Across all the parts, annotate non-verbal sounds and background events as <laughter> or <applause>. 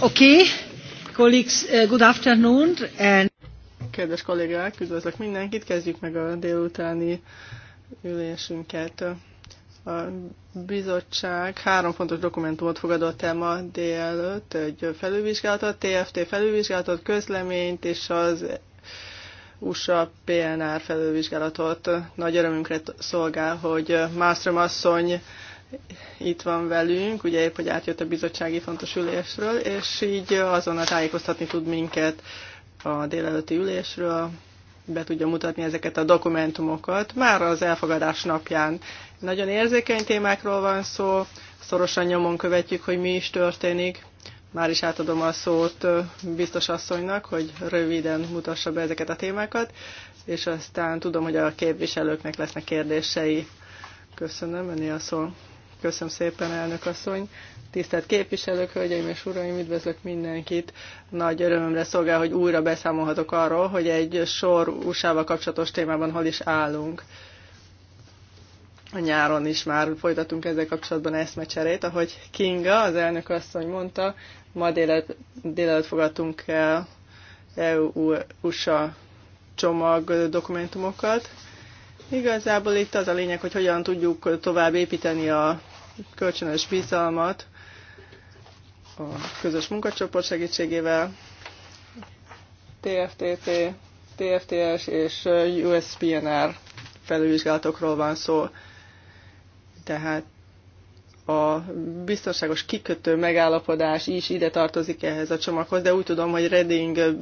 okay, colleagues, good afternoon. And... Kedves kollégák, üdvözlök mindenkit, kezdjük meg a délutáni ülésünket. A bizottság három fontos dokumentumot fogadott el ma délelőtt, egy felülvizsgálatot, TFT felülvizsgálatot, közleményt és az USA PNR felülvizsgálatot. Nagy örömünkre szolgál, hogy Mászrom asszony itt van velünk, ugye épp, hogy átjött a bizottsági fontos ülésről, és így azonnal tájékoztatni tud minket a délelőtti ülésről, be tudja mutatni ezeket a dokumentumokat. Már az elfogadás napján nagyon érzékeny témákról van szó, szorosan nyomon követjük, hogy mi is történik. Már is átadom a szót biztos asszonynak, hogy röviden mutassa be ezeket a témákat, és aztán tudom, hogy a képviselőknek lesznek kérdései. Köszönöm, ennél a szó. Köszönöm szépen, elnök asszony. Tisztelt képviselők, hölgyeim és uraim, üdvözlök mindenkit. Nagy örömömre szolgál, hogy újra beszámolhatok arról, hogy egy sor usa kapcsolatos témában hol is állunk. A nyáron is már folytatunk ezzel kapcsolatban eszmecserét. Ahogy Kinga, az elnök asszony mondta, ma délelőtt, délelőtt fogadtunk el EU-USA csomag dokumentumokat Igazából itt az a lényeg, hogy hogyan tudjuk tovább építeni a kölcsönös bizalmat a közös munkacsoport segítségével, TFTT, TFTS és USPNR felülvizsgálatokról van szó. Tehát a biztonságos kikötő megállapodás is ide tartozik ehhez a csomaghoz, de úgy tudom, hogy Reding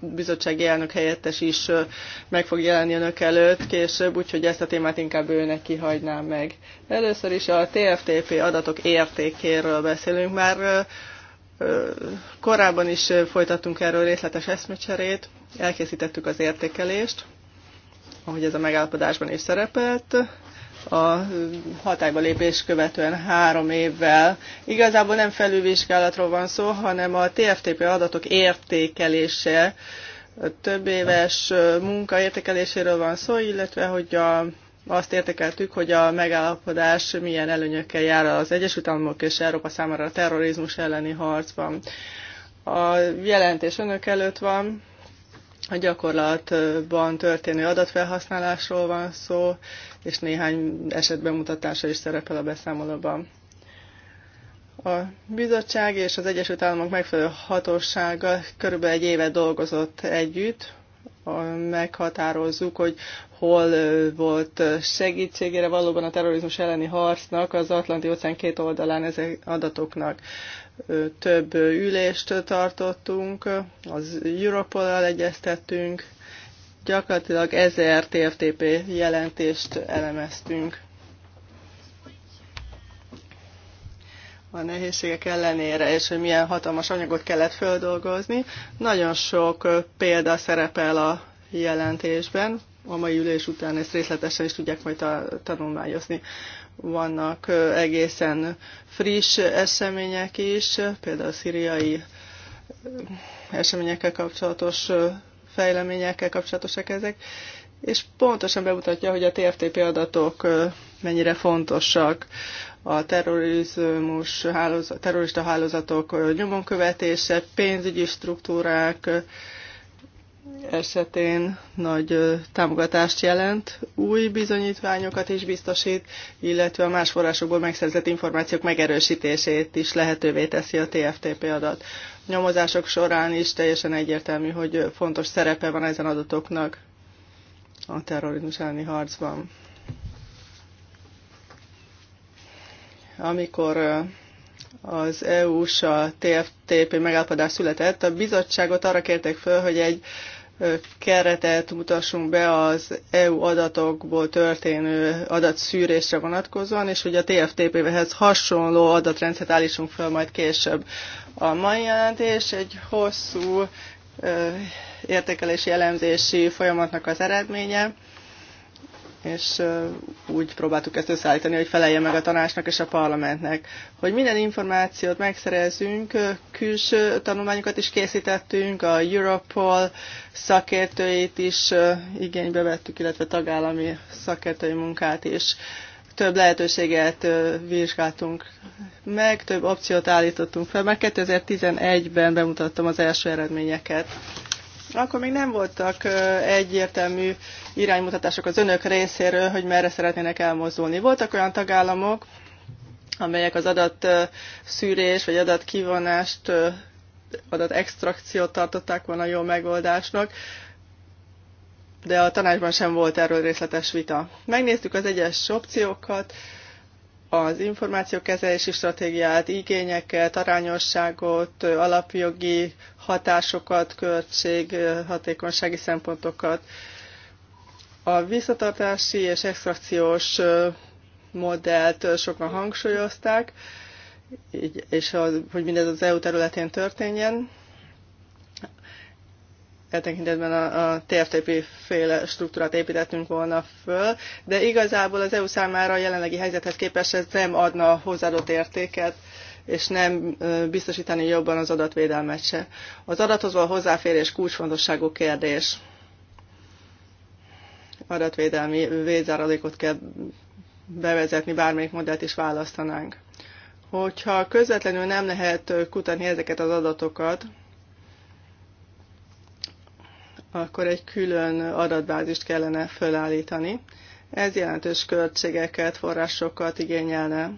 bizottsági elnök helyettes is meg fog jelenni önök előtt később, úgyhogy ezt a témát inkább őnek kihagynám meg. Először is a TFTP adatok értékéről beszélünk, már korábban is folytattunk erről részletes eszmecserét, elkészítettük az értékelést, ahogy ez a megállapodásban is szerepelt, a hatályba lépés követően három évvel. Igazából nem felülvizsgálatról van szó, hanem a TFTP adatok értékelése, a több éves munka értékeléséről van szó, illetve hogy a, azt értékeltük, hogy a megállapodás milyen előnyökkel jár az Egyesült Államok és Európa számára a terrorizmus elleni harcban. A jelentés önök előtt van, a gyakorlatban történő adatfelhasználásról van szó, és néhány esetbemutatása is szerepel a beszámolóban. A bizottság és az Egyesült Államok megfelelő hatósága körülbelül egy éve dolgozott együtt, meghatározzuk, hogy hol volt segítségére valóban a terrorizmus elleni harcnak az Atlanti óceán két oldalán ezek adatoknak több ülést tartottunk, az Europol-al egyeztettünk, gyakorlatilag ezer TFTP jelentést elemeztünk. a nehézségek ellenére, és hogy milyen hatalmas anyagot kellett földolgozni. Nagyon sok példa szerepel a jelentésben, a mai ülés után ezt részletesen is tudják majd tanulmányozni vannak egészen friss események is, például a szíriai eseményekkel kapcsolatos fejleményekkel kapcsolatosak ezek, és pontosan bemutatja, hogy a TFTP adatok mennyire fontosak a terrorizmus, hálózat, terrorista hálózatok nyomonkövetése, pénzügyi struktúrák, esetén nagy támogatást jelent, új bizonyítványokat is biztosít, illetve a más forrásokból megszerzett információk megerősítését is lehetővé teszi a TFTP adat. A nyomozások során is teljesen egyértelmű, hogy fontos szerepe van ezen adatoknak a terrorizmus elleni harcban. Amikor az EU-s a TFTP megállapodás született, a bizottságot arra kértek föl, hogy egy keretet mutassunk be az EU adatokból történő adatszűrésre vonatkozóan, és hogy a TFTP-hez hasonló adatrendszert állítsunk fel majd később. A mai jelentés egy hosszú értékelési elemzési folyamatnak az eredménye, és úgy próbáltuk ezt összeállítani, hogy felelje meg a tanácsnak és a parlamentnek. Hogy minden információt megszerezünk, külső tanulmányokat is készítettünk, a Europol szakértőit is igénybe vettük, illetve tagállami szakértői munkát is. Több lehetőséget vizsgáltunk meg, több opciót állítottunk fel, mert 2011-ben bemutattam az első eredményeket akkor még nem voltak egyértelmű iránymutatások az önök részéről, hogy merre szeretnének elmozdulni. Voltak olyan tagállamok, amelyek az adat szűrés vagy adatkivonást, adatextrakciót tartották volna jó megoldásnak, de a tanácsban sem volt erről részletes vita. Megnéztük az egyes opciókat, az információkezelési stratégiát, igényeket, arányosságot, alapjogi hatásokat, költség, hatékonysági szempontokat. A visszatartási és extrakciós modellt sokan hangsúlyozták, és hogy mindez az EU területén történjen e tekintetben a, a TFTP féle struktúrát építettünk volna föl, de igazából az EU számára a jelenlegi helyzethez képest ez nem adna hozzáadott értéket, és nem biztosítani jobban az adatvédelmet se. Az adathoz való hozzáférés kulcsfontosságú kérdés. Adatvédelmi védzáradékot kell bevezetni, bármelyik modellt is választanánk. Hogyha közvetlenül nem lehet kutatni ezeket az adatokat, akkor egy külön adatbázist kellene fölállítani. Ez jelentős költségeket, forrásokat igényelne,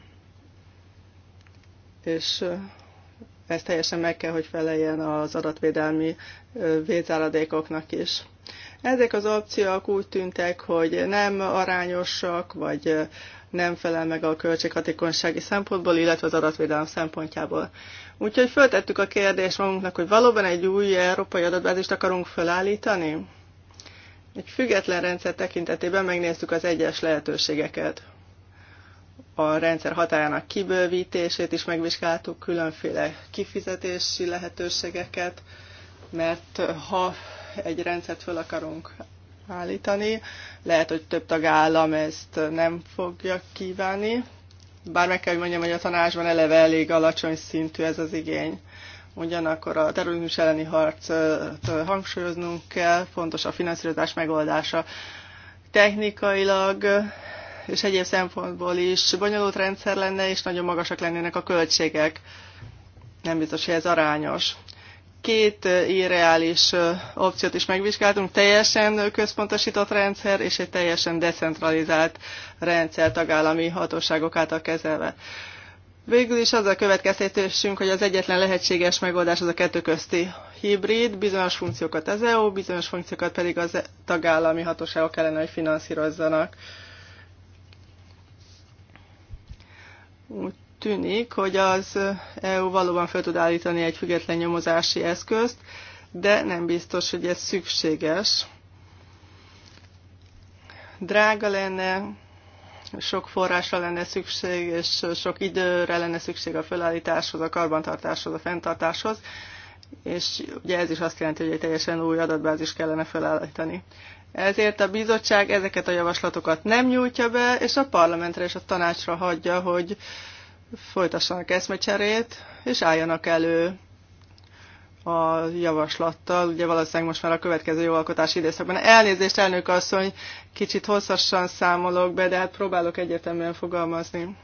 és ez teljesen meg kell, hogy feleljen az adatvédelmi vétáradékoknak is. Ezek az opciók úgy tűntek, hogy nem arányosak, vagy nem felel meg a költséghatékonysági szempontból, illetve az adatvédelem szempontjából. Úgyhogy föltettük a kérdést magunknak, hogy valóban egy új európai adatbázist akarunk felállítani? Egy független rendszer tekintetében megnéztük az egyes lehetőségeket. A rendszer hatájának kibővítését is megvizsgáltuk, különféle kifizetési lehetőségeket, mert ha egy rendszert föl akarunk állítani, lehet, hogy több tagállam ezt nem fogja kívánni, bár meg kell, hogy mondjam, hogy a tanácsban eleve elég alacsony szintű ez az igény. Ugyanakkor a terrorizmus elleni harcot hangsúlyoznunk kell, fontos a finanszírozás megoldása. Technikailag és egyéb szempontból is bonyolult rendszer lenne, és nagyon magasak lennének a költségek. Nem biztos, hogy ez arányos két irreális opciót is megvizsgáltunk, teljesen központosított rendszer és egy teljesen decentralizált rendszer tagállami hatóságok által kezelve. Végül is az a következtetésünk, hogy az egyetlen lehetséges megoldás az a kettő közti hibrid, bizonyos funkciókat az EU, bizonyos funkciókat pedig az tagállami hatóságok kellene, hogy finanszírozzanak. Úgy tűnik, hogy az EU valóban fel tud állítani egy független nyomozási eszközt, de nem biztos, hogy ez szükséges. Drága lenne, sok forrásra lenne szükség, és sok időre lenne szükség a felállításhoz, a karbantartáshoz, a fenntartáshoz, és ugye ez is azt jelenti, hogy egy teljesen új adatbázis kellene felállítani. Ezért a bizottság ezeket a javaslatokat nem nyújtja be, és a parlamentre és a tanácsra hagyja, hogy folytassanak eszmecserét, és álljanak elő a javaslattal, ugye valószínűleg most már a következő jogalkotási időszakban. Elnézést, elnök asszony, kicsit hosszasan számolok be, de hát próbálok egyértelműen fogalmazni.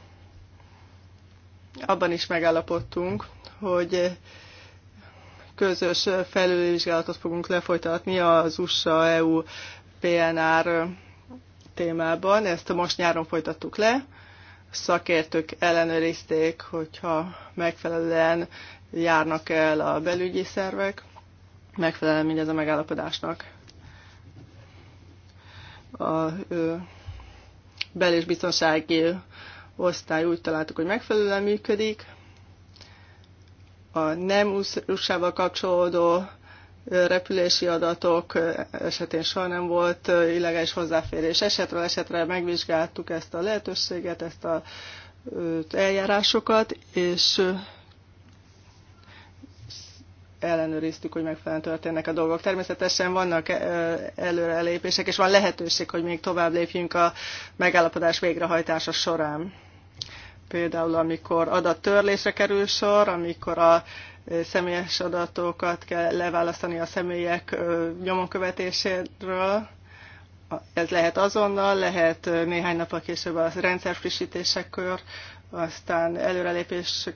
Abban is megállapodtunk, hogy közös felülvizsgálatot fogunk lefolytatni az USA-EU PNR témában. Ezt most nyáron folytattuk le szakértők ellenőrizték, hogyha megfelelően járnak el a belügyi szervek, megfelelően mindez a megállapodásnak. A ö, bel- és biztonsági osztály úgy találtuk, hogy megfelelően működik. A nem USA-val kapcsolódó repülési adatok esetén soha nem volt illegális hozzáférés. Esetről esetre megvizsgáltuk ezt a lehetőséget, ezt a eljárásokat, és ellenőriztük, hogy megfelelően történnek a dolgok. Természetesen vannak előrelépések, és van lehetőség, hogy még tovább lépjünk a megállapodás végrehajtása során. Például, amikor adattörlésre kerül sor, amikor a személyes adatokat kell leválasztani a személyek nyomonkövetéséről. Ez lehet azonnal, lehet néhány a később a rendszer frissítésekor, aztán előrelépés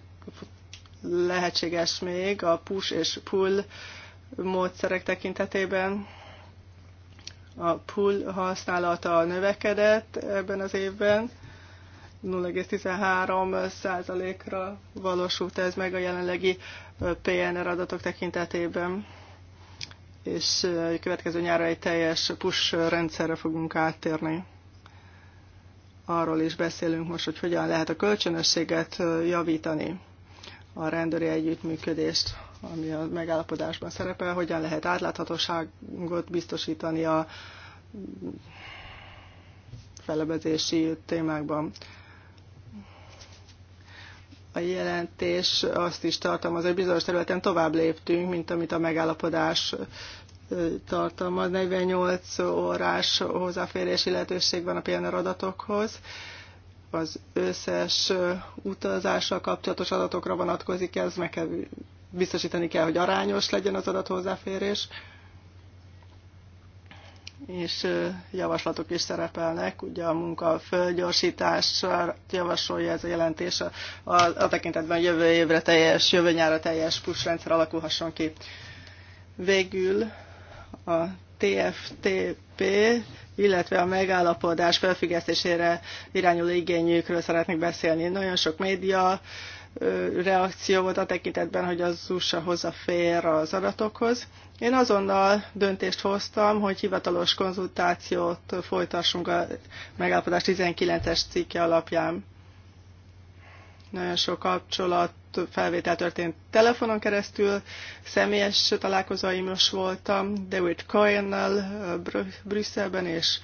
lehetséges még a push és pull módszerek tekintetében. A pull használata növekedett ebben az évben, 0,13%-ra valósult ez meg a jelenlegi PNR adatok tekintetében, és a következő nyára egy teljes push rendszerre fogunk áttérni. Arról is beszélünk most, hogy hogyan lehet a kölcsönösséget javítani, a rendőri együttműködést, ami a megállapodásban szerepel, hogyan lehet átláthatóságot biztosítani a mm, felebezési témákban a jelentés azt is tartalmaz, hogy bizonyos területen tovább léptünk, mint amit a megállapodás tartalmaz. 48 órás hozzáférési lehetőség van a PNR adatokhoz. Az összes utazással kapcsolatos adatokra vonatkozik ez, meg kell biztosítani kell, hogy arányos legyen az adat hozzáférés és javaslatok is szerepelnek. Ugye a munka fölgyorsításra javasolja ez a jelentés a, a, a tekintetben jövő évre teljes, jövő nyára teljes push rendszer alakulhasson ki. Végül a TFTP, illetve a megállapodás felfüggesztésére irányuló igényükről szeretnék beszélni. Nagyon sok média reakció volt a tekintetben, hogy az USA hozzáfér az adatokhoz. Én azonnal döntést hoztam, hogy hivatalos konzultációt folytassunk a megállapodás 19-es cikke alapján. Nagyon sok kapcsolat felvétel történt telefonon keresztül, személyes találkozóim is voltam, David Cohen-nel Brüsszelben és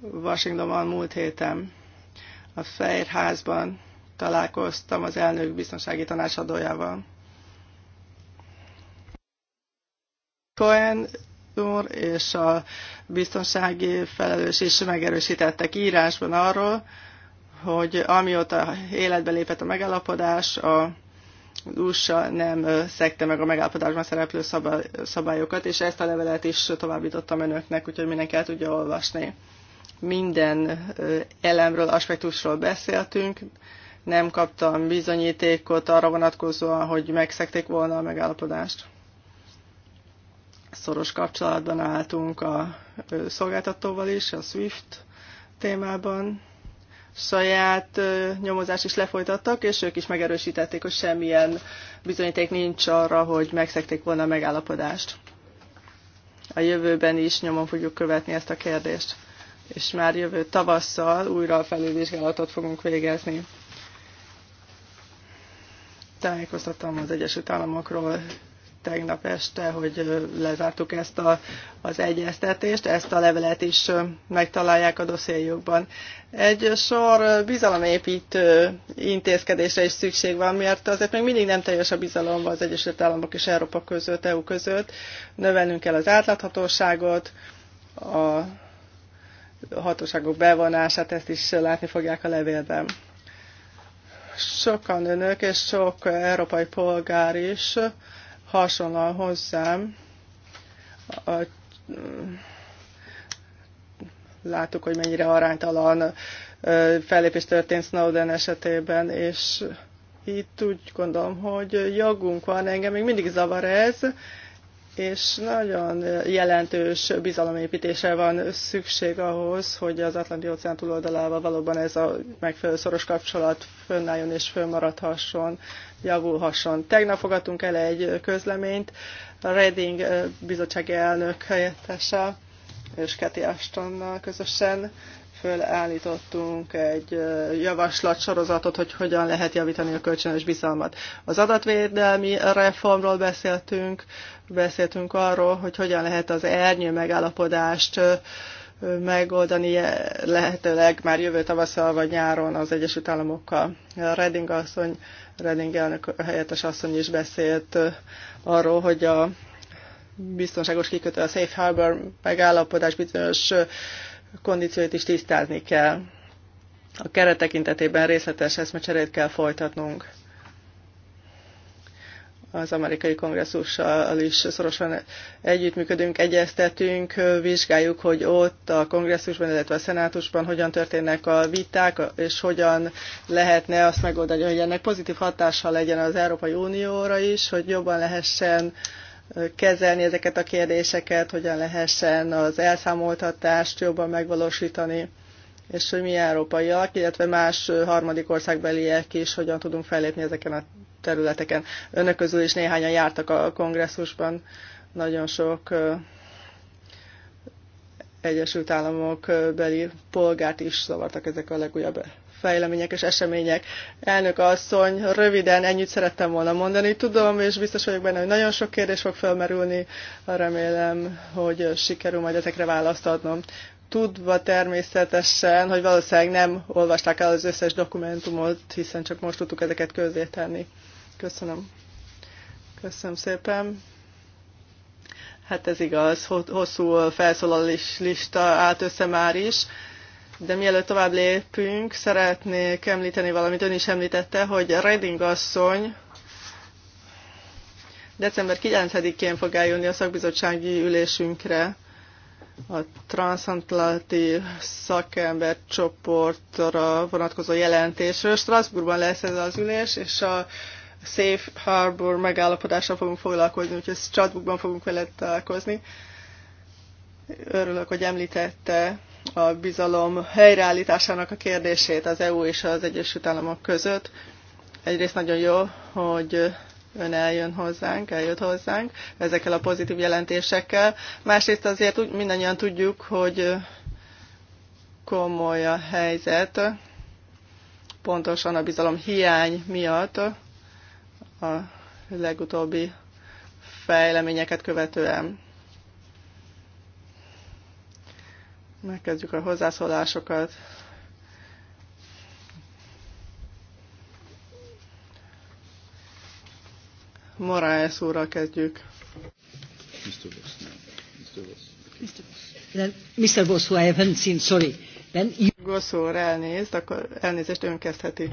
Washingtonban múlt héten a Fehérházban találkoztam az elnök biztonsági tanácsadójával. Cohen úr és a biztonsági felelős is megerősítettek írásban arról, hogy amióta életbe lépett a megállapodás, a USA nem szekte meg a megállapodásban szereplő szabályokat, és ezt a levelet is továbbítottam önöknek, úgyhogy mindenki el tudja olvasni. Minden elemről, aspektusról beszéltünk, nem kaptam bizonyítékot arra vonatkozóan, hogy megszekték volna a megállapodást. Szoros kapcsolatban álltunk a szolgáltatóval is, a SWIFT témában. Saját nyomozás is lefolytattak, és ők is megerősítették, hogy semmilyen bizonyíték nincs arra, hogy megszekték volna a megállapodást. A jövőben is nyomon fogjuk követni ezt a kérdést és már jövő tavasszal újra felülvizsgálatot fogunk végezni. Tájékoztattam az Egyesült Államokról tegnap este, hogy lezártuk ezt a, az egyeztetést, ezt a levelet is megtalálják a dossziéjukban. Egy sor bizalomépítő intézkedésre is szükség van, mert azért még mindig nem teljes a bizalom az Egyesült Államok és Európa között, EU között. Növelnünk kell az átláthatóságot, a hatóságok bevonását, ezt is látni fogják a levélben. Sokan önök és sok európai polgár is hasonlóan hozzám a, láttuk, hogy mennyire aránytalan fellépés történt Snowden esetében, és itt úgy gondolom, hogy jogunk van, engem még mindig zavar ez, és nagyon jelentős bizalomépítésre van szükség ahhoz, hogy az Atlanti óceán túloldalával valóban ez a megfelelő szoros kapcsolat fönnálljon és fönmaradhasson, javulhasson. Tegnap fogadtunk el egy közleményt, a Reding bizottsági elnök helyettese és Keti Astonnal közösen fölállítottunk egy javaslatsorozatot, hogy hogyan lehet javítani a kölcsönös bizalmat. Az adatvédelmi reformról beszéltünk, beszéltünk arról, hogy hogyan lehet az ernyő megállapodást megoldani e, lehetőleg már jövő tavasszal vagy nyáron az Egyesült Államokkal. Redding asszony, Redding elnök helyettes asszony is beszélt arról, hogy a biztonságos kikötő, a Safe Harbor megállapodás bizonyos kondícióit is tisztázni kell. A keret tekintetében részletes eszmecserét kell folytatnunk. Az amerikai kongresszussal is szorosan együttműködünk, egyeztetünk, vizsgáljuk, hogy ott a kongresszusban, illetve a szenátusban hogyan történnek a viták, és hogyan lehetne azt megoldani, hogy ennek pozitív hatással legyen az Európai Unióra is, hogy jobban lehessen uh, kezelni ezeket a kérdéseket, hogyan lehessen az elszámoltatást jobban megvalósítani, és hogy mi európaiak, illetve más harmadik országbeliek is hogyan tudunk fellépni ezeken a területeken. Önök közül is néhányan jártak a kongresszusban, nagyon sok Egyesült Államok beli polgárt is zavartak ezek a legújabb fejlemények és események. Elnök asszony, röviden ennyit szerettem volna mondani. Tudom, és biztos vagyok benne, hogy nagyon sok kérdés fog felmerülni. Remélem, hogy sikerül majd ezekre választ adnom. Tudva természetesen, hogy valószínűleg nem olvasták el az összes dokumentumot, hiszen csak most tudtuk ezeket közzétenni. Köszönöm. Köszönöm szépen. Hát ez igaz, hosszú felszólalás lista állt össze már is. De mielőtt tovább lépünk, szeretnék említeni valamit, ön is említette, hogy Reding asszony december 9-én fog eljönni a szakbizottsági ülésünkre a transatlanti szakember csoportra vonatkozó jelentésről. Strasbourgban lesz ez az ülés, és a Safe Harbor megállapodásra fogunk foglalkozni, úgyhogy Strasbourgban fogunk vele találkozni. Örülök, hogy említette a bizalom helyreállításának a kérdését az EU és az Egyesült Államok között. Egyrészt nagyon jó, hogy ön eljön hozzánk, eljött hozzánk ezekkel a pozitív jelentésekkel. Másrészt azért mindannyian tudjuk, hogy komoly a helyzet, pontosan a bizalom hiány miatt a legutóbbi fejleményeket követően. Megkezdjük a hozzászólásokat. Moraes úrral kezdjük. Mr. Bosz. Mr. who I haven't seen, sorry. Then you... Voss úr elnézt, akkor elnézést ön kezdheti.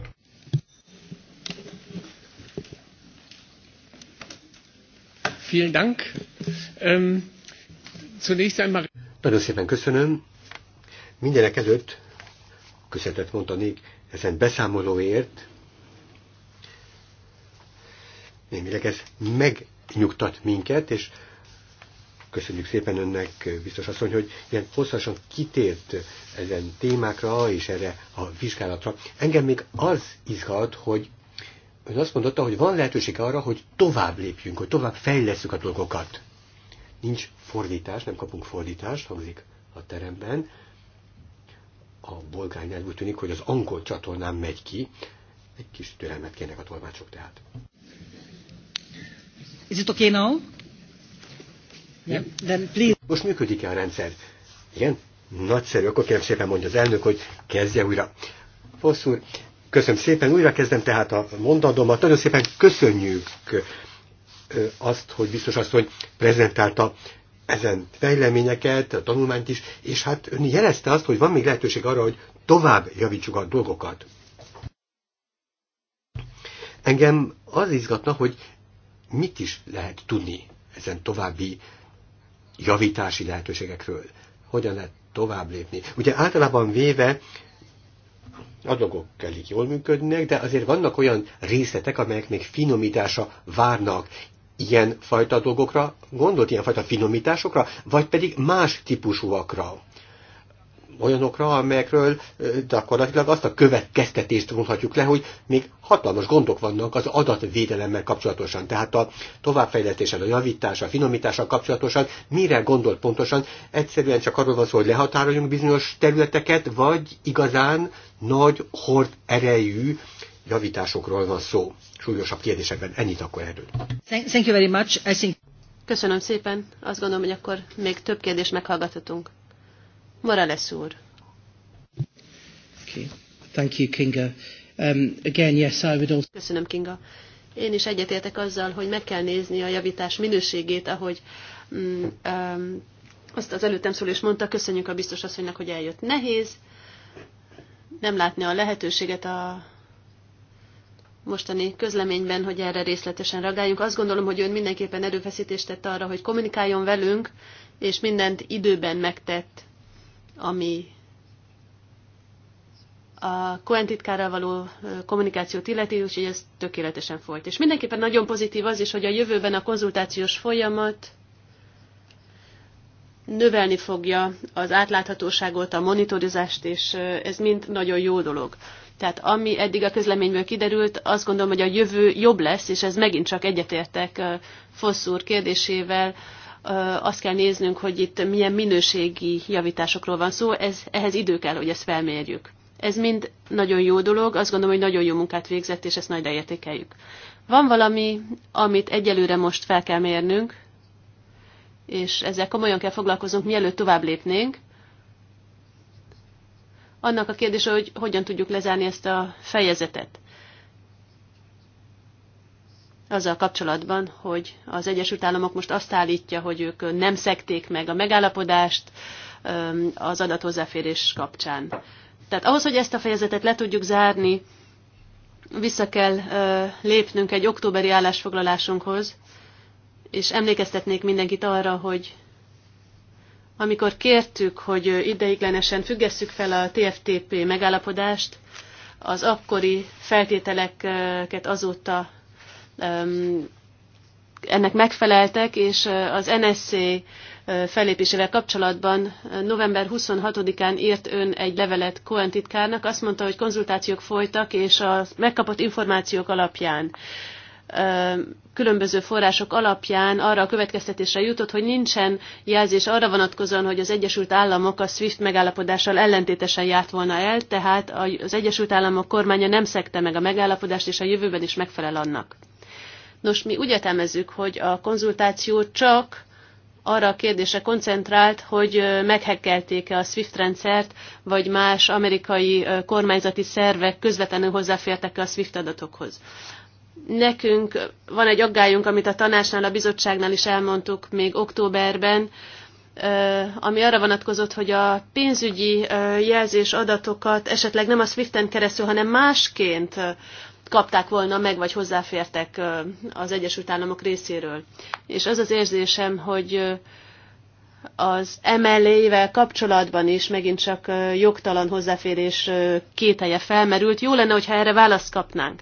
Vielen Dank. Um, zunächst einmal... Nagyon szépen köszönöm. Mindenek előtt köszönetet mondanék ezen beszámolóért. Némileg ez megnyugtat minket, és köszönjük szépen önnek, biztos asszony, hogy ilyen hosszasan kitért ezen témákra és erre a vizsgálatra. Engem még az izgat, hogy ön azt mondotta, hogy van lehetőség arra, hogy tovább lépjünk, hogy tovább fejleszünk a dolgokat. Nincs fordítás, nem kapunk fordítást, hangzik a teremben a bolgár nyelv úgy tűnik, hogy az angol csatornán megy ki. Egy kis türelmet kérnek a tolmácsok tehát. Is it okay now? Yeah. Then please. Most működik-e a rendszer? Igen? Nagyszerű, akkor kérem szépen mondja az elnök, hogy kezdje újra. Fosz úr, köszönöm szépen, újra kezdem tehát a mondandómat. Nagyon szépen köszönjük azt, hogy biztos azt, hogy prezentálta ezen fejleményeket, a tanulmányt is, és hát ön jelezte azt, hogy van még lehetőség arra, hogy tovább javítsuk a dolgokat. Engem az izgatna, hogy mit is lehet tudni ezen további javítási lehetőségekről. Hogyan lehet tovább lépni. Ugye általában véve a dolgok elég jól működnek, de azért vannak olyan részletek, amelyek még finomítása várnak ilyen fajta dolgokra gondolt, ilyen fajta finomításokra, vagy pedig más típusúakra? olyanokra, amelyekről gyakorlatilag azt a következtetést vonhatjuk le, hogy még hatalmas gondok vannak az adatvédelemmel kapcsolatosan. Tehát a továbbfejlesztéssel, a javítással, a finomítással kapcsolatosan mire gondol pontosan? Egyszerűen csak arról van szó, hogy lehatároljunk bizonyos területeket, vagy igazán nagy hord erejű javításokról van szó súlyosabb kérdésekben. Ennyit akkor erről. Thank you very much. I think... Köszönöm szépen. Azt gondolom, hogy akkor még több kérdést meghallgathatunk. Morales úr. Okay. Thank you, Kinga. Um, again, yes, I would also... Köszönöm, Kinga. Én is egyetértek azzal, hogy meg kell nézni a javítás minőségét, ahogy um, um, azt az előttem szól és mondta, köszönjük a biztos asszonynak, hogy eljött. Nehéz nem látni a lehetőséget a mostani közleményben, hogy erre részletesen reagáljunk. Azt gondolom, hogy ön mindenképpen erőfeszítést tett arra, hogy kommunikáljon velünk, és mindent időben megtett, ami a Cohen való kommunikációt illeti, úgyhogy ez tökéletesen folyt. És mindenképpen nagyon pozitív az is, hogy a jövőben a konzultációs folyamat növelni fogja az átláthatóságot, a monitorizást, és ez mind nagyon jó dolog. Tehát ami eddig a közleményből kiderült, azt gondolom, hogy a jövő jobb lesz, és ez megint csak egyetértek Fossz úr kérdésével, azt kell néznünk, hogy itt milyen minőségi javításokról van szó, ez, ehhez idő kell, hogy ezt felmérjük. Ez mind nagyon jó dolog, azt gondolom, hogy nagyon jó munkát végzett, és ezt nagy értékeljük. Van valami, amit egyelőre most fel kell mérnünk, és ezzel komolyan kell foglalkoznunk, mielőtt tovább lépnénk, annak a kérdése, hogy hogyan tudjuk lezárni ezt a fejezetet. Azzal kapcsolatban, hogy az Egyesült Államok most azt állítja, hogy ők nem szekték meg a megállapodást az adathozzáférés kapcsán. Tehát ahhoz, hogy ezt a fejezetet le tudjuk zárni, vissza kell lépnünk egy októberi állásfoglalásunkhoz, és emlékeztetnék mindenkit arra, hogy amikor kértük, hogy ideiglenesen függesszük fel a TFTP megállapodást, az akkori feltételeket azóta ennek megfeleltek, és az NSC felépésével kapcsolatban november 26-án írt ön egy levelet Cohen titkárnak, azt mondta, hogy konzultációk folytak, és a megkapott információk alapján különböző források alapján arra a következtetésre jutott, hogy nincsen jelzés arra vonatkozóan, hogy az Egyesült Államok a SWIFT megállapodással ellentétesen járt volna el, tehát az Egyesült Államok kormánya nem szekte meg a megállapodást, és a jövőben is megfelel annak. Nos, mi úgy értelmezzük, hogy a konzultáció csak arra a kérdésre koncentrált, hogy meghekkelték-e a SWIFT rendszert, vagy más amerikai kormányzati szervek közvetlenül hozzáfértek-e a SWIFT adatokhoz. Nekünk van egy aggályunk, amit a tanácsnál, a bizottságnál is elmondtuk még októberben, ami arra vonatkozott, hogy a pénzügyi jelzés adatokat esetleg nem a SWIFT-en keresztül, hanem másként kapták volna meg, vagy hozzáfértek az Egyesült Államok részéről. És az az érzésem, hogy az MLA-vel kapcsolatban is megint csak jogtalan hozzáférés kételje felmerült. Jó lenne, hogyha erre választ kapnánk.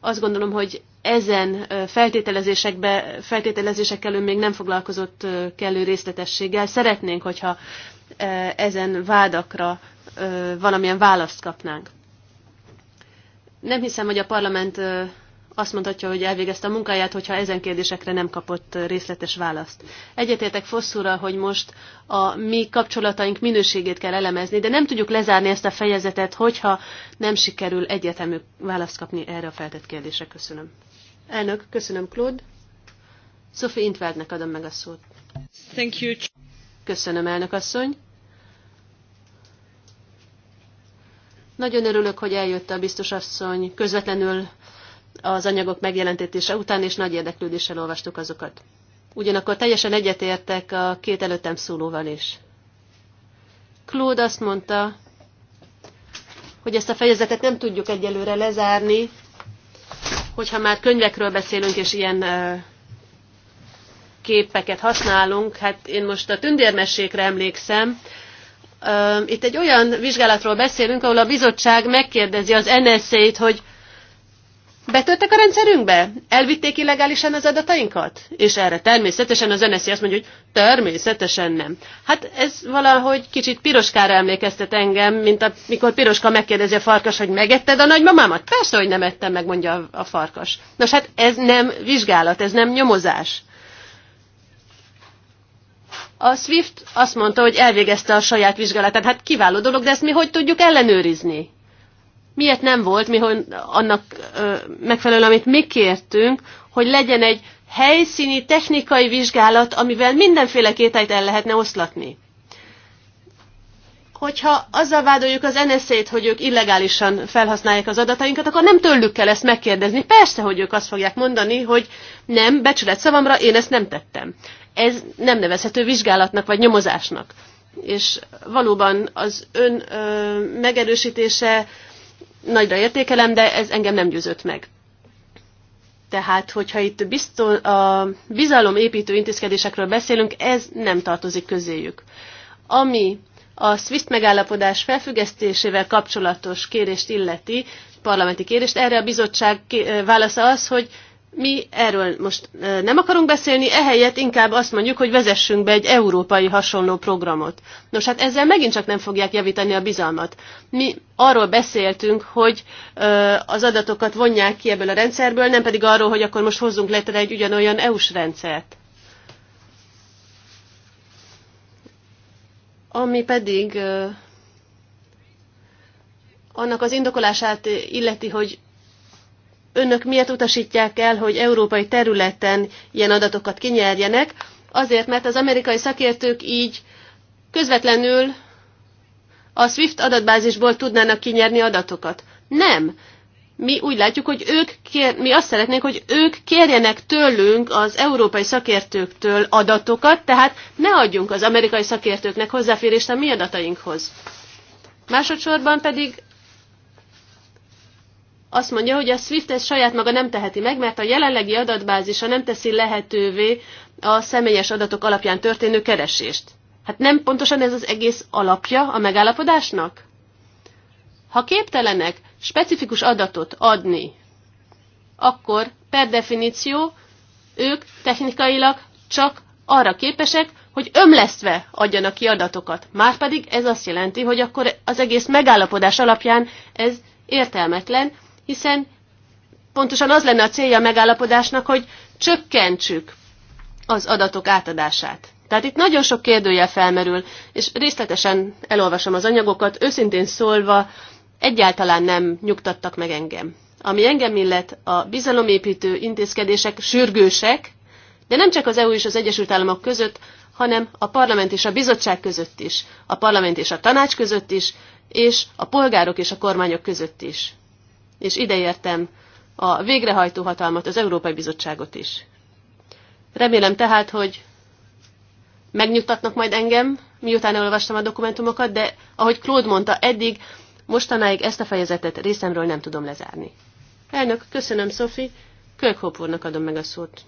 Azt gondolom, hogy ezen feltételezésekbe, feltételezésekkel ön még nem foglalkozott kellő részletességgel. Szeretnénk, hogyha ezen vádakra valamilyen választ kapnánk. Nem hiszem, hogy a parlament azt mondhatja, hogy elvégezte a munkáját, hogyha ezen kérdésekre nem kapott részletes választ. Egyetértek Fosszúra, hogy most a mi kapcsolataink minőségét kell elemezni, de nem tudjuk lezárni ezt a fejezetet, hogyha nem sikerül egyetemű választ kapni erre a feltett kérdésre. Köszönöm. Elnök, köszönöm Claude. Sophie Intveldnek adom meg a szót. Thank you. Köszönöm, elnök asszony. Nagyon örülök, hogy eljött a biztos asszony közvetlenül az anyagok megjelentése után, és nagy érdeklődéssel olvastuk azokat. Ugyanakkor teljesen egyetértek a két előttem szólóval is. Claude azt mondta, hogy ezt a fejezetet nem tudjuk egyelőre lezárni, hogyha már könyvekről beszélünk, és ilyen képeket használunk, hát én most a tündérmesékre emlékszem, itt egy olyan vizsgálatról beszélünk, ahol a bizottság megkérdezi az NSZ-t, hogy betöltek a rendszerünkbe? Elvitték illegálisan az adatainkat? És erre természetesen az NSZ azt mondja, hogy természetesen nem. Hát ez valahogy kicsit piroskára emlékeztet engem, mint amikor piroska megkérdezi a farkas, hogy megetted a nagymamámat? Persze, hogy nem ettem megmondja a farkas. Nos, hát ez nem vizsgálat, ez nem nyomozás. A SWIFT azt mondta, hogy elvégezte a saját vizsgálatát. Hát kiváló dolog, de ezt mi hogy tudjuk ellenőrizni? miért nem volt, mi annak megfelelően, amit mi kértünk, hogy legyen egy helyszíni technikai vizsgálat, amivel mindenféle kételyt el lehetne oszlatni. Hogyha azzal vádoljuk az NSZ-t, hogy ők illegálisan felhasználják az adatainkat, akkor nem tőlük kell ezt megkérdezni. Persze, hogy ők azt fogják mondani, hogy nem, becsület szavamra, én ezt nem tettem. Ez nem nevezhető vizsgálatnak vagy nyomozásnak. És valóban az ön ö, megerősítése nagyra értékelem, de ez engem nem győzött meg. Tehát, hogyha itt biztos, a bizalomépítő intézkedésekről beszélünk, ez nem tartozik közéjük. Ami a SWIFT megállapodás felfüggesztésével kapcsolatos kérést illeti, parlamenti kérést, erre a bizottság válasza az, hogy mi erről most nem akarunk beszélni, ehelyett inkább azt mondjuk, hogy vezessünk be egy európai hasonló programot. Nos, hát ezzel megint csak nem fogják javítani a bizalmat. Mi arról beszéltünk, hogy az adatokat vonják ki ebből a rendszerből, nem pedig arról, hogy akkor most hozzunk létre egy ugyanolyan EU-s rendszert. Ami pedig annak az indokolását illeti, hogy önök miért utasítják el, hogy európai területen ilyen adatokat kinyerjenek? Azért, mert az amerikai szakértők így közvetlenül a SWIFT adatbázisból tudnának kinyerni adatokat. Nem. Mi úgy látjuk, hogy ők kér, mi azt szeretnénk, hogy ők kérjenek tőlünk az európai szakértőktől adatokat, tehát ne adjunk az amerikai szakértőknek hozzáférést a mi adatainkhoz. Másodszorban pedig azt mondja, hogy a SWIFT ezt saját maga nem teheti meg, mert a jelenlegi adatbázisa nem teszi lehetővé a személyes adatok alapján történő keresést. Hát nem pontosan ez az egész alapja a megállapodásnak? Ha képtelenek specifikus adatot adni, akkor per definíció ők technikailag csak arra képesek, hogy ömlesztve adjanak ki adatokat. Márpedig ez azt jelenti, hogy akkor az egész megállapodás alapján ez értelmetlen, hiszen pontosan az lenne a célja a megállapodásnak, hogy csökkentsük az adatok átadását. Tehát itt nagyon sok kérdője felmerül, és részletesen elolvasom az anyagokat, őszintén szólva egyáltalán nem nyugtattak meg engem. Ami engem illet, a bizalomépítő intézkedések sürgősek, de nem csak az EU és az Egyesült Államok között, hanem a parlament és a bizottság között is, a parlament és a tanács között is, és a polgárok és a kormányok között is és ideértem a végrehajtó hatalmat, az Európai Bizottságot is. Remélem tehát, hogy megnyugtatnak majd engem, miután elolvastam a dokumentumokat, de ahogy Claude mondta, eddig, mostanáig ezt a fejezetet részemről nem tudom lezárni. Elnök, köszönöm, Sophie. Kölkhop úrnak adom meg a szót.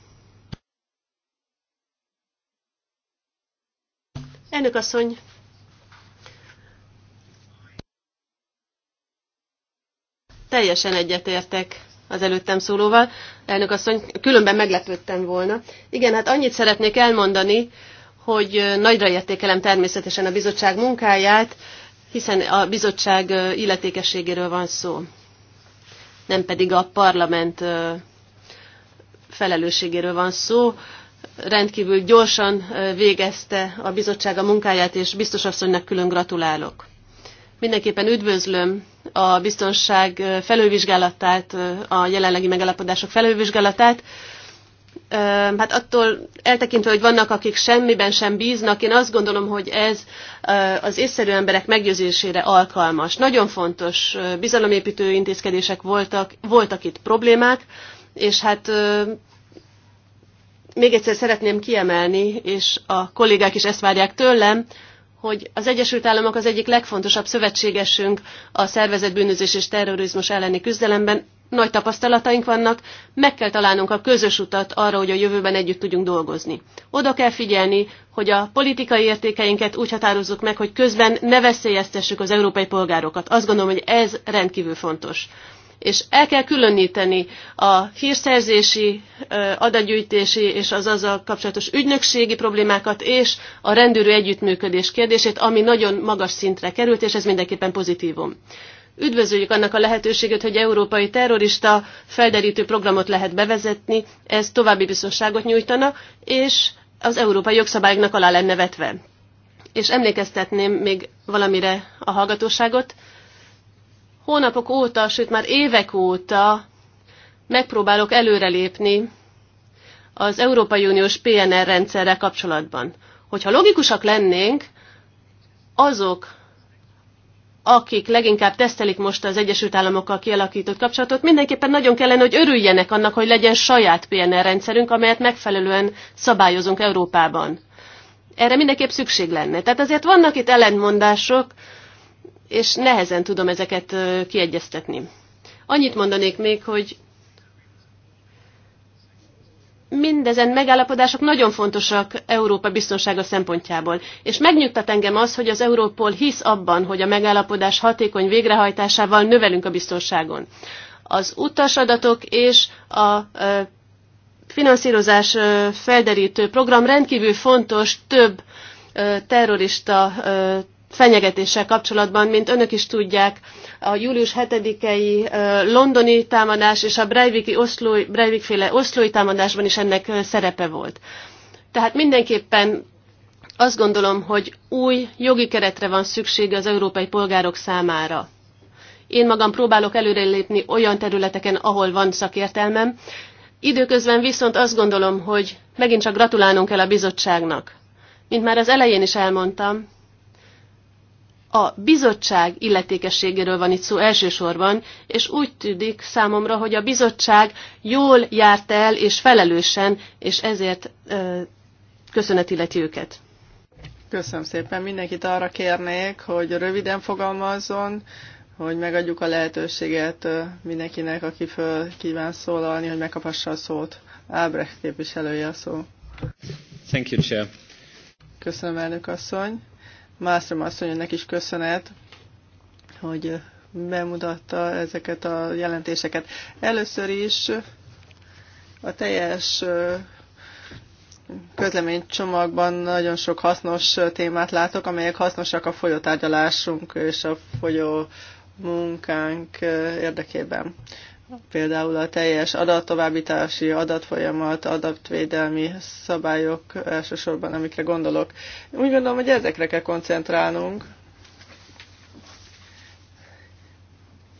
Elnök asszony, Teljesen egyetértek az előttem szólóval. Elnök asszony, különben meglepődtem volna. Igen, hát annyit szeretnék elmondani, hogy nagyra értékelem természetesen a bizottság munkáját, hiszen a bizottság illetékességéről van szó, nem pedig a parlament felelősségéről van szó. Rendkívül gyorsan végezte a bizottság a munkáját, és biztos asszonynak külön gratulálok. Mindenképpen üdvözlöm a biztonság felővizsgálatát, a jelenlegi megalapodások felővizsgálatát. Hát attól eltekintve, hogy vannak, akik semmiben sem bíznak, én azt gondolom, hogy ez az észszerű emberek meggyőzésére alkalmas. Nagyon fontos bizalomépítő intézkedések voltak, voltak itt problémák, és hát még egyszer szeretném kiemelni, és a kollégák is ezt várják tőlem, hogy az Egyesült Államok az egyik legfontosabb szövetségesünk a szervezett bűnözés és terrorizmus elleni küzdelemben. Nagy tapasztalataink vannak, meg kell találnunk a közös utat arra, hogy a jövőben együtt tudjunk dolgozni. Oda kell figyelni, hogy a politikai értékeinket úgy határozzuk meg, hogy közben ne veszélyeztessük az európai polgárokat. Azt gondolom, hogy ez rendkívül fontos és el kell különíteni a hírszerzési, adagyűjtési és az azzal kapcsolatos ügynökségi problémákat és a rendőrű együttműködés kérdését, ami nagyon magas szintre került, és ez mindenképpen pozitívum. Üdvözöljük annak a lehetőséget, hogy európai terrorista felderítő programot lehet bevezetni, ez további biztonságot nyújtana, és az európai jogszabályoknak alá lenne vetve. És emlékeztetném még valamire a hallgatóságot, hónapok óta, sőt már évek óta megpróbálok előrelépni az Európai Uniós PNR rendszerrel kapcsolatban. Hogyha logikusak lennénk, azok, akik leginkább tesztelik most az Egyesült Államokkal kialakított kapcsolatot, mindenképpen nagyon kellene, hogy örüljenek annak, hogy legyen saját PNR rendszerünk, amelyet megfelelően szabályozunk Európában. Erre mindenképp szükség lenne. Tehát azért vannak itt ellentmondások, és nehezen tudom ezeket kiegyeztetni. Annyit mondanék még, hogy mindezen megállapodások nagyon fontosak Európa biztonsága szempontjából. És megnyugtat engem az, hogy az Európol hisz abban, hogy a megállapodás hatékony végrehajtásával növelünk a biztonságon. Az utasadatok és a finanszírozás felderítő program rendkívül fontos több terrorista fenyegetéssel kapcsolatban, mint önök is tudják, a július 7-i londoni támadás és a Breiviki oszlói, Breivik-féle oszlói támadásban is ennek szerepe volt. Tehát mindenképpen azt gondolom, hogy új jogi keretre van szüksége az európai polgárok számára. Én magam próbálok előrelépni olyan területeken, ahol van szakértelmem. Időközben viszont azt gondolom, hogy megint csak gratulálnunk kell a bizottságnak. Mint már az elején is elmondtam, a bizottság illetékességéről van itt szó elsősorban, és úgy tűnik számomra, hogy a bizottság jól járt el és felelősen, és ezért ö, köszönet illeti őket. Köszönöm szépen. Mindenkit arra kérnék, hogy röviden fogalmazzon, hogy megadjuk a lehetőséget mindenkinek, aki föl kíván szólalni, hogy megkaphassa a szót. Ábrecht képviselője a szó. Thank you, Chair. Köszönöm, elnök asszony Mászrom asszonynak is köszönet, hogy bemutatta ezeket a jelentéseket. Először is a teljes közleménycsomagban nagyon sok hasznos témát látok, amelyek hasznosak a folyótárgyalásunk és a folyó munkánk érdekében például a teljes adattovábbítási, adatfolyamat, adatvédelmi szabályok elsősorban, amikre gondolok. Úgy gondolom, hogy ezekre kell koncentrálnunk,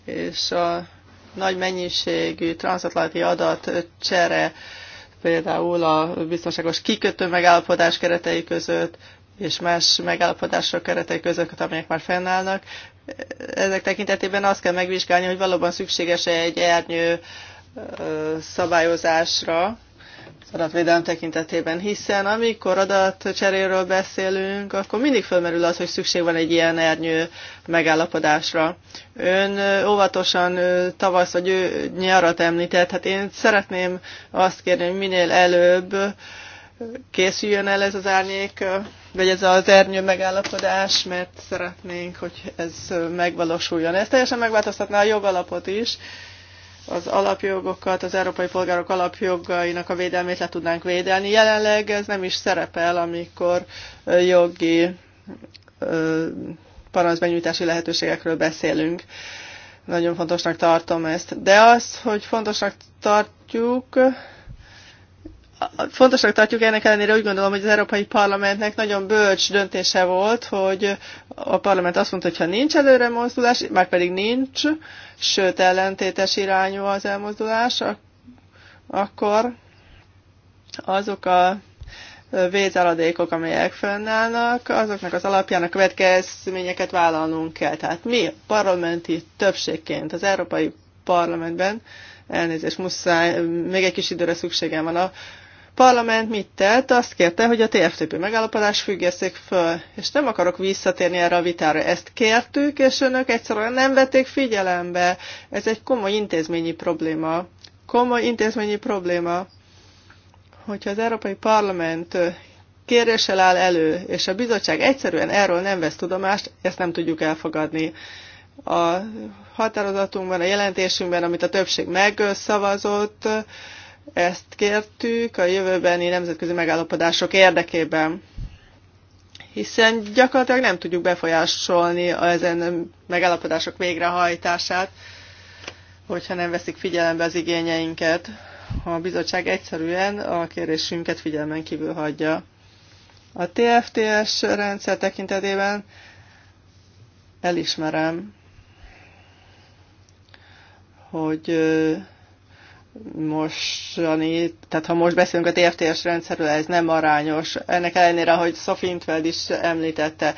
és a nagy mennyiségű transatlanti adat csere, például a biztonságos kikötő megállapodás keretei között, és más megállapodások keretei között, amelyek már fennállnak. Ezek tekintetében azt kell megvizsgálni, hogy valóban szükséges-e egy ernyő szabályozásra, adatvédelem tekintetében, hiszen amikor adatcseréről beszélünk, akkor mindig felmerül az, hogy szükség van egy ilyen ernyő megállapodásra. Ön óvatosan tavasz vagy ő nyarat említett, hát én szeretném azt kérni, hogy minél előbb készüljön el ez az árnyék, vagy ez az ernyő megállapodás, mert szeretnénk, hogy ez megvalósuljon. Ez teljesen megváltoztatná a jogalapot is, az alapjogokat, az európai polgárok alapjogainak a védelmét le tudnánk védelni. Jelenleg ez nem is szerepel, amikor jogi panaszbenyújtási lehetőségekről beszélünk. Nagyon fontosnak tartom ezt. De az, hogy fontosnak tartjuk, fontosnak tartjuk ennek ellenére, úgy gondolom, hogy az Európai Parlamentnek nagyon bölcs döntése volt, hogy a parlament azt mondta, hogy ha nincs előre mozdulás, már pedig nincs, sőt ellentétes irányú az elmozdulás, akkor azok a vételadékok, amelyek fönnállnak, azoknak az alapján a következményeket vállalnunk kell. Tehát mi parlamenti többségként az Európai Parlamentben elnézést, muszáj, még egy kis időre szükségem van. A parlament mit telt? Azt kérte, hogy a TFTP megállapodás függeszik föl, és nem akarok visszatérni erre a vitára. Ezt kértük, és önök egyszerűen nem vették figyelembe. Ez egy komoly intézményi probléma. Komoly intézményi probléma, hogyha az Európai Parlament kéréssel áll elő, és a bizottság egyszerűen erről nem vesz tudomást, ezt nem tudjuk elfogadni. A határozatunkban, a jelentésünkben, amit a többség megszavazott, ezt kértük a jövőbeni nemzetközi megállapodások érdekében, hiszen gyakorlatilag nem tudjuk befolyásolni ezen megállapodások végrehajtását, hogyha nem veszik figyelembe az igényeinket. A bizottság egyszerűen a kérésünket figyelmen kívül hagyja. A TFTS rendszer tekintetében elismerem, hogy mostani, tehát ha most beszélünk a TFTS rendszerről, ez nem arányos. Ennek ellenére, ahogy Sophie is említette,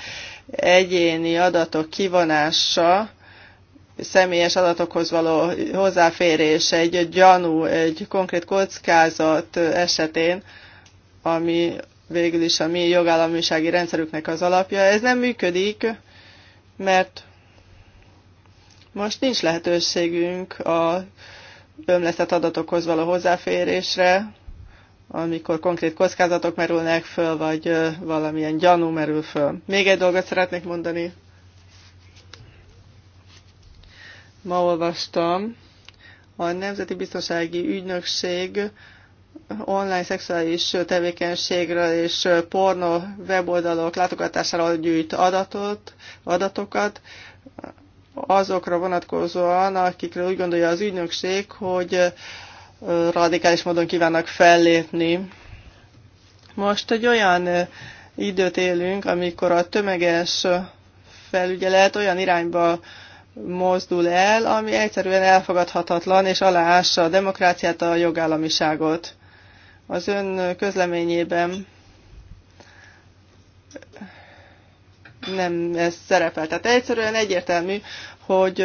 egyéni adatok kivonása, személyes adatokhoz való hozzáférés egy gyanú, egy konkrét kockázat esetén, ami végül is a mi jogállamisági rendszerüknek az alapja, ez nem működik, mert most nincs lehetőségünk a bömlesztett adatokhoz való hozzáférésre, amikor konkrét kockázatok merülnek föl, vagy valamilyen gyanú merül föl. Még egy dolgot szeretnék mondani. Ma olvastam, a Nemzeti Biztonsági Ügynökség online szexuális tevékenységről és pornó weboldalok látogatásáról gyűjt adatot, adatokat azokra vonatkozóan, akikről úgy gondolja az ügynökség, hogy radikális módon kívánnak fellépni. Most egy olyan időt élünk, amikor a tömeges felügyelet olyan irányba mozdul el, ami egyszerűen elfogadhatatlan, és aláássa a demokráciát, a jogállamiságot. Az ön közleményében nem ez szerepel. Tehát egyszerűen egyértelmű, hogy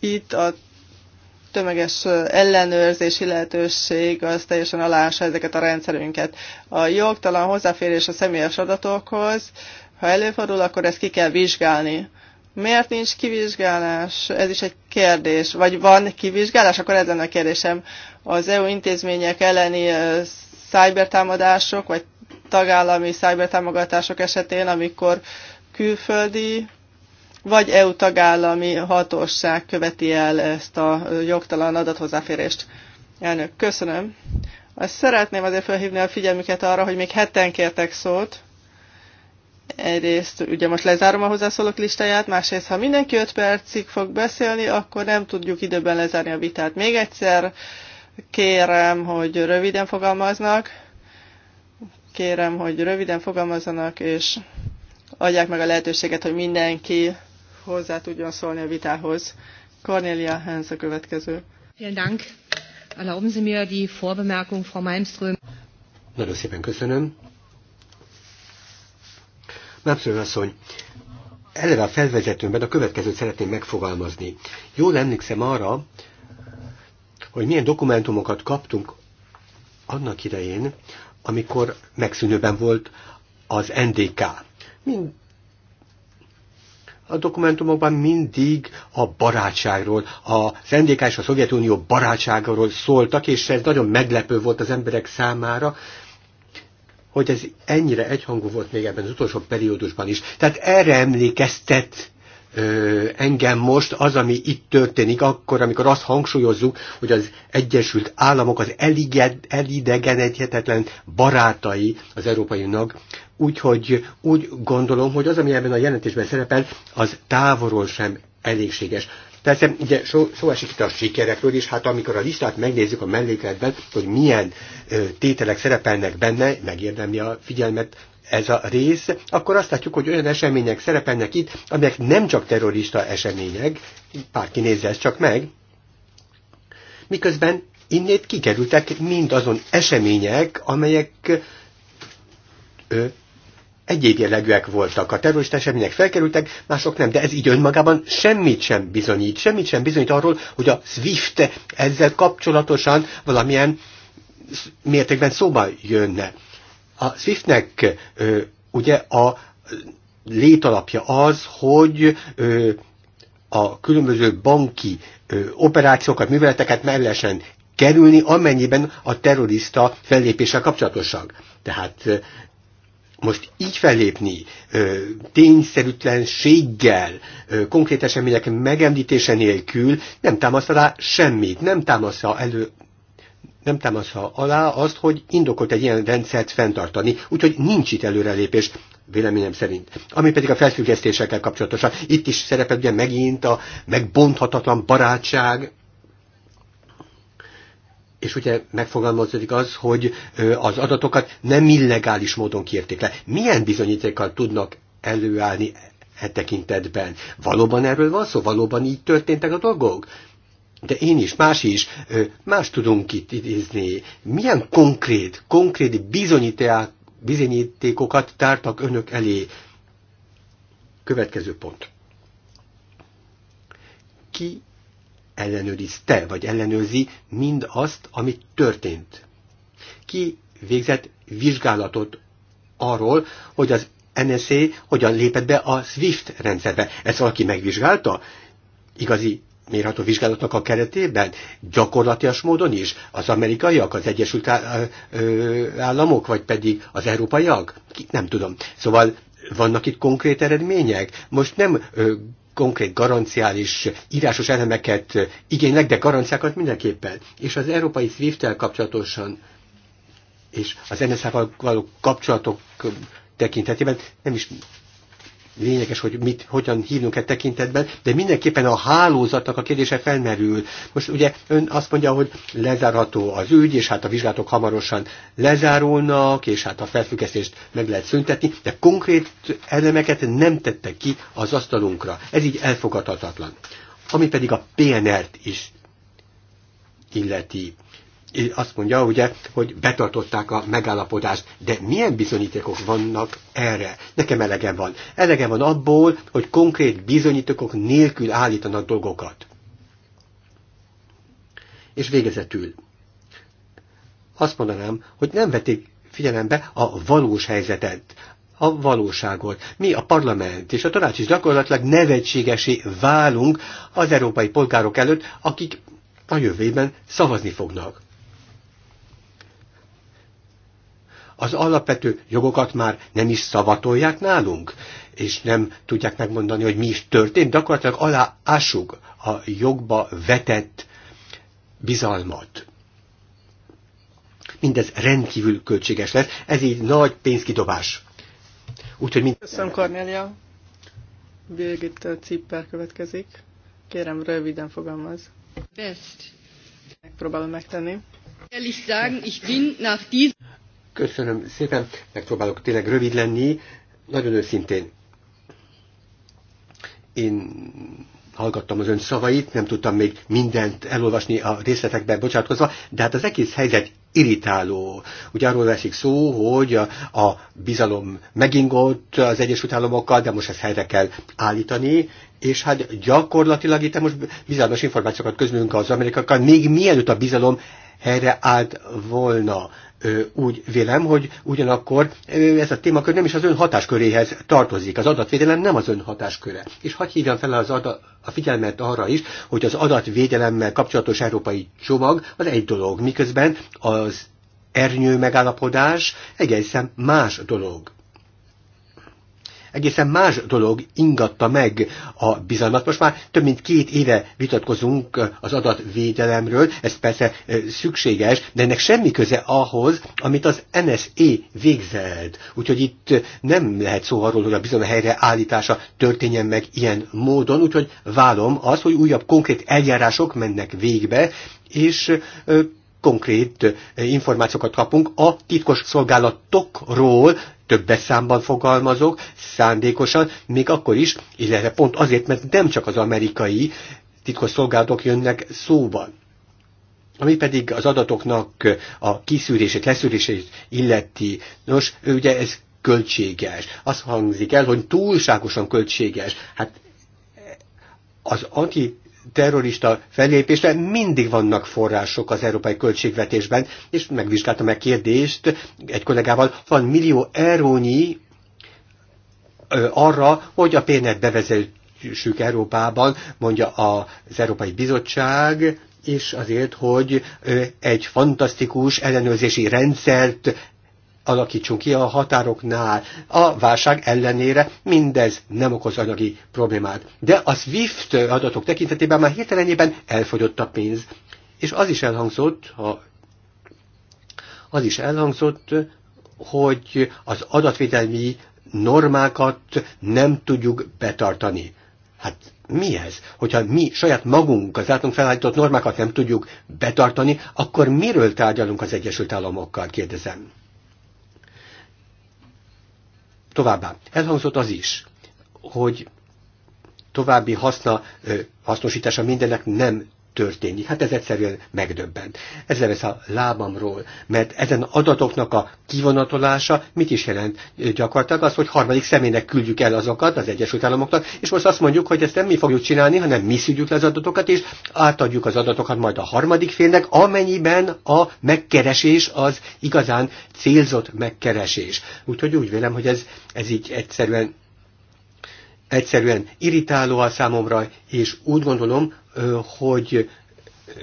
itt a tömeges ellenőrzési lehetőség az teljesen alása ezeket a rendszerünket. A jogtalan hozzáférés a személyes adatokhoz, ha előfordul, akkor ezt ki kell vizsgálni. Miért nincs kivizsgálás? Ez is egy kérdés. Vagy van kivizsgálás? Akkor ez lenne a kérdésem. Az EU intézmények elleni cybertámadások, vagy tagállami szájbetámogatások esetén, amikor külföldi vagy EU tagállami hatóság követi el ezt a jogtalan adathozáférést. Elnök, köszönöm. Azt szeretném azért felhívni a figyelmüket arra, hogy még heten kértek szót. Egyrészt ugye most lezárom a hozzászólók listáját, másrészt ha mindenki 5 percig fog beszélni, akkor nem tudjuk időben lezárni a vitát. Még egyszer kérem, hogy röviden fogalmaznak Kérem, hogy röviden fogalmazzanak, és adják meg a lehetőséget, hogy mindenki hozzá tudjon szólni a vitához. Cornelia Hens a következő. Vielen Dank. Erlauben Sie mir die Vorbemerkung, Frau Malmström. Nagyon szépen köszönöm. Malmström asszony, eleve a felvezetőmben a következőt szeretném megfogalmazni. Jól emlékszem arra, hogy milyen dokumentumokat kaptunk annak idején, amikor megszűnőben volt az NDK. Mind a dokumentumokban mindig a barátságról, a NDK és a Szovjetunió barátságról szóltak, és ez nagyon meglepő volt az emberek számára, hogy ez ennyire egyhangú volt még ebben az utolsó periódusban is. Tehát erre emlékeztet engem most az, ami itt történik, akkor, amikor azt hangsúlyozzuk, hogy az Egyesült Államok az eliged, elidegenedhetetlen barátai az Európai Uniónak, úgyhogy úgy gondolom, hogy az, ami ebben a jelentésben szerepel, az távolról sem elégséges. Persze, ugye szó, szó esik itt a sikerekről is, hát amikor a listát megnézzük a mellékletben, hogy milyen ö, tételek szerepelnek benne, megérdemli a figyelmet ez a rész, akkor azt látjuk, hogy olyan események szerepelnek itt, amelyek nem csak terrorista események, párki nézze ezt csak meg, miközben innét kikerültek mind azon események, amelyek ö, egyéb jellegűek voltak. A terrorista események felkerültek, mások nem, de ez így önmagában semmit sem bizonyít, semmit sem bizonyít arról, hogy a SWIFT ezzel kapcsolatosan valamilyen mértékben szóba jönne. A swiftnek, ugye a létalapja az, hogy a különböző banki operációkat, műveleteket mellesen kerülni, amennyiben a terrorista fellépéssel kapcsolatosak. Tehát most így fellépni tényszerűtlenséggel, konkrét események megemlítése nélkül nem támaszt alá semmit, nem támasztja elő nem támaszza alá azt, hogy indokolt egy ilyen rendszert fenntartani, úgyhogy nincs itt előrelépés véleményem szerint. Ami pedig a felfüggesztésekkel kapcsolatosan. Itt is szerepel ugye megint a megbonthatatlan barátság, és ugye megfogalmazódik az, hogy az adatokat nem illegális módon kérték le. Milyen bizonyítékkal tudnak előállni e tekintetben? Valóban erről van szó? Valóban így történtek a dolgok? de én is, más is, más tudunk itt idézni. Milyen konkrét, konkrét bizonyítékokat tártak önök elé? Következő pont. Ki ellenőrizte, vagy ellenőrzi mind azt, amit történt? Ki végzett vizsgálatot arról, hogy az NSA hogyan lépett be a SWIFT rendszerbe? Ezt valaki megvizsgálta? Igazi mérható vizsgálatnak a keretében, gyakorlatias módon is, az amerikaiak, az Egyesült Államok, vagy pedig az európaiak? Nem tudom. Szóval vannak itt konkrét eredmények? Most nem ö, konkrét garanciális írásos elemeket igénylek, de garanciákat mindenképpen. És az európai SWIFT-tel kapcsolatosan és az NSZ-val való kapcsolatok tekintetében nem is lényeges, hogy mit, hogyan hívnunk e tekintetben, de mindenképpen a hálózatnak a kérdése felmerül. Most ugye ön azt mondja, hogy lezárható az ügy, és hát a vizsgálatok hamarosan lezárulnak, és hát a felfüggesztést meg lehet szüntetni, de konkrét elemeket nem tettek ki az asztalunkra. Ez így elfogadhatatlan. Ami pedig a PNR-t is illeti azt mondja ugye, hogy betartották a megállapodást, de milyen bizonyítékok vannak erre? Nekem elegem van. Elegem van abból, hogy konkrét bizonyítékok nélkül állítanak dolgokat. És végezetül azt mondanám, hogy nem vették figyelembe a valós helyzetet, a valóságot. Mi a parlament és a tanács is gyakorlatilag nevetségesé válunk az európai polgárok előtt, akik a jövőben szavazni fognak. az alapvető jogokat már nem is szavatolják nálunk, és nem tudják megmondani, hogy mi is történt, de gyakorlatilag aláássuk a jogba vetett bizalmat. Mindez rendkívül költséges lesz, ez egy nagy pénzkidobás. Úgyhogy mind... Köszönöm, Kornélia. Birgit Cipper következik. Kérem, röviden fogalmaz. Best. Megpróbálom megtenni. Ehrlich sagen, ich bin nach diesem... Köszönöm szépen, megpróbálok tényleg rövid lenni, nagyon őszintén. Én hallgattam az ön szavait, nem tudtam még mindent elolvasni a részletekben bocsátkozva, de hát az egész helyzet irritáló. Ugye arról esik szó, hogy a, a bizalom megingott az Egyesült Államokkal, de most ezt helyre kell állítani, és hát gyakorlatilag itt most bizalmas információkat közlünk az amerikakkal, még mielőtt a bizalom helyre állt volna úgy vélem, hogy ugyanakkor ez a témakör nem is az ön hatásköréhez tartozik. Az adatvédelem nem az ön hatásköre. És hagyj hívjam fel az ada, a figyelmet arra is, hogy az adatvédelemmel kapcsolatos európai csomag az egy dolog, miközben az ernyő megállapodás egészen más dolog egészen más dolog ingatta meg a bizalmat. Most már több mint két éve vitatkozunk az adatvédelemről, ez persze szükséges, de ennek semmi köze ahhoz, amit az NSA végzelt. Úgyhogy itt nem lehet szó arról, hogy a bizalom helyre állítása történjen meg ilyen módon, úgyhogy válom az, hogy újabb konkrét eljárások mennek végbe, és konkrét információkat kapunk a titkos szolgálatokról, több beszámban fogalmazok, szándékosan, még akkor is, illetve pont azért, mert nem csak az amerikai titkos jönnek szóban ami pedig az adatoknak a kiszűrését, leszűrését illeti. Nos, ugye ez költséges. Azt hangzik el, hogy túlságosan költséges. Hát az anti terrorista fellépésre mindig vannak források az európai költségvetésben, és megvizsgáltam egy kérdést egy kollégával, van millió eurónyi arra, hogy a pénet bevezessük Európában, mondja az Európai Bizottság, és azért, hogy egy fantasztikus ellenőrzési rendszert alakítsunk ki a határoknál. A válság ellenére mindez nem okoz anyagi problémát. De a SWIFT adatok tekintetében már hirtelenében elfogyott a pénz. És az is elhangzott, ha az is elhangzott, hogy az adatvédelmi normákat nem tudjuk betartani. Hát mi ez? Hogyha mi saját magunk az általunk felállított normákat nem tudjuk betartani, akkor miről tárgyalunk az Egyesült Államokkal, kérdezem. Továbbá, elhangzott az is, hogy további haszna, hasznosítása mindennek nem történik. Hát ez egyszerűen megdöbbent. Ez levesz a lábamról, mert ezen adatoknak a kivonatolása mit is jelent gyakorlatilag? Az, hogy harmadik személynek küldjük el azokat az Egyesült Államoknak, és most azt mondjuk, hogy ezt nem mi fogjuk csinálni, hanem mi szűjük le az adatokat, és átadjuk az adatokat majd a harmadik félnek, amennyiben a megkeresés az igazán célzott megkeresés. Úgyhogy úgy vélem, hogy ez, ez így egyszerűen egyszerűen irritáló a számomra, és úgy gondolom, hogy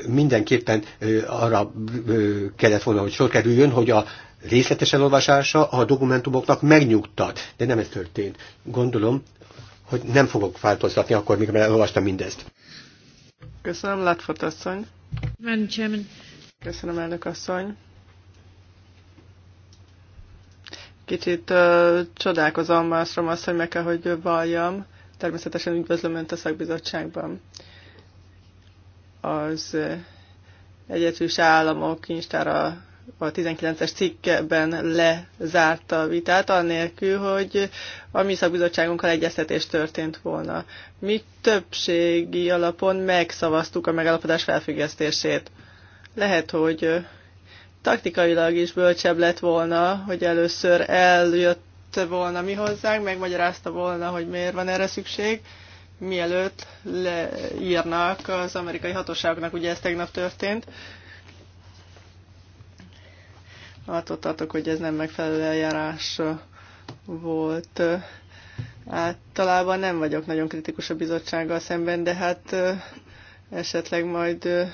mindenképpen arra kellett volna, hogy sor kerüljön, hogy a részletes elolvasása a dokumentumoknak megnyugtat. De nem ez történt. Gondolom, hogy nem fogok változtatni akkor, mikor elolvastam mindezt. Köszönöm, Látfot asszony. Köszönöm, elnök asszony. Kicsit uh, csodálkozom Malmström azt, hogy meg kell, hogy valljam. Természetesen üdvözlöm Önt a szakbizottságban. Az uh, Egyesült Államok Instára a 19-es cikkben lezárta a vitát, annélkül, hogy a mi szakbizottságunkkal egyeztetés történt volna. Mi többségi alapon megszavaztuk a megállapodás felfüggesztését. Lehet, hogy taktikailag is bölcsebb lett volna, hogy először eljött volna mi hozzánk, megmagyarázta volna, hogy miért van erre szükség, mielőtt leírnak az amerikai hatóságoknak, ugye ez tegnap történt. Attól tartok, hogy ez nem megfelelő eljárás volt. Általában nem vagyok nagyon kritikus a bizottsággal szemben, de hát esetleg majd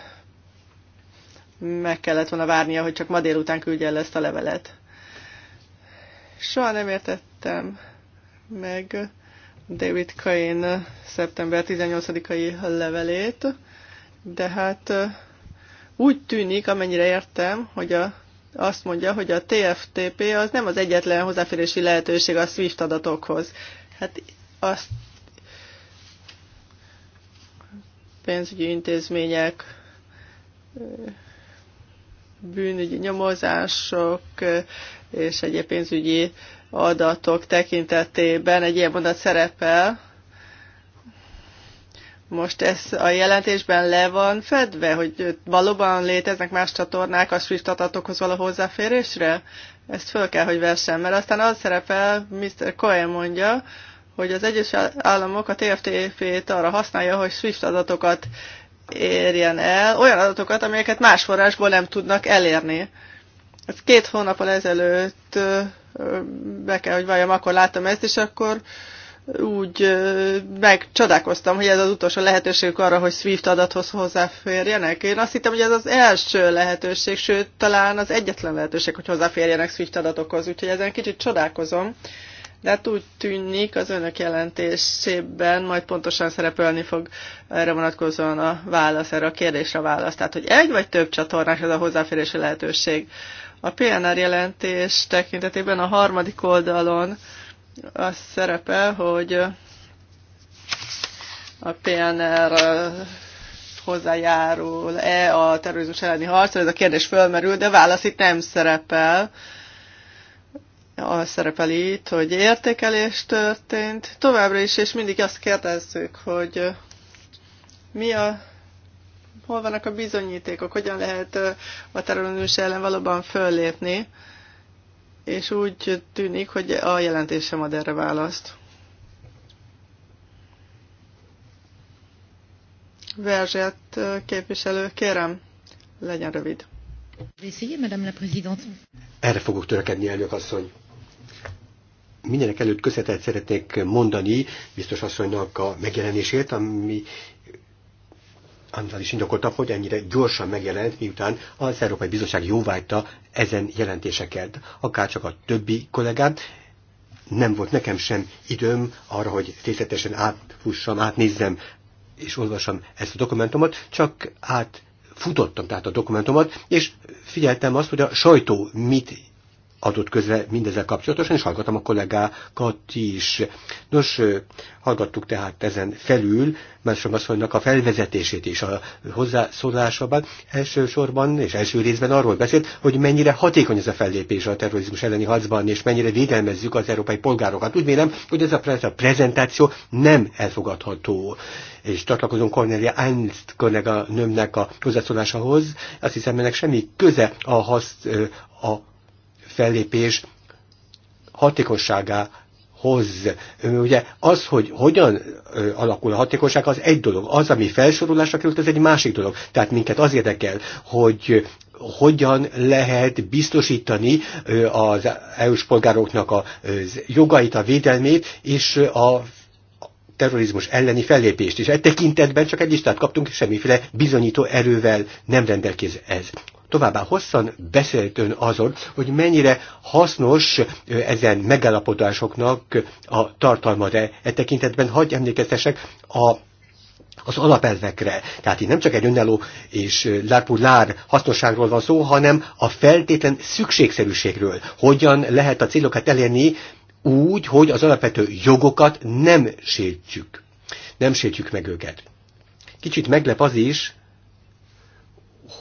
meg kellett volna várnia, hogy csak ma délután küldje el ezt a levelet. Soha nem értettem meg David Cain szeptember 18-ai levelét, de hát úgy tűnik, amennyire értem, hogy a, azt mondja, hogy a TFTP az nem az egyetlen hozzáférési lehetőség a SWIFT adatokhoz. Hát azt pénzügyi intézmények bűnügyi nyomozások és egyéb pénzügyi adatok tekintetében egy ilyen mondat szerepel. Most ez a jelentésben le van fedve, hogy valóban léteznek más csatornák a SWIFT adatokhoz való hozzáférésre? Ezt föl kell, hogy versen, mert aztán az szerepel, Mr. Cohen mondja, hogy az Egyesült Államok a TFTP-t arra használja, hogy SWIFT adatokat érjen el olyan adatokat, amelyeket más forrásból nem tudnak elérni. Ez két hónappal ezelőtt be kell, hogy valljam, akkor láttam ezt, és akkor úgy megcsodálkoztam, hogy ez az utolsó lehetőség arra, hogy SWIFT adathoz hozzáférjenek. Én azt hittem, hogy ez az első lehetőség, sőt, talán az egyetlen lehetőség, hogy hozzáférjenek SWIFT adatokhoz, úgyhogy ezen kicsit csodálkozom de hát úgy tűnik az önök jelentésében majd pontosan szerepelni fog erre vonatkozóan a válasz, erre a kérdésre a válasz. Tehát, hogy egy vagy több csatornás ez a hozzáférési lehetőség. A PNR jelentés tekintetében a harmadik oldalon az szerepel, hogy a PNR hozzájárul-e a terrorizmus elleni harcra, ez a kérdés fölmerül, de válasz itt nem szerepel a szerepel itt, hogy értékelés történt. Továbbra is, és mindig azt kérdezzük, hogy mi a, hol vannak a bizonyítékok, hogyan lehet a terrorizmus ellen valóban föllépni, és úgy tűnik, hogy a jelentés sem ad erre választ. Verzsett képviselő, kérem, legyen rövid. Erre fogok törekedni, elnök asszony mindenek előtt köszönetet szeretnék mondani biztos asszonynak a megjelenését, ami annál is indokoltabb, hogy ennyire gyorsan megjelent, miután az Európai Bizottság jóvágyta ezen jelentéseket. csak a többi kollégám, nem volt nekem sem időm arra, hogy részletesen átfussam, átnézzem és olvasom ezt a dokumentumot, csak átfutottam tehát a dokumentumot, és figyeltem azt, hogy a sajtó mit adott közre mindezzel kapcsolatosan, és hallgattam a kollégákat is. Nos, hallgattuk tehát ezen felül Másom asszonynak a felvezetését is a hozzászólásában. Elsősorban és első részben arról beszélt, hogy mennyire hatékony ez a fellépés a terrorizmus elleni harcban, és mennyire védelmezzük az európai polgárokat. Úgy vélem, hogy ez a prezentáció nem elfogadható és csatlakozom Cornelia Ernst kollega nőmnek a hozzászólásához. Azt hiszem, ennek semmi köze a, hasz, a fellépés hatékosságá hoz. Ugye az, hogy hogyan alakul a hatékosság, az egy dolog. Az, ami felsorolásra került, ez egy másik dolog. Tehát minket az érdekel, hogy hogyan lehet biztosítani az EU-s polgároknak a jogait, a védelmét és a terrorizmus elleni fellépést, is. Egy tekintetben csak egy listát kaptunk, semmiféle bizonyító erővel nem rendelkez ez. Továbbá hosszan beszélt ön azon, hogy mennyire hasznos ezen megállapodásoknak a tartalma, de e tekintetben hagy emlékeztesek a az alapelvekre. Tehát itt nem csak egy önálló és lárpulár hasznosságról van szó, hanem a feltétlen szükségszerűségről. Hogyan lehet a célokat elérni, úgy, hogy az alapvető jogokat nem sértjük. Nem sértjük meg őket. Kicsit meglep az is,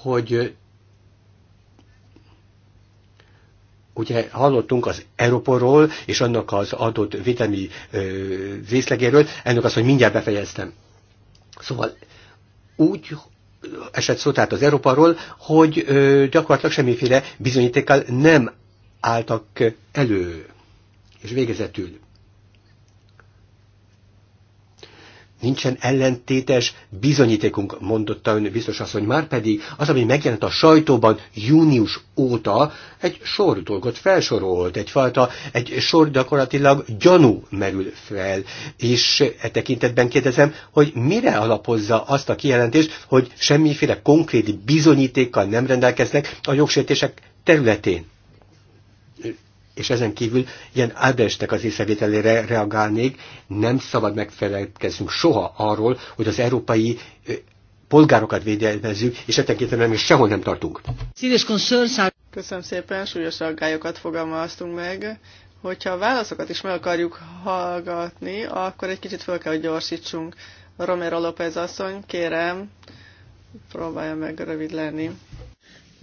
hogy ugye hallottunk az Europorról és annak az adott védelmi részlegéről, ennek az, hogy mindjárt befejeztem. Szóval úgy esett szó tehát az Európáról, hogy ö, gyakorlatilag semmiféle bizonyítékkal nem álltak elő. És végezetül, nincsen ellentétes bizonyítékunk, mondotta ön biztos asszony, már pedig az, ami megjelent a sajtóban június óta, egy sor dolgot felsorolt, egyfajta, egy sor gyakorlatilag gyanú merül fel, és e tekintetben kérdezem, hogy mire alapozza azt a kijelentést, hogy semmiféle konkrét bizonyítékkal nem rendelkeznek a jogsértések területén és ezen kívül ilyen Ábrestek az észrevételére reagálnék, nem szabad megfelelkeznünk soha arról, hogy az európai polgárokat védelmezzük, és ettenképpen nem is sehol nem tartunk. Köszönöm szépen, súlyos aggályokat fogalmaztunk meg. Hogyha a válaszokat is meg akarjuk hallgatni, akkor egy kicsit fel kell, hogy gyorsítsunk. Romero López asszony, kérem, próbálja meg rövid lenni.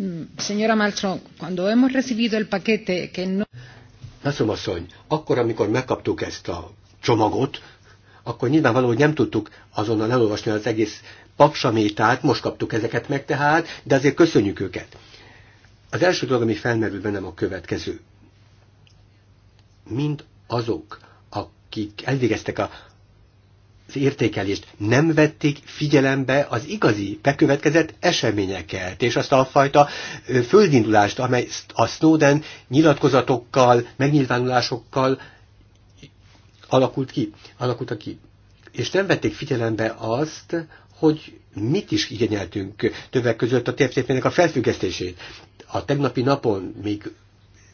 Mm. Señora Malmström, cuando hemos recibido el paquete que no... asszony, akkor, amikor megkaptuk ezt a csomagot, akkor nyilvánvaló, hogy nem tudtuk azonnal elolvasni az egész papsamétát, most kaptuk ezeket meg tehát, de azért köszönjük őket. Az első dolog, ami felmerül bennem a következő. Mind azok, akik elvégeztek a értékelést, nem vették figyelembe az igazi bekövetkezett eseményeket, és azt a fajta földindulást, amely a Snowden nyilatkozatokkal, megnyilvánulásokkal alakult ki, alakultak ki. És nem vették figyelembe azt, hogy mit is igényeltünk többek között a térfépének a felfüggesztését. A tegnapi napon még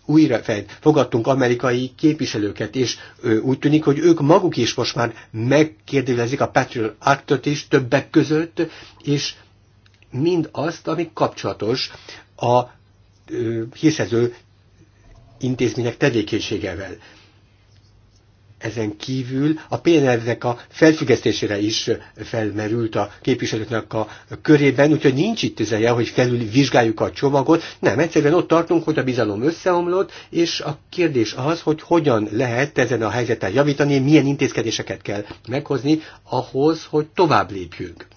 újra fogadtunk amerikai képviselőket, és úgy tűnik, hogy ők maguk is most már megkérdezik a Patriot Act-ot is többek között, és mind azt, ami kapcsolatos a hiszező intézmények tevékenységevel ezen kívül a PNR-nek a felfüggesztésére is felmerült a képviselőknek a körében, úgyhogy nincs itt jel, hogy felül vizsgáljuk a csomagot, nem, egyszerűen ott tartunk, hogy a bizalom összeomlott, és a kérdés az, hogy hogyan lehet ezen a helyzeten javítani, milyen intézkedéseket kell meghozni ahhoz, hogy tovább lépjünk.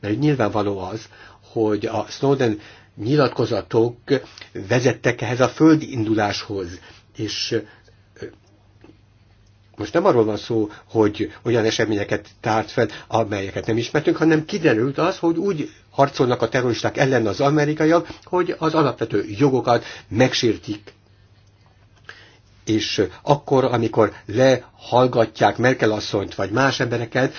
Mert nyilvánvaló az, hogy a Snowden nyilatkozatok vezettek ehhez a földinduláshoz, és most nem arról van szó, hogy olyan eseményeket tárt fel, amelyeket nem ismertünk, hanem kiderült az, hogy úgy harcolnak a terroristák ellen az amerikaiak, hogy az alapvető jogokat megsértik és akkor, amikor lehallgatják Merkel asszonyt, vagy más embereket,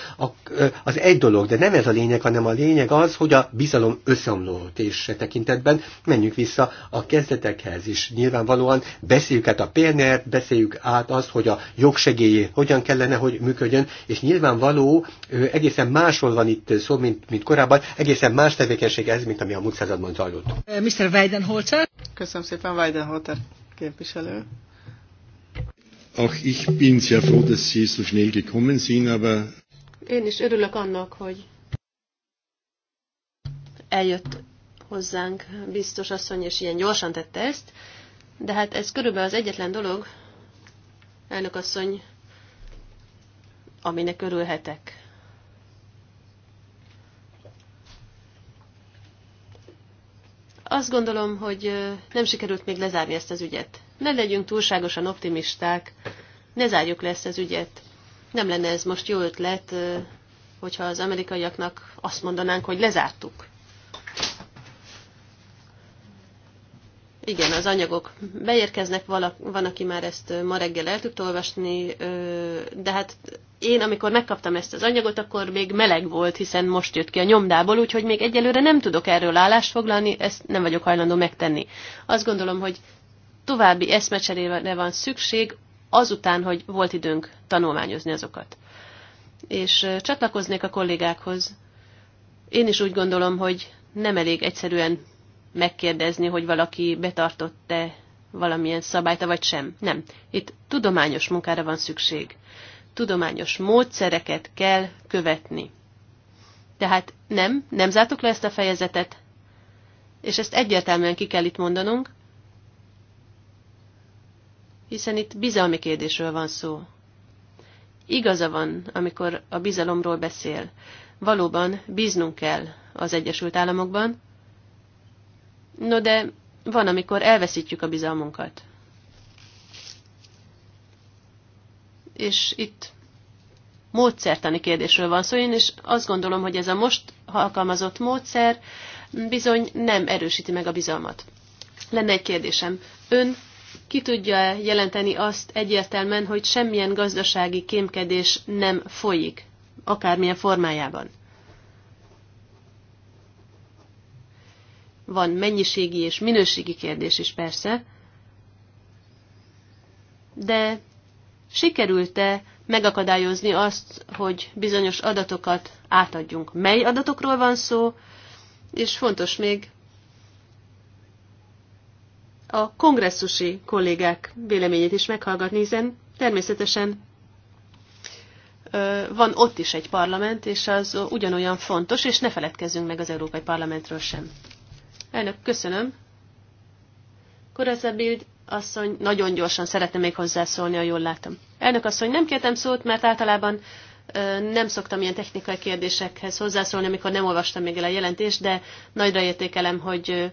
az egy dolog, de nem ez a lényeg, hanem a lényeg az, hogy a bizalom összeomlott, és e tekintetben menjünk vissza a kezdetekhez, és nyilvánvalóan beszéljük át a PNR-t, beszéljük át azt, hogy a jogsegélyé hogyan kellene, hogy működjön, és nyilvánvaló egészen másról van itt szó, mint, mint korábban, egészen más tevékenység ez, mint ami a múlt században zajlott. Mr. Weidenholzer. Köszönöm szépen, Weidenholzer képviselő. Auch ich bin sehr froh, dass Sie so schnell gekommen sind, aber... Én is örülök annak, hogy eljött hozzánk biztos asszony, és ilyen gyorsan tette ezt, de hát ez körülbelül az egyetlen dolog, elnök asszony, aminek örülhetek. Azt gondolom, hogy nem sikerült még lezárni ezt az ügyet. Ne legyünk túlságosan optimisták, ne zárjuk le ezt az ügyet. Nem lenne ez most jó ötlet, hogyha az amerikaiaknak azt mondanánk, hogy lezártuk. Igen, az anyagok beérkeznek, valak, van, aki már ezt ma reggel el tudta olvasni, de hát én, amikor megkaptam ezt az anyagot, akkor még meleg volt, hiszen most jött ki a nyomdából, úgyhogy még egyelőre nem tudok erről állást foglalni, ezt nem vagyok hajlandó megtenni. Azt gondolom, hogy további eszmecserére van szükség, azután, hogy volt időnk tanulmányozni azokat. És csatlakoznék a kollégákhoz. Én is úgy gondolom, hogy nem elég egyszerűen megkérdezni, hogy valaki betartott-e valamilyen szabályt, vagy sem. Nem. Itt tudományos munkára van szükség. Tudományos módszereket kell követni. Tehát nem, nem zártuk le ezt a fejezetet, és ezt egyértelműen ki kell itt mondanunk, hiszen itt bizalmi kérdésről van szó. Igaza van, amikor a bizalomról beszél. Valóban bíznunk kell az Egyesült Államokban, No de van, amikor elveszítjük a bizalmunkat. És itt módszertani kérdésről van szó, én és azt gondolom, hogy ez a most alkalmazott módszer bizony nem erősíti meg a bizalmat. Lenne egy kérdésem. Ön ki tudja jelenteni azt egyértelműen, hogy semmilyen gazdasági kémkedés nem folyik, akármilyen formájában? Van mennyiségi és minőségi kérdés is persze, de sikerült-e megakadályozni azt, hogy bizonyos adatokat átadjunk? Mely adatokról van szó? És fontos még a kongresszusi kollégák véleményét is meghallgatni, hiszen természetesen van ott is egy parlament, és az ugyanolyan fontos, és ne feledkezzünk meg az Európai Parlamentről sem. Elnök, köszönöm. Korazabild asszony, nagyon gyorsan szeretne még hozzászólni, ha jól látom. Elnök asszony, nem kértem szót, mert általában ö, nem szoktam ilyen technikai kérdésekhez hozzászólni, amikor nem olvastam még el a jelentést, de nagyra értékelem, hogy ö,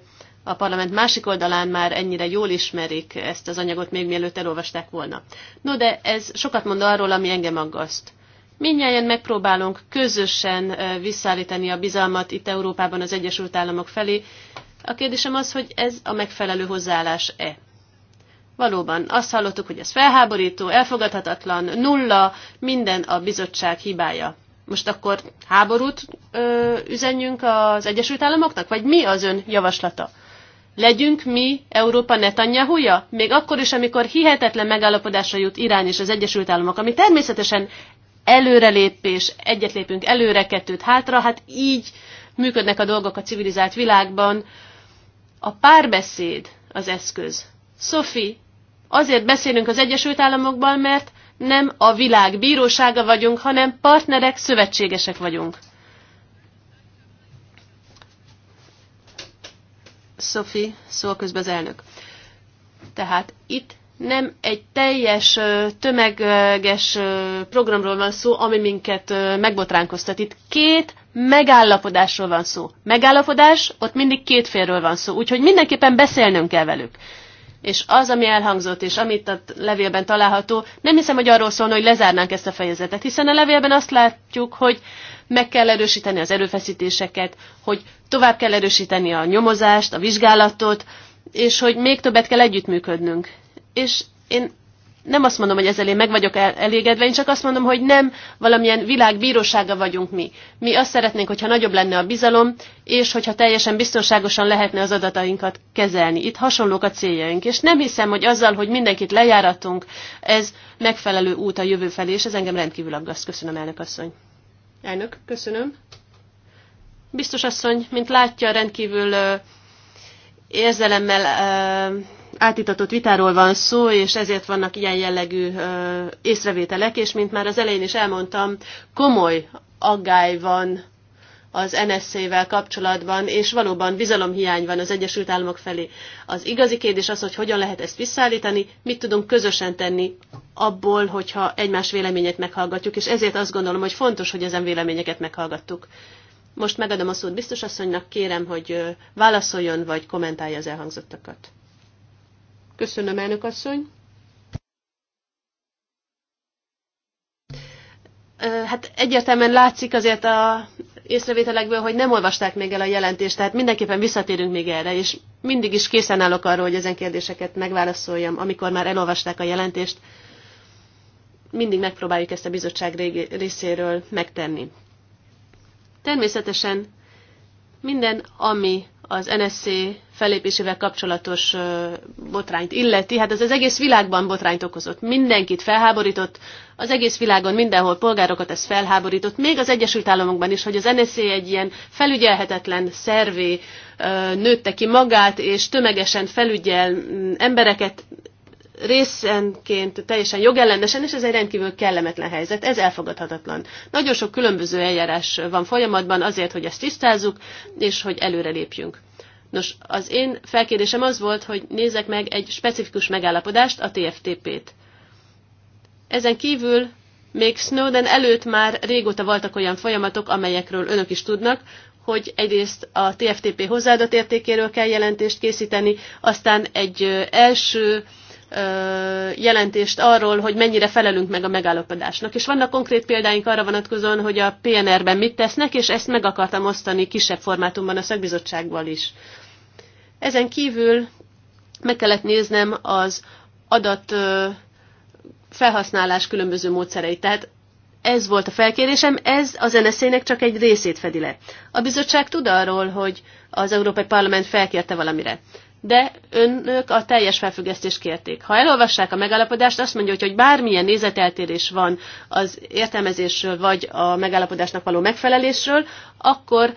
a parlament másik oldalán már ennyire jól ismerik ezt az anyagot, még mielőtt elolvasták volna. No, de ez sokat mond arról, ami engem aggaszt. Mindjárt megpróbálunk közösen visszaállítani a bizalmat itt Európában az Egyesült Államok felé, a kérdésem az, hogy ez a megfelelő hozzáállás-e. Valóban, azt hallottuk, hogy ez felháborító, elfogadhatatlan, nulla, minden a bizottság hibája. Most akkor háborút ö, üzenjünk az Egyesült Államoknak? Vagy mi az ön javaslata? Legyünk mi Európa Netanyahuja? Még akkor is, amikor hihetetlen megállapodásra jut Irán és az Egyesült Államok, ami természetesen előrelépés, egyet lépünk előre, kettőt hátra, hát így működnek a dolgok a civilizált világban, a párbeszéd az eszköz. Sophie, azért beszélünk az Egyesült Államokban, mert nem a világ bírósága vagyunk, hanem partnerek, szövetségesek vagyunk. Sophie szól közben az elnök. Tehát itt nem egy teljes tömeges programról van szó, ami minket megbotránkoztat. Itt két megállapodásról van szó. Megállapodás, ott mindig két félről van szó, úgyhogy mindenképpen beszélnünk kell velük. És az, ami elhangzott, és amit a levélben található, nem hiszem, hogy arról szólna, hogy lezárnánk ezt a fejezetet, hiszen a levélben azt látjuk, hogy meg kell erősíteni az erőfeszítéseket, hogy tovább kell erősíteni a nyomozást, a vizsgálatot, és hogy még többet kell együttműködnünk. És én nem azt mondom, hogy ezzel én meg vagyok elégedve, én csak azt mondom, hogy nem valamilyen világbírósága vagyunk mi. Mi azt szeretnénk, hogyha nagyobb lenne a bizalom, és hogyha teljesen biztonságosan lehetne az adatainkat kezelni. Itt hasonlók a céljaink, és nem hiszem, hogy azzal, hogy mindenkit lejáratunk, ez megfelelő út a jövő felé, és ez engem rendkívül aggaszt. Köszönöm, elnök asszony. Elnök, köszönöm. Biztos asszony, mint látja, rendkívül érzelemmel átitatott vitáról van szó, és ezért vannak ilyen jellegű észrevételek, és mint már az elején is elmondtam, komoly aggály van az NSZ-vel kapcsolatban, és valóban bizalomhiány van az Egyesült Államok felé. Az igazi kérdés az, hogy hogyan lehet ezt visszaállítani, mit tudunk közösen tenni abból, hogyha egymás véleményét meghallgatjuk, és ezért azt gondolom, hogy fontos, hogy ezen véleményeket meghallgattuk. Most megadom a szót biztos kérem, hogy válaszoljon vagy kommentálja az elhangzottakat. Köszönöm, elnök asszony. Hát egyértelműen látszik azért a észrevételekből, hogy nem olvasták még el a jelentést, tehát mindenképpen visszatérünk még erre, és mindig is készen állok arra, hogy ezen kérdéseket megválaszoljam, amikor már elolvasták a jelentést. Mindig megpróbáljuk ezt a bizottság részéről megtenni. Természetesen minden, ami az NSC felépésével kapcsolatos botrányt illeti, hát ez az egész világban botrányt okozott. Mindenkit felháborított, az egész világon mindenhol polgárokat ez felháborított, még az Egyesült Államokban is, hogy az NSC egy ilyen felügyelhetetlen szervé nőtte ki magát, és tömegesen felügyel embereket, részenként teljesen jogellenesen, és ez egy rendkívül kellemetlen helyzet, ez elfogadhatatlan. Nagyon sok különböző eljárás van folyamatban azért, hogy ezt tisztázzuk, és hogy előrelépjünk. Nos, az én felkérésem az volt, hogy nézek meg egy specifikus megállapodást, a TFTP-t. Ezen kívül még Snowden előtt már régóta voltak olyan folyamatok, amelyekről önök is tudnak, hogy egyrészt a TFTP hozzáadott értékéről kell jelentést készíteni, aztán egy első jelentést arról, hogy mennyire felelünk meg a megállapodásnak. És vannak konkrét példáink arra vonatkozóan, hogy a PNR-ben mit tesznek, és ezt meg akartam osztani kisebb formátumban a szakbizottsággal is. Ezen kívül meg kellett néznem az adat felhasználás különböző módszereit. Tehát ez volt a felkérésem, ez az NSZ-nek csak egy részét fedi le. A bizottság tud arról, hogy az Európai Parlament felkérte valamire de önök a teljes felfüggesztést kérték. Ha elolvassák a megállapodást, azt mondja, hogy, hogy bármilyen nézeteltérés van az értelmezésről vagy a megállapodásnak való megfelelésről, akkor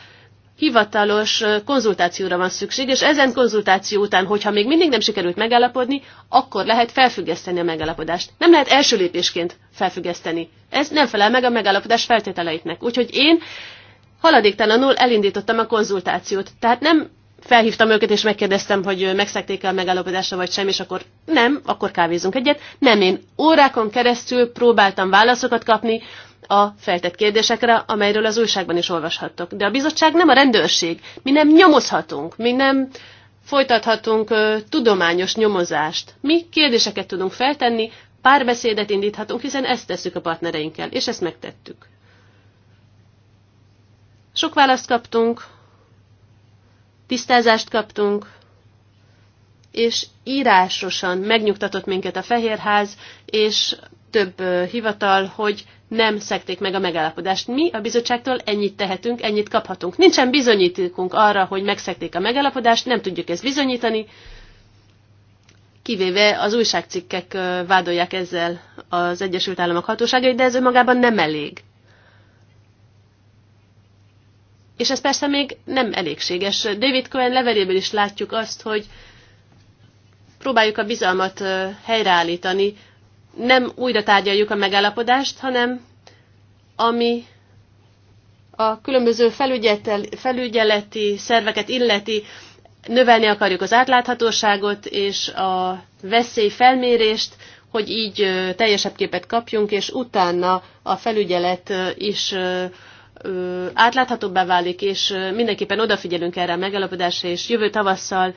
hivatalos konzultációra van szükség, és ezen konzultáció után, hogyha még mindig nem sikerült megállapodni, akkor lehet felfüggeszteni a megállapodást. Nem lehet első lépésként felfüggeszteni. Ez nem felel meg a megállapodás feltételeitnek. Úgyhogy én haladéktalanul elindítottam a konzultációt. Tehát nem felhívtam őket, és megkérdeztem, hogy megszekték el a megállapodásra, vagy sem, és akkor nem, akkor kávézunk egyet. Nem, én órákon keresztül próbáltam válaszokat kapni a feltett kérdésekre, amelyről az újságban is olvashattok. De a bizottság nem a rendőrség. Mi nem nyomozhatunk, mi nem folytathatunk ö, tudományos nyomozást. Mi kérdéseket tudunk feltenni, párbeszédet indíthatunk, hiszen ezt tesszük a partnereinkkel, és ezt megtettük. Sok választ kaptunk, Tisztázást kaptunk, és írásosan megnyugtatott minket a Fehérház, és több hivatal, hogy nem szekték meg a megállapodást. Mi a bizottságtól ennyit tehetünk, ennyit kaphatunk. Nincsen bizonyítékunk arra, hogy megszekték a megállapodást, nem tudjuk ezt bizonyítani, kivéve az újságcikkek vádolják ezzel az Egyesült Államok hatóságait, de ez önmagában nem elég. És ez persze még nem elégséges. David Cohen leveléből is látjuk azt, hogy próbáljuk a bizalmat helyreállítani. Nem újra tárgyaljuk a megállapodást, hanem ami a különböző felügyeleti szerveket illeti, növelni akarjuk az átláthatóságot és a veszélyfelmérést, hogy így teljesebb képet kapjunk, és utána a felügyelet is átláthatóbbá válik, és mindenképpen odafigyelünk erre a megállapodásra, és jövő tavasszal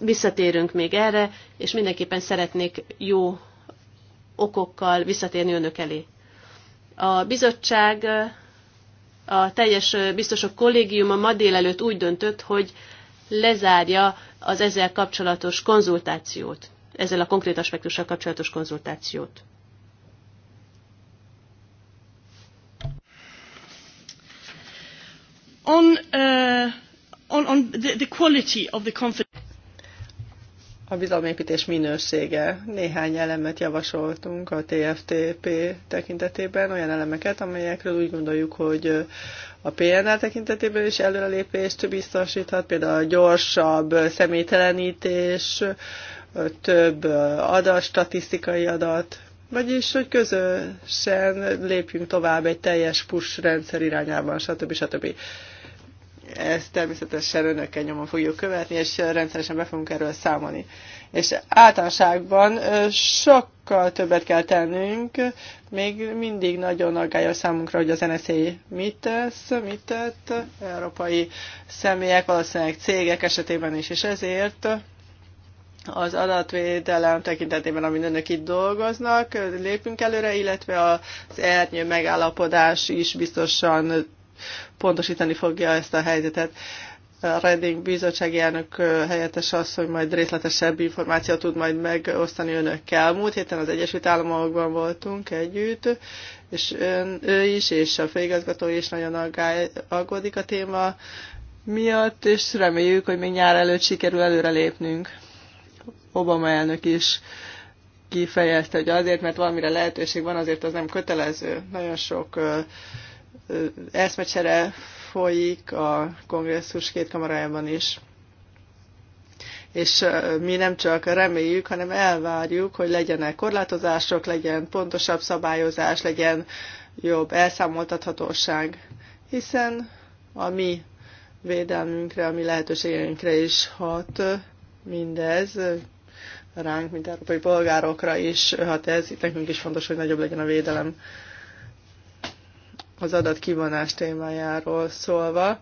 visszatérünk még erre, és mindenképpen szeretnék jó okokkal visszatérni önök elé. A bizottság, a teljes biztosok kollégiuma ma délelőtt úgy döntött, hogy lezárja az ezzel kapcsolatos konzultációt, ezzel a konkrét aspektussal kapcsolatos konzultációt. Uh, on, on, the, the quality of the confidence. A bizalomépítés minősége. Néhány elemet javasoltunk a TFTP tekintetében, olyan elemeket, amelyekről úgy gondoljuk, hogy a PNL tekintetében is előrelépést biztosíthat, például a gyorsabb személytelenítés, több adat, statisztikai adat, vagyis, hogy közösen lépjünk tovább egy teljes push rendszer irányában, stb. stb ezt természetesen önökkel nyomon fogjuk követni, és rendszeresen be fogunk erről számolni. És általánoságban sokkal többet kell tennünk, még mindig nagyon aggályos számunkra, hogy az NSZ mit tesz, mit tett, európai személyek, valószínűleg cégek esetében is, és ezért az adatvédelem tekintetében, amin önök itt dolgoznak, lépünk előre, illetve az ernyő megállapodás is biztosan pontosítani fogja ezt a helyzetet. A Reding bizottsági elnök helyettes az, hogy majd részletesebb információt tud majd megosztani önökkel. Múlt héten az Egyesült Államokban voltunk együtt, és ön, ő is, és a főigazgató is nagyon aggódik a téma miatt, és reméljük, hogy még nyár előtt sikerül előrelépnünk. Obama elnök is kifejezte, hogy azért, mert valamire lehetőség van, azért az nem kötelező. Nagyon sok eszmecsere folyik a kongresszus két kamarájában is. És mi nem csak reméljük, hanem elvárjuk, hogy legyenek korlátozások, legyen pontosabb szabályozás, legyen jobb elszámoltathatóság, hiszen a mi védelmünkre, a mi lehetőségeinkre is hat mindez, ránk, mint európai polgárokra is hat ez, itt nekünk is fontos, hogy nagyobb legyen a védelem az adatkivonás témájáról szólva.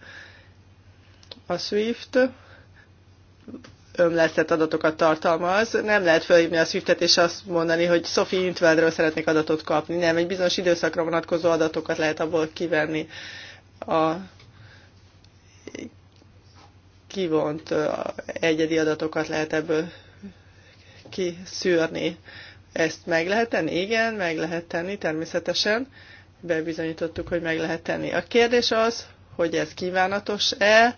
A SWIFT ömlesztett adatokat tartalmaz. Nem lehet felhívni a Swiftet és azt mondani, hogy Sophie Intveldről szeretnék adatot kapni. Nem, egy bizonyos időszakra vonatkozó adatokat lehet abból kivenni. A kivont egyedi adatokat lehet ebből kiszűrni. Ezt meg lehet tenni? Igen, meg lehet tenni természetesen bebizonyítottuk, hogy meg lehet tenni. A kérdés az, hogy ez kívánatos-e,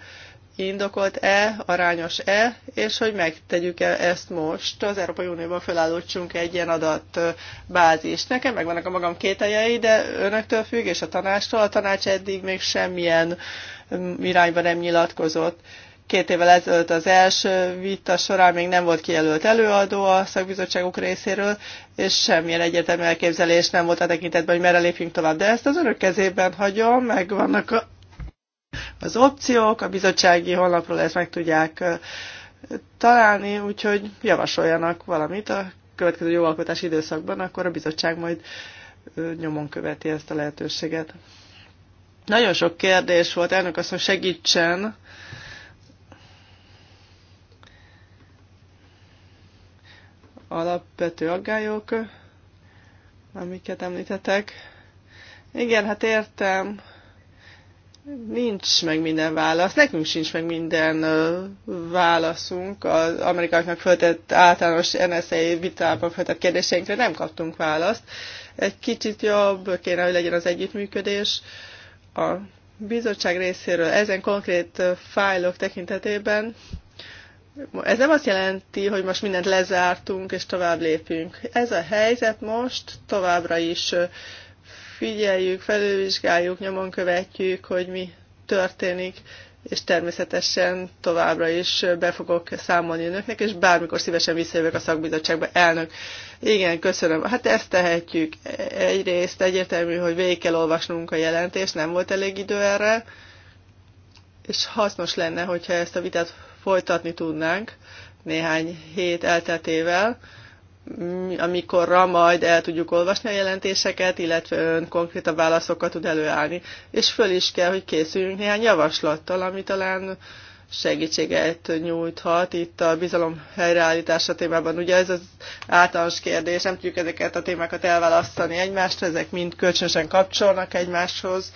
indokolt-e, arányos-e, és hogy megtegyük-e ezt most. Az Európai Unióban felállítsunk egy ilyen adatbázist. Nekem megvannak a magam kételjei, de önöktől függ, és a tanástól. A tanács eddig még semmilyen mm, irányba nem nyilatkozott. Két évvel ezelőtt az első vita során még nem volt kijelölt előadó a szakbizottságuk részéről, és semmilyen egyértelmű elképzelés nem volt a tekintetben, hogy merre lépjünk tovább. De ezt az önök kezében hagyom, meg vannak a, az opciók, a bizottsági honlapról ezt meg tudják találni, úgyhogy javasoljanak valamit a következő jogalkotási időszakban, akkor a bizottság majd nyomon követi ezt a lehetőséget. Nagyon sok kérdés volt, elnök azt, hogy segítsen, alapvető aggályok, amiket említetek. Igen, hát értem. Nincs meg minden válasz. Nekünk sincs meg minden válaszunk. Az amerikaiaknak föltett általános NSA vitában föltett kérdéseinkre nem kaptunk választ. Egy kicsit jobb kéne, hogy legyen az együttműködés. A bizottság részéről ezen konkrét fájlok tekintetében ez nem azt jelenti, hogy most mindent lezártunk és tovább lépünk. Ez a helyzet most továbbra is figyeljük, felülvizsgáljuk, nyomon követjük, hogy mi történik, és természetesen továbbra is be fogok számolni önöknek, és bármikor szívesen visszajövök a szakbizottságba, elnök. Igen, köszönöm. Hát ezt tehetjük. Egyrészt egyértelmű, hogy végig kell olvasnunk a jelentést, nem volt elég idő erre, és hasznos lenne, hogyha ezt a vitát folytatni tudnánk néhány hét elteltével, amikorra majd el tudjuk olvasni a jelentéseket, illetve ön konkrétabb válaszokat tud előállni. És föl is kell, hogy készüljünk néhány javaslattal, ami talán segítséget nyújthat itt a bizalom helyreállítása témában. Ugye ez az általános kérdés, nem tudjuk ezeket a témákat elválasztani egymástól, ezek mind kölcsönösen kapcsolnak egymáshoz,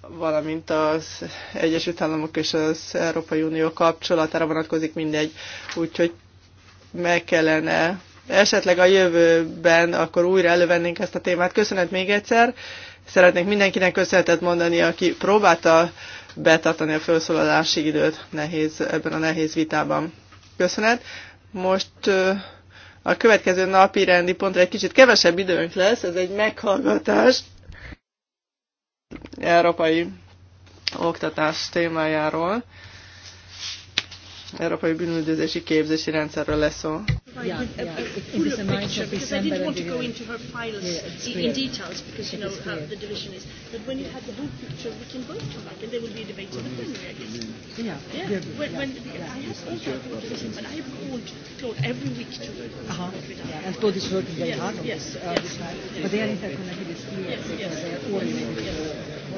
valamint az Egyesült Államok és az Európai Unió kapcsolatára vonatkozik mindegy. Úgyhogy meg kellene esetleg a jövőben akkor újra elővennénk ezt a témát. Köszönet még egyszer. Szeretnék mindenkinek köszönetet mondani, aki próbálta betartani a felszólalási időt nehéz, ebben a nehéz vitában. Köszönet. Most a következő napi rendi pontra egy kicsit kevesebb időnk lesz, ez egy meghallgatás európai oktatás témájáról. Európai bűnüldözési képzési rendszerről lesz szó. Yeah, yeah. a nice of December. I didn't want to go into her files yeah, in details because you know how the division is. But when you have the whole picture, we can both come back a debate in the Yeah, yeah. yeah. yeah. Uh-huh. yeah. And Uh,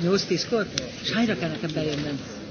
nyolc kor És hányra kell nekem bejönnöm?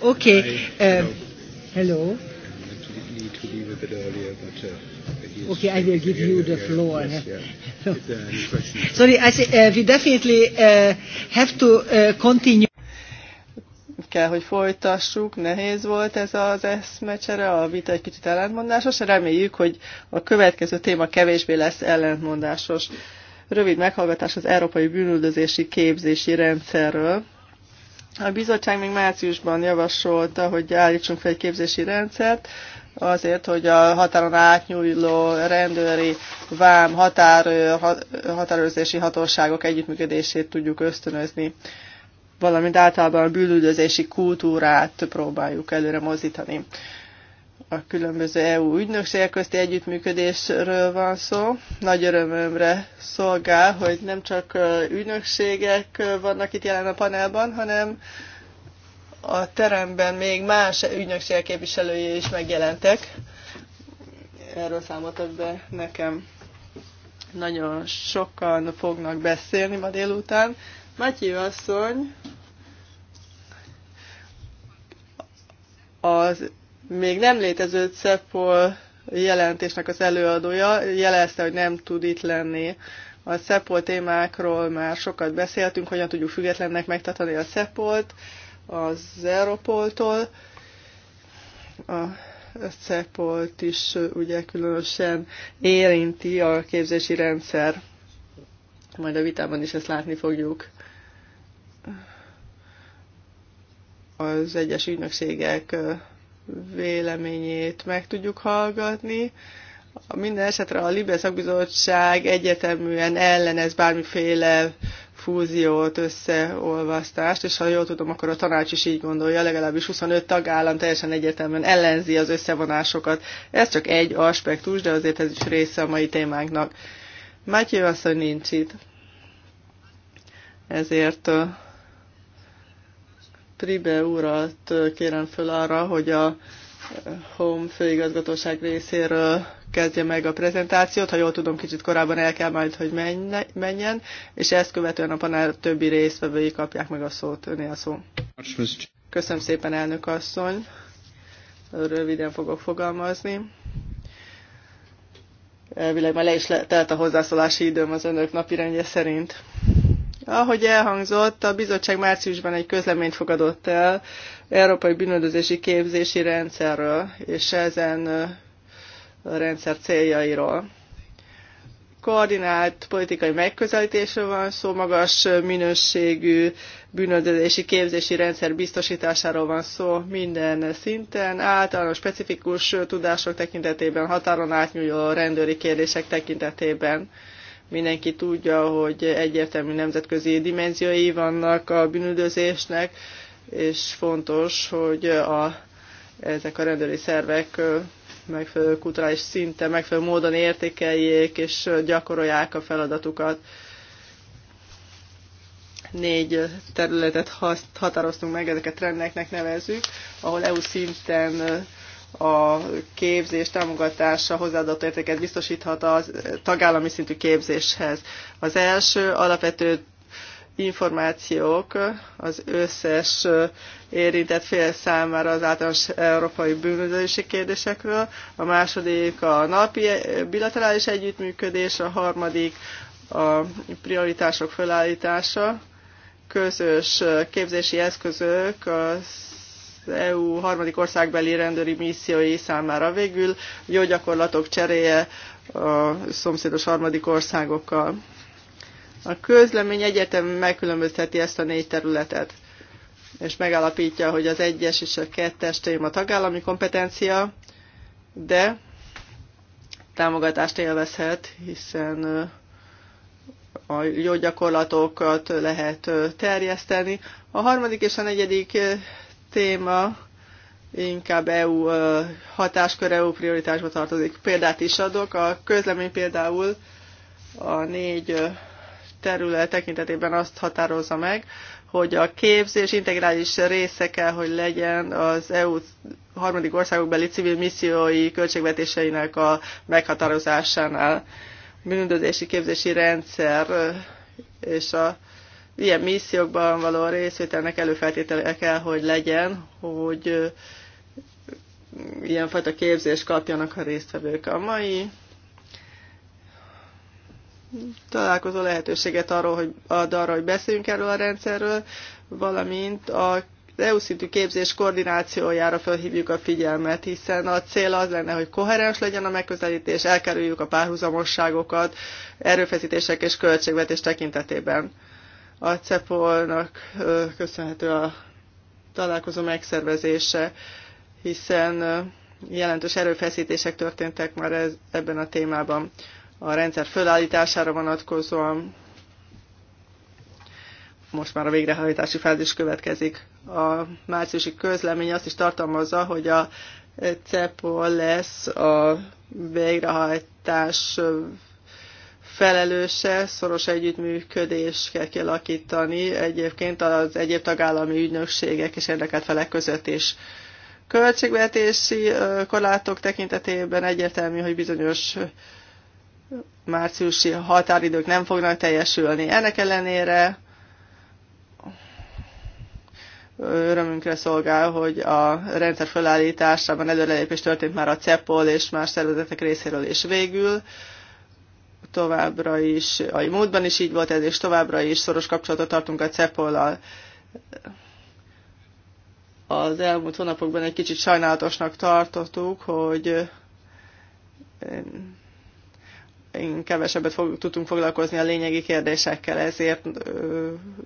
okay. uh, hello. Need to leave a bit earlier, but. Uh, Okay, I will give you the floor. Yes, yeah. <laughs> Sorry, I say, uh, we definitely uh, have to uh, continue. Kell, hogy folytassuk, nehéz volt ez az eszmecsere, a vita egy kicsit ellentmondásos, reméljük, hogy a következő téma kevésbé lesz ellentmondásos. Rövid meghallgatás az Európai Bűnüldözési Képzési Rendszerről. A bizottság még márciusban javasolta, hogy állítsunk fel egy képzési rendszert, azért, hogy a határon átnyúló rendőri, vám, határ, határőrzési hatóságok együttműködését tudjuk ösztönözni, valamint általában a bűnüldözési kultúrát próbáljuk előre mozdítani a különböző EU ügynökségek közti együttműködésről van szó. Nagy örömömre szolgál, hogy nem csak ügynökségek vannak itt jelen a panelban, hanem a teremben még más ügynökségek képviselői is megjelentek. Erről számoltak be nekem. Nagyon sokan fognak beszélni ma délután. Matyi asszony az még nem létező CEPOL jelentésnek az előadója jelezte, hogy nem tud itt lenni. A CEPOL témákról már sokat beszéltünk, hogyan tudjuk függetlennek megtartani a CEPOL-t az Europoltól. A CEPOL-t is ugye különösen érinti a képzési rendszer. Majd a vitában is ezt látni fogjuk. Az egyes ügynökségek véleményét meg tudjuk hallgatni. Minden esetre a Libe szakbizottság egyeteműen ellenez bármiféle fúziót, összeolvasztást, és ha jól tudom, akkor a tanács is így gondolja, legalábbis 25 tagállam teljesen egyetemen ellenzi az összevonásokat. Ez csak egy aspektus, de azért ez is része a mai témánknak. Mátyő asszony nincs itt, ezért Pribe úrat kérem föl arra, hogy a Home főigazgatóság részéről kezdje meg a prezentációt. Ha jól tudom, kicsit korábban el kell majd, hogy menjen, és ezt követően a panel többi résztvevői kapják meg a szót. Öné a szó. Köszönöm szépen, elnök asszony. Röviden fogok fogalmazni. Elvileg már le is telt a hozzászólási időm az önök napirendje szerint. Ahogy elhangzott, a bizottság márciusban egy közleményt fogadott el Európai Bűnöldözési Képzési Rendszerről és ezen rendszer céljairól. Koordinált politikai megközelítésről van szó, magas minőségű bűnöldözési képzési rendszer biztosításáról van szó minden szinten, általános specifikus tudások tekintetében, határon átnyúló rendőri kérdések tekintetében Mindenki tudja, hogy egyértelmű nemzetközi dimenziói vannak a bűnüldözésnek, és fontos, hogy a, ezek a rendőri szervek megfelelő kulturális szinten, megfelelő módon értékeljék és gyakorolják a feladatukat. Négy területet határoztunk meg, ezeket trendeknek nevezzük, ahol EU szinten a képzés támogatása hozzáadott értéket biztosíthat a tagállami szintű képzéshez. Az első alapvető információk az összes érintett fél számára az általános európai bűnözési kérdésekről, a második a napi bilaterális együttműködés, a harmadik a prioritások felállítása, közös képzési eszközök az EU harmadik országbeli rendőri missziói számára végül, jó gyakorlatok cseréje a szomszédos harmadik országokkal. A közlemény egyetem megkülönbözteti ezt a négy területet, és megállapítja, hogy az egyes és a kettes téma tagállami kompetencia, de támogatást élvezhet, hiszen a jó gyakorlatokat lehet terjeszteni. A harmadik és a negyedik téma inkább EU hatáskör, EU prioritásba tartozik. Példát is adok. A közlemény például a négy terület tekintetében azt határozza meg, hogy a képzés integrális része kell, hogy legyen az EU harmadik országokbeli civil missziói költségvetéseinek a meghatározásánál bűnöldözési képzési rendszer és a ilyen missziókban való részvételnek előfeltétele kell, hogy legyen, hogy ilyenfajta képzést kapjanak a résztvevők. A mai találkozó lehetőséget arról, hogy, ad arra, hogy beszéljünk erről a rendszerről, valamint a EU szintű képzés koordinációjára felhívjuk a figyelmet, hiszen a cél az lenne, hogy koherens legyen a megközelítés, elkerüljük a párhuzamosságokat erőfeszítések és költségvetés tekintetében. A CEPOL-nak köszönhető a találkozó megszervezése, hiszen jelentős erőfeszítések történtek már ez, ebben a témában. A rendszer fölállítására vonatkozóan most már a végrehajtási fázis következik. A márciusi közlemény azt is tartalmazza, hogy a CEPOL lesz a végrehajtás felelőse, szoros együttműködés kell kialakítani egyébként az egyéb tagállami ügynökségek és érdekelt felek között is. Költségvetési korlátok tekintetében egyértelmű, hogy bizonyos márciusi határidők nem fognak teljesülni. Ennek ellenére örömünkre szolgál, hogy a rendszer felállításában előrelépés történt már a CEPOL és más szervezetek részéről is végül továbbra is, a múltban is így volt ez, és továbbra is szoros kapcsolatot tartunk a CEPOL-al. Az elmúlt hónapokban egy kicsit sajnálatosnak tartottuk, hogy kevesebbet fog, tudtunk foglalkozni a lényegi kérdésekkel, ezért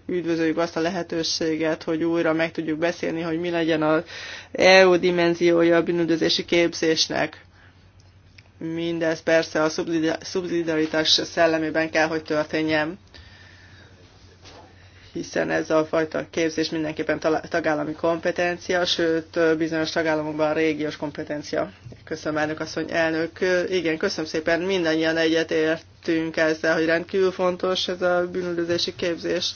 üdvözöljük azt a lehetőséget, hogy újra meg tudjuk beszélni, hogy mi legyen az EU dimenziója a bűnüldözési képzésnek Mindez persze a szubszidiaritás szellemében kell, hogy történjen, hiszen ez a fajta képzés mindenképpen tagállami kompetencia, sőt bizonyos tagállamokban régiós kompetencia. Köszönöm, elnök asszony, elnök. Igen, köszönöm szépen, mindannyian egyetértünk ezzel, hogy rendkívül fontos ez a bűnöldözési képzés.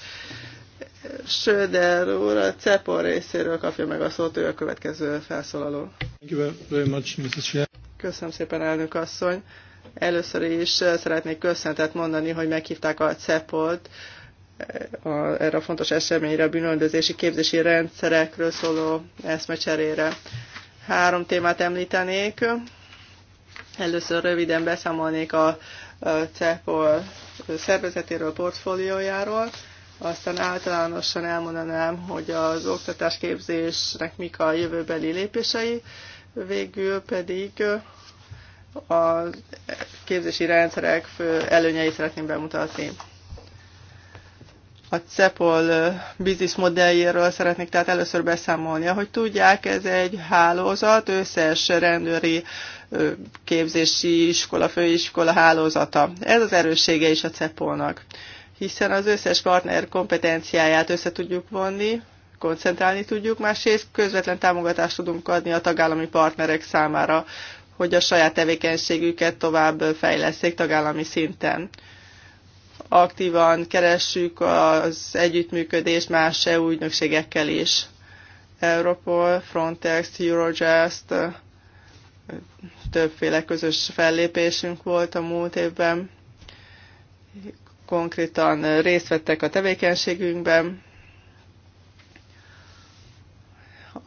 Söder úr a CEPOL részéről kapja meg a szót, ő a következő felszólaló. Köszönöm szépen, elnök asszony. Először is eh, szeretnék köszöntet mondani, hogy meghívták a cepol eh, a, erre a fontos eseményre, a bűnöldözési képzési rendszerekről szóló eszmecserére. Három témát említenék. Először röviden beszámolnék a CEPOL szervezetéről, portfóliójáról, aztán általánosan elmondanám, hogy az oktatásképzésnek mik a jövőbeli lépései, Végül pedig a képzési rendszerek fő előnyeit szeretném bemutatni. A CEPOL bizniszmodelljéről szeretnék tehát először beszámolni. Ahogy tudják, ez egy hálózat, összes rendőri képzési iskola, főiskola hálózata. Ez az erőssége is a CEPOL-nak, hiszen az összes partner kompetenciáját össze tudjuk vonni, koncentrálni tudjuk, másrészt közvetlen támogatást tudunk adni a tagállami partnerek számára, hogy a saját tevékenységüket tovább fejleszték tagállami szinten. Aktívan keressük az együttműködést más EU ügynökségekkel is. Europol, Frontex, Eurojust, többféle közös fellépésünk volt a múlt évben. Konkrétan részt vettek a tevékenységünkben,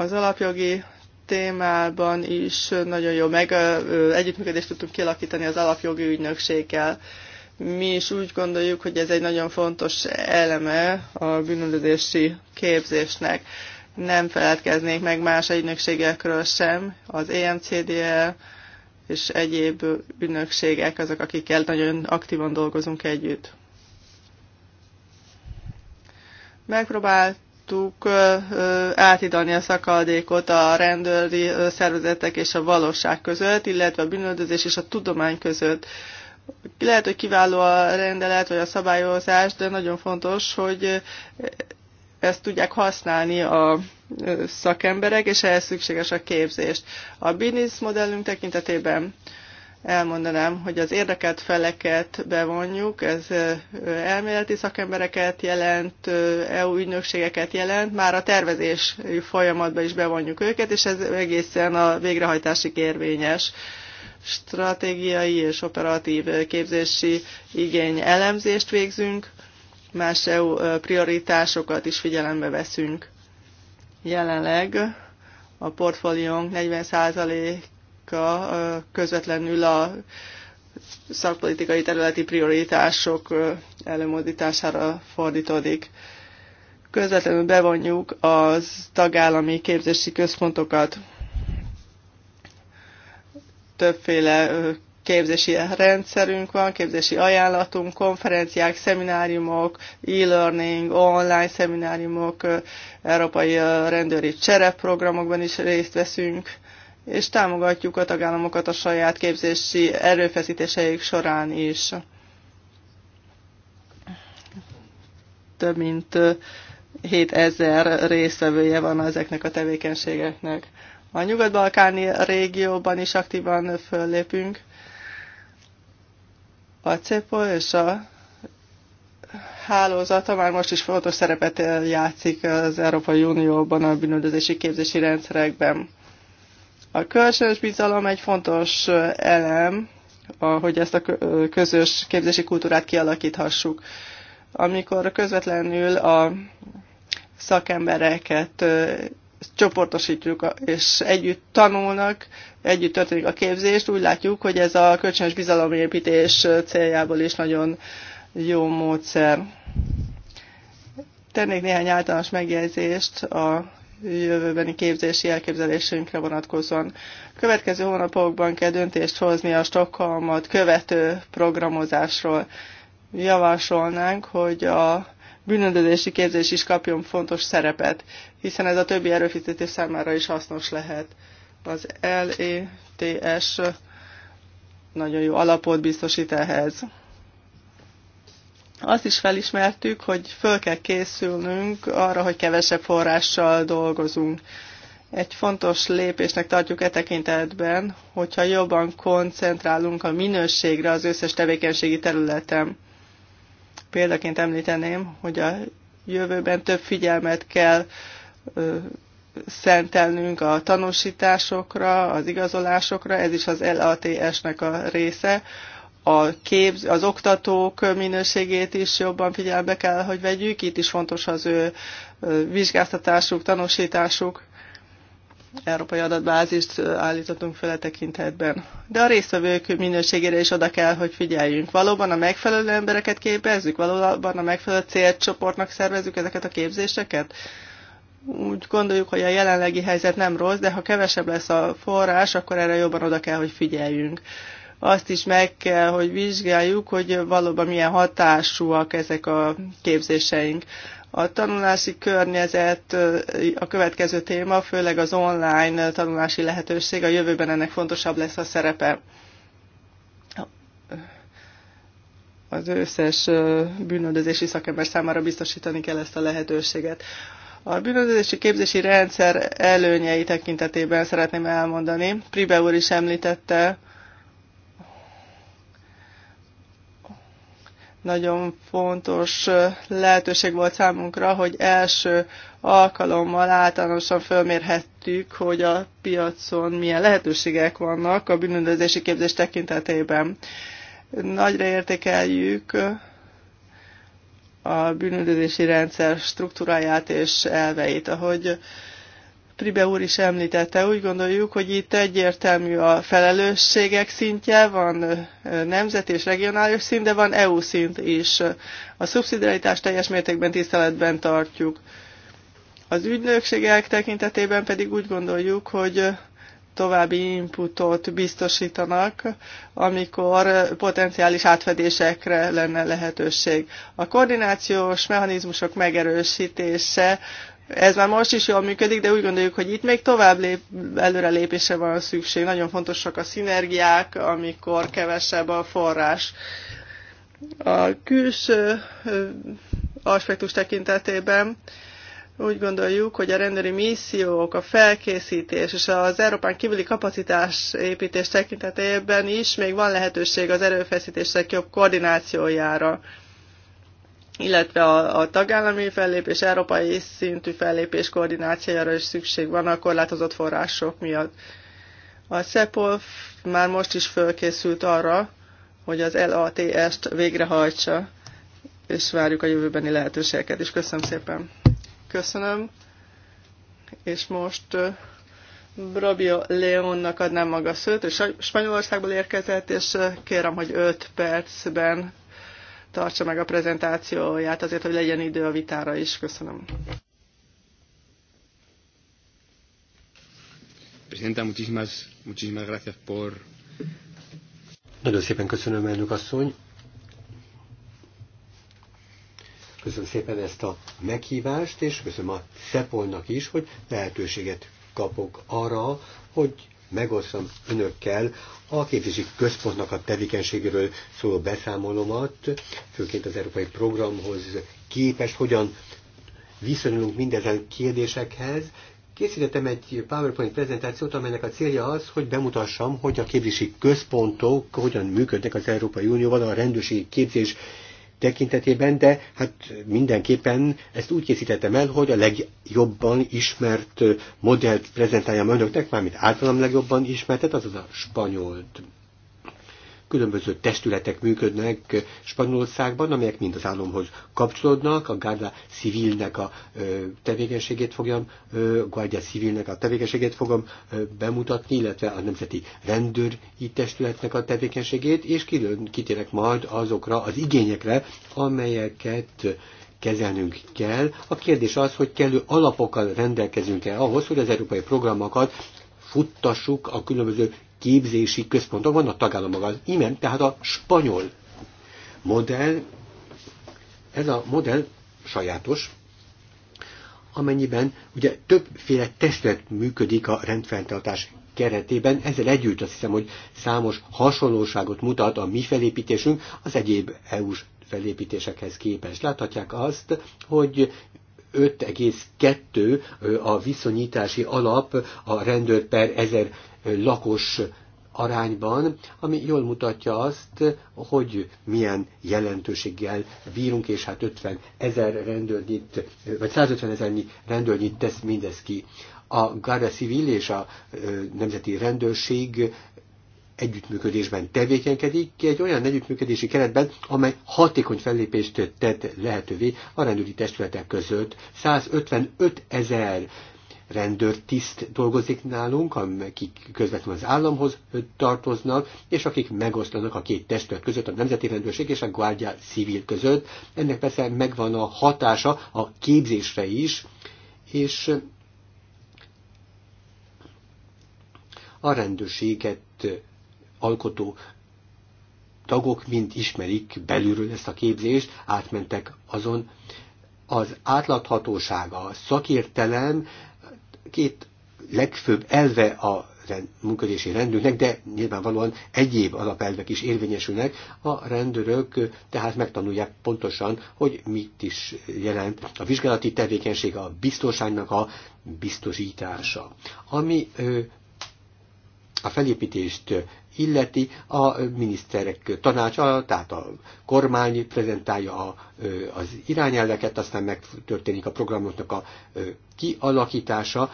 az alapjogi témában is nagyon jó meg együttműködést tudtunk kialakítani az alapjogi ügynökséggel. Mi is úgy gondoljuk, hogy ez egy nagyon fontos eleme a bűnözési képzésnek. Nem feledkeznék meg más ügynökségekről sem, az EMCDL e és egyéb ügynökségek azok, akikkel nagyon aktívan dolgozunk együtt. Megpróbált tudtuk átidalni a szakadékot a rendőri szervezetek és a valóság között, illetve a bűnöldözés és a tudomány között. Lehet, hogy kiváló a rendelet vagy a szabályozás, de nagyon fontos, hogy ezt tudják használni a szakemberek, és ehhez szükséges a képzést. A business modellünk tekintetében elmondanám, hogy az érdekelt feleket bevonjuk, ez elméleti szakembereket jelent, EU ügynökségeket jelent, már a tervezés folyamatban is bevonjuk őket, és ez egészen a végrehajtásig érvényes stratégiai és operatív képzési igény elemzést végzünk, más EU prioritásokat is figyelembe veszünk. Jelenleg a portfóliónk 40 politika közvetlenül a szakpolitikai területi prioritások előmódítására fordítódik. Közvetlenül bevonjuk az tagállami képzési központokat. Többféle képzési rendszerünk van, képzési ajánlatunk, konferenciák, szemináriumok, e-learning, online szemináriumok, európai rendőri csereprogramokban is részt veszünk és támogatjuk a tagállamokat a saját képzési erőfeszítéseik során is. Több mint 7000 részvevője van ezeknek a tevékenységeknek. A nyugat-balkáni régióban is aktívan föllépünk. A CEPO és a hálózata már most is fontos szerepet játszik az Európai Unióban a bűnöldözési képzési rendszerekben a kölcsönös bizalom egy fontos elem, hogy ezt a közös képzési kultúrát kialakíthassuk. Amikor közvetlenül a szakembereket csoportosítjuk, és együtt tanulnak, együtt történik a képzést, úgy látjuk, hogy ez a kölcsönös bizalomépítés céljából is nagyon jó módszer. Tennék néhány általános megjegyzést a jövőbeni képzési elképzelésünkre vonatkozóan. Következő hónapokban kell döntést hozni a Stockholmot követő programozásról. Javasolnánk, hogy a bűnöldözési képzés is kapjon fontos szerepet, hiszen ez a többi erőfizetés számára is hasznos lehet. Az LETS nagyon jó alapot biztosít ehhez azt is felismertük, hogy föl kell készülnünk arra, hogy kevesebb forrással dolgozunk. Egy fontos lépésnek tartjuk e tekintetben, hogyha jobban koncentrálunk a minőségre az összes tevékenységi területen. Példaként említeném, hogy a jövőben több figyelmet kell ö, szentelnünk a tanúsításokra, az igazolásokra, ez is az LATS-nek a része, a képz, az oktatók minőségét is jobban figyelbe kell, hogy vegyük. Itt is fontos az ő vizsgáztatásuk, tanúsításuk. Európai adatbázist állítottunk fel a e tekintetben. De a résztvevők minőségére is oda kell, hogy figyeljünk. Valóban a megfelelő embereket képezzük, valóban a megfelelő célcsoportnak szervezzük ezeket a képzéseket. Úgy gondoljuk, hogy a jelenlegi helyzet nem rossz, de ha kevesebb lesz a forrás, akkor erre jobban oda kell, hogy figyeljünk azt is meg kell, hogy vizsgáljuk, hogy valóban milyen hatásúak ezek a képzéseink. A tanulási környezet a következő téma, főleg az online tanulási lehetőség, a jövőben ennek fontosabb lesz a szerepe. Az összes bűnöldözési szakember számára biztosítani kell ezt a lehetőséget. A bűnözési képzési rendszer előnyei tekintetében szeretném elmondani. Pribe úr is említette, Nagyon fontos lehetőség volt számunkra, hogy első alkalommal általánosan fölmérhettük, hogy a piacon milyen lehetőségek vannak a bűnöldözési képzés tekintetében. Nagyra értékeljük a bűnöldözési rendszer struktúráját és elveit, ahogy Pribe úr is említette, úgy gondoljuk, hogy itt egyértelmű a felelősségek szintje, van nemzeti és regionális szint, de van EU szint is. A szubszidiaritást teljes mértékben tiszteletben tartjuk. Az ügynökségek tekintetében pedig úgy gondoljuk, hogy további inputot biztosítanak, amikor potenciális átfedésekre lenne lehetőség. A koordinációs mechanizmusok megerősítése ez már most is jól működik, de úgy gondoljuk, hogy itt még tovább lép, lépése van szükség. Nagyon fontosak a szinergiák, amikor kevesebb a forrás. A külső aspektus tekintetében úgy gondoljuk, hogy a rendőri missziók, a felkészítés és az Európán kívüli kapacitás építés tekintetében is még van lehetőség az erőfeszítések jobb koordinációjára illetve a, a tagállami fellépés, európai szintű fellépés koordinációjára is szükség van a korlátozott források miatt. A CEPOF már most is fölkészült arra, hogy az LATS-t végrehajtsa, és várjuk a jövőbeni lehetőségeket is. Köszönöm szépen. Köszönöm. És most Brabio Leonnak adnám maga szőt, és Spanyolországból érkezett, és kérem, hogy 5 percben tartsa meg a prezentációját, azért, hogy legyen idő a vitára is. Köszönöm. Presidenta, muchísimas, muchísimas gracias por... Nagyon szépen köszönöm, elnök asszony. Köszönöm szépen ezt a meghívást, és köszönöm a Szepolnak is, hogy lehetőséget kapok arra, hogy megosztom önökkel a képzési központnak a tevékenységéről szóló beszámolomat, főként az európai programhoz képest, hogyan viszonyulunk mindezen kérdésekhez. Készítettem egy PowerPoint prezentációt, amelynek a célja az, hogy bemutassam, hogy a képzési központok hogyan működnek az Európai Unióban a rendőrségi képzés tekintetében, de hát mindenképpen ezt úgy készítettem el, hogy a legjobban ismert eh, modellt prezentáljam önöknek, mármint általam legjobban ismertet, az a spanyolt különböző testületek működnek Spanyolországban, amelyek mind az államhoz kapcsolódnak, a Guardia Civilnek a tevékenységét fogjam, Guardia Civilnek a tevékenységét fogom bemutatni, illetve a Nemzeti Rendőri Testületnek a tevékenységét, és külön kitérek majd azokra az igényekre, amelyeket kezelnünk kell. A kérdés az, hogy kellő alapokkal rendelkezünk-e ahhoz, hogy az európai programokat futtassuk a különböző képzési központok vannak az. Imen, tehát a spanyol modell, ez a modell sajátos, amennyiben ugye többféle testet működik a rendfenntartás keretében, ezzel együtt azt hiszem, hogy számos hasonlóságot mutat a mi felépítésünk az egyéb EU-s felépítésekhez képest. Láthatják azt, hogy 5,2 a viszonyítási alap a rendőr per ezer lakos arányban, ami jól mutatja azt, hogy milyen jelentőséggel bírunk, és hát 50 ezer rendőrnyit, vagy 150 ezernyi rendőrnyit tesz mindez ki. A Garda Civil és a Nemzeti Rendőrség együttműködésben tevékenykedik, egy olyan együttműködési keretben, amely hatékony fellépést tett lehetővé a rendőri testületek között. 155 ezer rendőrtiszt dolgozik nálunk, akik közvetlenül az államhoz tartoznak, és akik megoszlanak a két testület között, a Nemzeti Rendőrség és a Guardia Civil között. Ennek persze megvan a hatása a képzésre is, és a rendőrséget alkotó tagok mind ismerik belülről ezt a képzést, átmentek azon. Az átlathatósága, a szakértelem két legfőbb elve a rend, munkaügyési rendőrnek, de nyilvánvalóan egyéb alapelvek is érvényesülnek. A rendőrök tehát megtanulják pontosan, hogy mit is jelent a vizsgálati tevékenység, a biztonságnak a biztosítása. Ami a felépítést illeti a miniszterek tanácsa, tehát a kormány prezentálja a, az irányelveket, aztán megtörténik a programoknak a kialakítása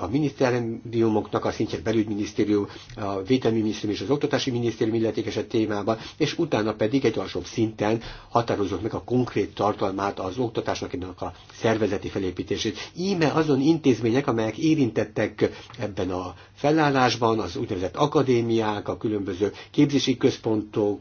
a minisztériumoknak a szintje belügyminisztérium, a védelmi minisztérium és az oktatási minisztérium illetékes a témában, és utána pedig egy alsóbb szinten határozott meg a konkrét tartalmát az oktatásnak, ennek a szervezeti felépítését. Íme azon intézmények, amelyek érintettek ebben a felállásban, az úgynevezett akadémiák, a különböző képzési központok,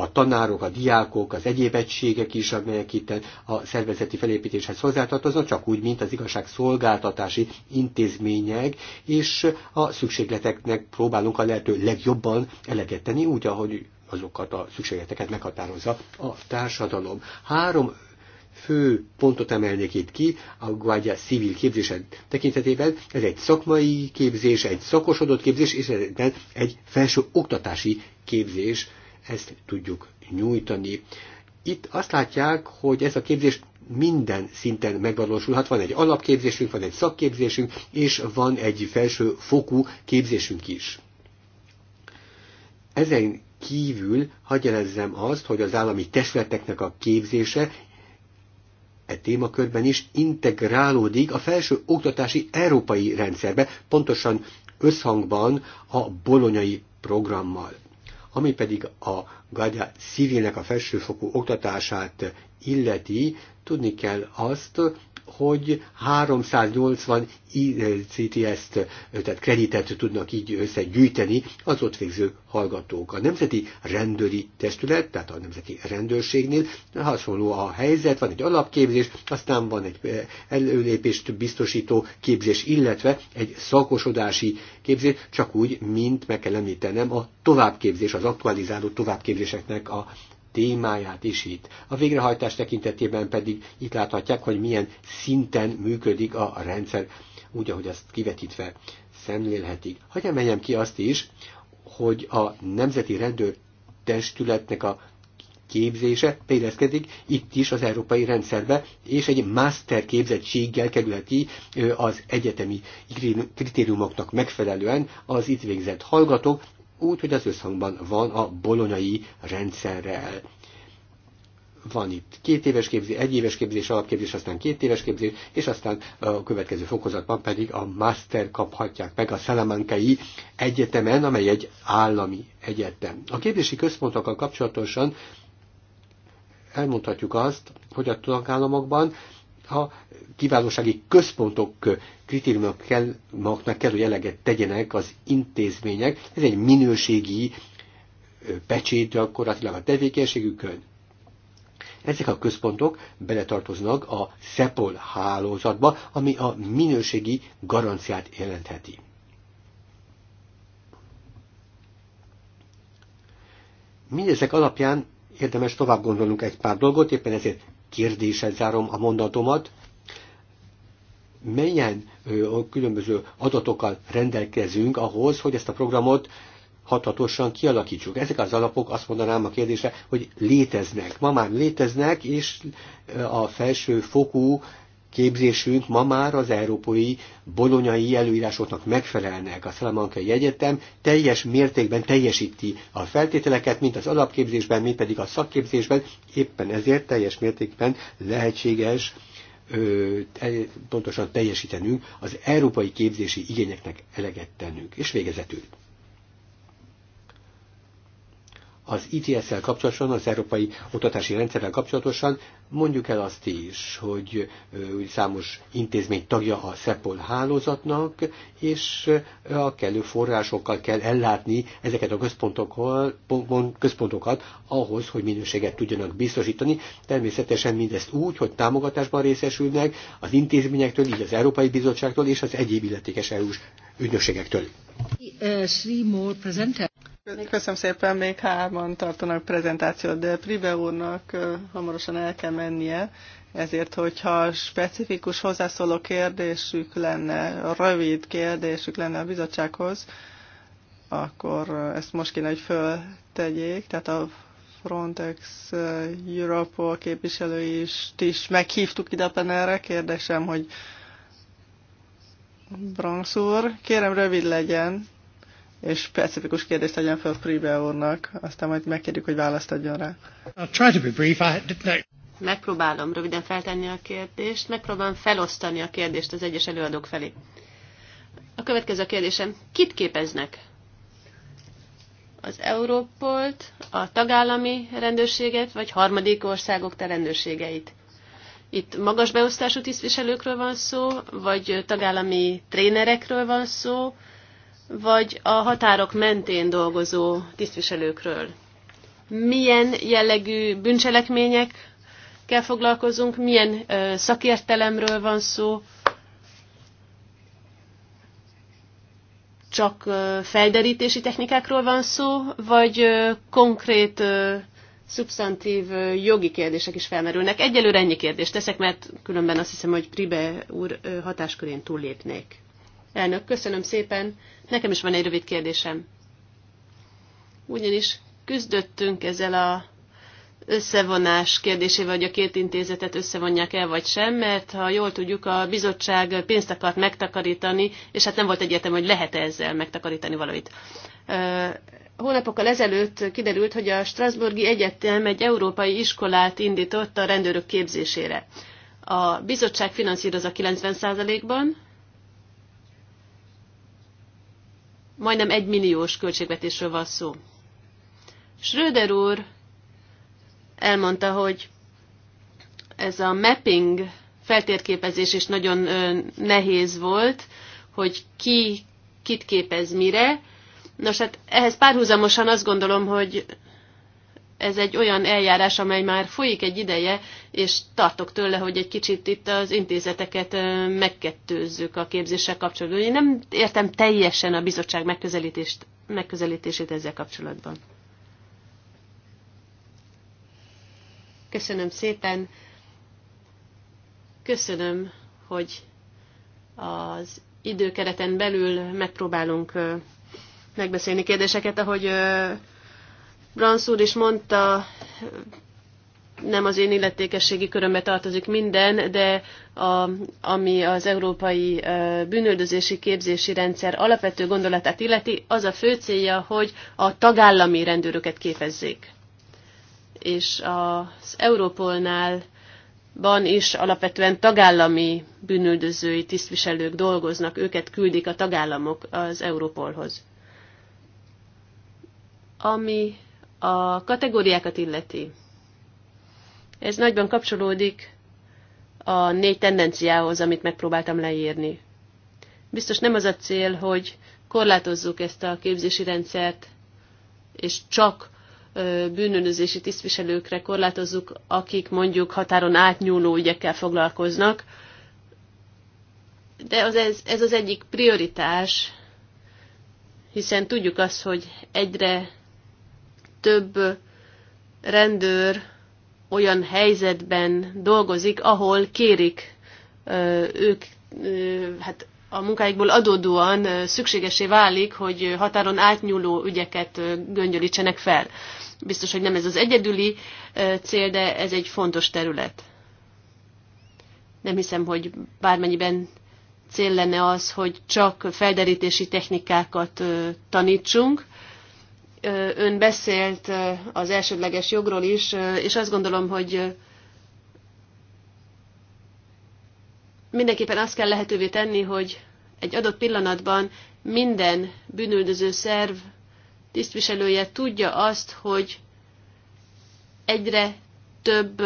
a tanárok, a diákok, az egyéb egységek is, amelyek itt a szervezeti felépítéshez hozzátartoznak, csak úgy, mint az igazság szolgáltatási intézmények, és a szükségleteknek próbálunk a lehető legjobban eleget tenni, úgy, ahogy azokat a szükségleteket meghatározza a társadalom. Három fő pontot emelnék itt ki, a Guardia civil képzése tekintetében. Ez egy szakmai képzés, egy szakosodott képzés, és egy felső oktatási képzés. Ezt tudjuk nyújtani itt azt látják, hogy ez a képzés minden szinten megvalósulhat. Van egy alapképzésünk, van egy szakképzésünk, és van egy felső fokú képzésünk is. Ezen kívül hagyjelezzem azt, hogy az állami testületeknek a képzése e témakörben is integrálódik a felső oktatási európai rendszerbe, pontosan összhangban a bolonyai programmal. Ami pedig a Gadja civilnek a felsőfokú oktatását illeti, tudni kell azt, hogy 380 CTS-t, tehát kreditet tudnak így összegyűjteni az ott végző hallgatók. A Nemzeti Rendőri Testület, tehát a Nemzeti Rendőrségnél hasonló a helyzet, van egy alapképzés, aztán van egy eh, előlépést biztosító képzés, illetve egy szakosodási képzés, csak úgy, mint meg kell említenem, a továbbképzés, az aktualizáló továbbképzéseknek a témáját is itt. A végrehajtás tekintetében pedig itt láthatják, hogy milyen szinten működik a rendszer, úgy, ahogy azt kivetítve szemlélhetik. Hogy emeljem ki azt is, hogy a Nemzeti Rendőr Testületnek a képzése fejleszkedik itt is az európai rendszerbe, és egy master képzettséggel kerülheti az egyetemi kritériumoknak megfelelően az itt végzett hallgatók úgy, hogy az összhangban van a bolonyai rendszerrel. Van itt két éves képzés, egy éves képzés, alapképzés, aztán két éves képzés, és aztán a következő fokozatban pedig a master kaphatják meg a Salamankai Egyetemen, amely egy állami egyetem. A képzési központokkal kapcsolatosan elmondhatjuk azt, hogy a tagállamokban a kiválósági központok kritériumoknak kell, kell, hogy eleget tegyenek az intézmények. Ez egy minőségi pecsét gyakorlatilag a tevékenységükön. Ezek a központok beletartoznak a SEPOL hálózatba, ami a minőségi garanciát jelentheti. Mindezek alapján érdemes tovább gondolnunk egy pár dolgot, éppen ezért kérdéssel zárom a mondatomat. Menjen a különböző adatokkal rendelkezünk ahhoz, hogy ezt a programot hatatosan kialakítsuk. Ezek az alapok, azt mondanám a kérdésre, hogy léteznek. Ma már léteznek, és a felső fokú képzésünk ma már az európai bolonyai előírásoknak megfelelnek. A Szalamankai Egyetem teljes mértékben teljesíti a feltételeket, mint az alapképzésben, mint pedig a szakképzésben, éppen ezért teljes mértékben lehetséges ö, pontosan teljesítenünk, az európai képzési igényeknek eleget tennünk. És végezetül az ITS-szel kapcsolatosan, az Európai Oktatási Rendszerrel kapcsolatosan mondjuk el azt is, hogy számos intézmény tagja a SEPOL hálózatnak, és a kellő forrásokkal kell ellátni ezeket a központokat ahhoz, hogy minőséget tudjanak biztosítani. Természetesen mindezt úgy, hogy támogatásban részesülnek az intézményektől, így az Európai Bizottságtól és az egyéb illetékes EU-s ügynökségektől. Köszönöm szépen, még hárman tartanak prezentációt, de Pribe úrnak hamarosan el kell mennie, ezért, hogyha specifikus hozzászóló kérdésük lenne, rövid kérdésük lenne a bizottsághoz, akkor ezt most kéne, hogy föltegyék, tehát a Frontex Europol képviselői is, is meghívtuk ide a panelre, kérdésem, hogy Bronx úr, kérem rövid legyen, és specifikus kérdést tegyen fel Fribe úrnak, aztán majd megkérjük, hogy választ adjon rá. Megpróbálom röviden feltenni a kérdést, megpróbálom felosztani a kérdést az egyes előadók felé. A következő kérdésem, kit képeznek? Az Európolt, a tagállami rendőrséget, vagy harmadik országok rendőrségeit? Itt magas beosztású tisztviselőkről van szó, vagy tagállami trénerekről van szó, vagy a határok mentén dolgozó tisztviselőkről. Milyen jellegű bűncselekményekkel foglalkozunk, milyen szakértelemről van szó, csak felderítési technikákról van szó, vagy konkrét szubstantív jogi kérdések is felmerülnek. Egyelőre ennyi kérdést teszek, mert különben azt hiszem, hogy Pribe úr hatáskörén túllépnék. Elnök, köszönöm szépen. Nekem is van egy rövid kérdésem. Ugyanis küzdöttünk ezzel a összevonás kérdésével, hogy a két intézetet összevonják el vagy sem, mert ha jól tudjuk, a bizottság pénzt akart megtakarítani, és hát nem volt egyértelmű, hogy lehet -e ezzel megtakarítani valamit. Hónapokkal ezelőtt kiderült, hogy a Strasburgi Egyetem egy európai iskolát indított a rendőrök képzésére. A bizottság finanszíroz a 90%-ban, majdnem egy költségvetésről van szó. Schröder úr elmondta, hogy ez a mapping feltérképezés is nagyon nehéz volt, hogy ki kit képez mire. Nos, hát ehhez párhuzamosan azt gondolom, hogy ez egy olyan eljárás, amely már folyik egy ideje, és tartok tőle, hogy egy kicsit itt az intézeteket megkettőzzük a képzéssel kapcsolatban. Én nem értem teljesen a bizottság megközelítést, megközelítését ezzel kapcsolatban. Köszönöm szépen. Köszönöm, hogy az időkereten belül megpróbálunk megbeszélni kérdéseket, ahogy Bransz úr is mondta, nem az én illetékességi körömbe tartozik minden, de a, ami az európai bűnöldözési képzési rendszer alapvető gondolatát illeti, az a fő célja, hogy a tagállami rendőröket képezzék. És az Európolnál ban is alapvetően tagállami bűnöldözői tisztviselők dolgoznak, őket küldik a tagállamok az Európolhoz. Ami a kategóriákat illeti, ez nagyban kapcsolódik a négy tendenciához, amit megpróbáltam leírni. Biztos nem az a cél, hogy korlátozzuk ezt a képzési rendszert, és csak bűnönözési tisztviselőkre korlátozzuk, akik mondjuk határon átnyúló ügyekkel foglalkoznak. De az, ez, ez az egyik prioritás, hiszen tudjuk azt, hogy egyre több rendőr olyan helyzetben dolgozik, ahol kérik ők, hát a munkáikból adódóan szükségesé válik, hogy határon átnyúló ügyeket göngyölítsenek fel. Biztos, hogy nem ez az egyedüli cél, de ez egy fontos terület. Nem hiszem, hogy bármennyiben cél lenne az, hogy csak felderítési technikákat tanítsunk, Ön beszélt az elsődleges jogról is, és azt gondolom, hogy mindenképpen azt kell lehetővé tenni, hogy egy adott pillanatban minden bűnöldöző szerv tisztviselője tudja azt, hogy egyre több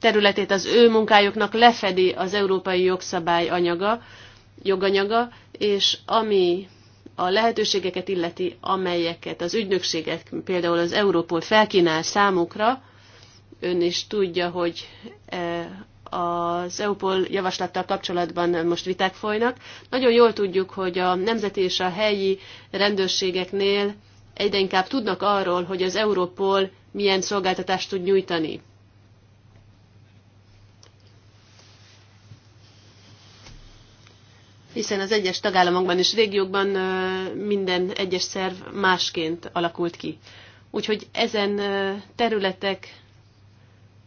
területét az ő munkájuknak lefedi az európai jogszabály anyaga, joganyaga, és ami a lehetőségeket illeti, amelyeket az ügynökségek, például az Európol felkínál számukra, ön is tudja, hogy e, az Európol javaslattal kapcsolatban most viták folynak. Nagyon jól tudjuk, hogy a nemzeti és a helyi rendőrségeknél egyre inkább tudnak arról, hogy az Európol milyen szolgáltatást tud nyújtani. hiszen az egyes tagállamokban és régiókban minden egyes szerv másként alakult ki. Úgyhogy ezen területek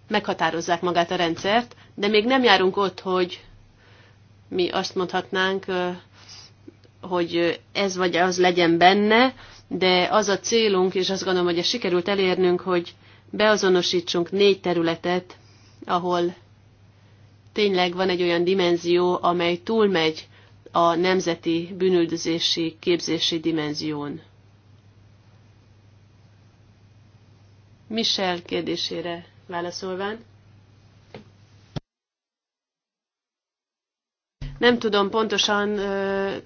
meghatározzák magát a rendszert, de még nem járunk ott, hogy mi azt mondhatnánk, hogy ez vagy az legyen benne, de az a célunk, és azt gondolom, hogy ezt sikerült elérnünk, hogy beazonosítsunk négy területet, ahol tényleg van egy olyan dimenzió, amely túlmegy a nemzeti bűnöldözési képzési dimenzión. Michel kérdésére válaszolván, Nem tudom pontosan,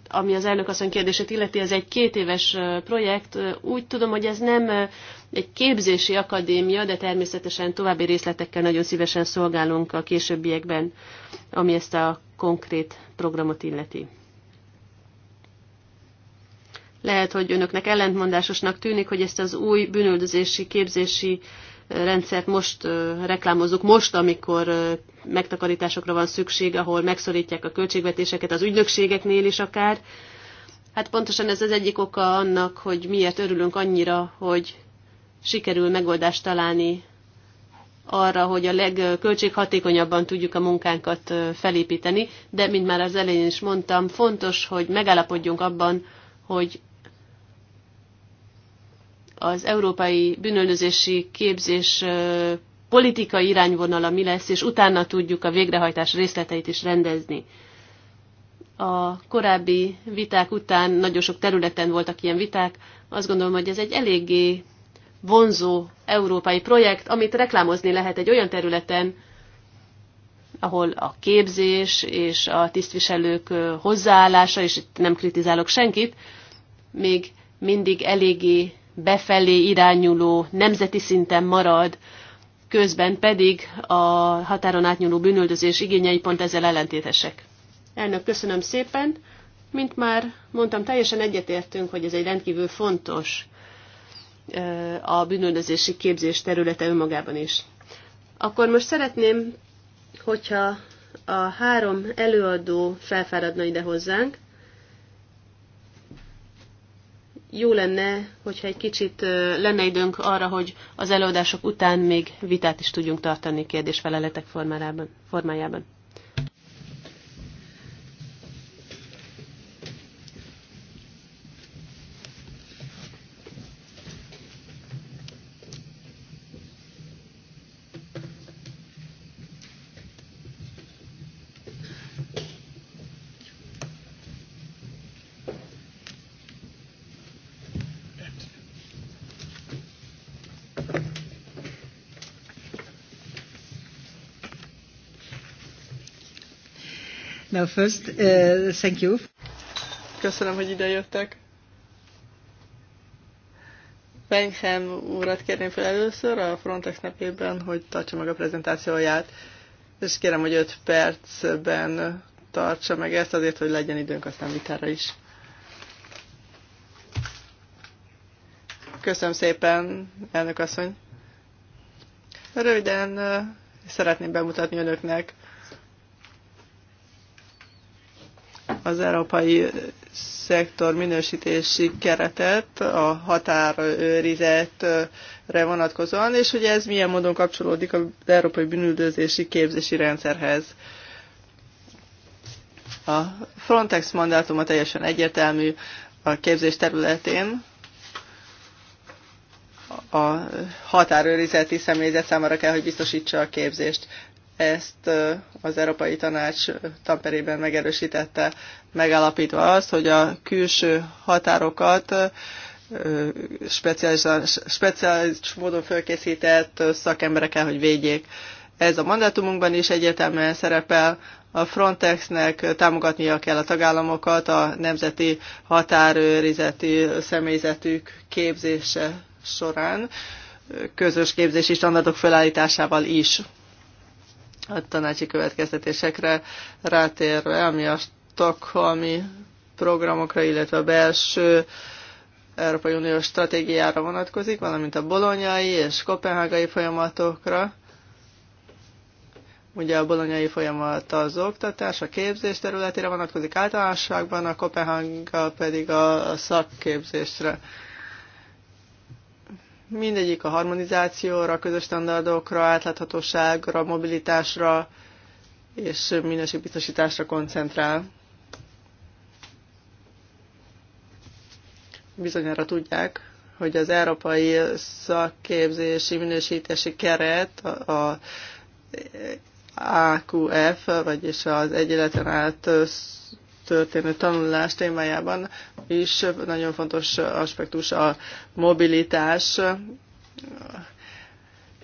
ami az asszony kérdését illeti, ez egy két éves projekt. Úgy tudom, hogy ez nem egy képzési akadémia, de természetesen további részletekkel nagyon szívesen szolgálunk a későbbiekben, ami ezt a konkrét programot illeti. Lehet, hogy önöknek ellentmondásosnak tűnik, hogy ezt az új bűnöldözési képzési uh, rendszert most reklámozzuk, most, amikor megtakarításokra van szükség, ahol megszorítják a költségvetéseket az ügynökségeknél is akár. Hát pontosan ez az egyik oka annak, hogy miért örülünk annyira, hogy sikerül megoldást találni arra, hogy a legköltséghatékonyabban tudjuk a munkánkat felépíteni, de mint már az elején is mondtam, fontos, hogy megállapodjunk abban, hogy az európai bűnöldözési képzés politikai irányvonala mi lesz, és utána tudjuk a végrehajtás részleteit is rendezni. A korábbi viták után nagyon sok területen voltak ilyen viták. Azt gondolom, hogy ez egy eléggé vonzó európai projekt, amit reklámozni lehet egy olyan területen, ahol a képzés és a tisztviselők hozzáállása, és itt nem kritizálok senkit, még mindig eléggé befelé irányuló nemzeti szinten marad, közben pedig a határon átnyúló bűnöldözés igényei pont ezzel ellentétesek. Elnök, köszönöm szépen. Mint már mondtam, teljesen egyetértünk, hogy ez egy rendkívül fontos a bűnöldözési képzés területe önmagában is. Akkor most szeretném, hogyha a három előadó felfáradna ide hozzánk, jó lenne, hogyha egy kicsit lenne időnk arra, hogy az előadások után még vitát is tudjunk tartani kérdésfeleletek formájában. No, first. Uh, thank you. Köszönöm, hogy ide jöttek. Bengham urat kérném fel először a Frontex nevében, hogy tartsa meg a prezentációját, és kérem, hogy 5 percben tartsa meg ezt azért, hogy legyen időnk aztán vitára is. Köszönöm szépen, elnök asszony. Röviden uh, szeretném bemutatni önöknek az európai szektor minősítési keretet a határőrizetre vonatkozóan, és hogy ez milyen módon kapcsolódik az európai bűnüldözési képzési rendszerhez. A Frontex mandátuma teljesen egyértelmű a képzés területén, a határőrizeti személyzet számára kell, hogy biztosítsa a képzést. Ezt az Európai Tanács Tamperében megerősítette, megállapítva azt, hogy a külső határokat speciális, speciális módon fölkészített szakemberek kell, hogy védjék. Ez a mandátumunkban is egyértelműen szerepel, a Frontexnek támogatnia kell a tagállamokat a nemzeti határőrizeti személyzetük képzése során, közös képzési standardok felállításával is a tanácsi következtetésekre rátérve, ami a stokholmi programokra, illetve a belső Európai Unió stratégiára vonatkozik, valamint a bolonyai és kopenhágai folyamatokra. Ugye a bolonyai folyamat az oktatás, a képzés területére vonatkozik általánosságban, a kopenhága pedig a szakképzésre. Mindegyik a harmonizációra, közös standardokra, átláthatóságra, mobilitásra és minőségbiztosításra koncentrál. Bizonyára tudják, hogy az Európai Szakképzési Minősítési Keret, a AQF, vagyis az egyéleten át történő tanulás témájában is nagyon fontos aspektus a mobilitás.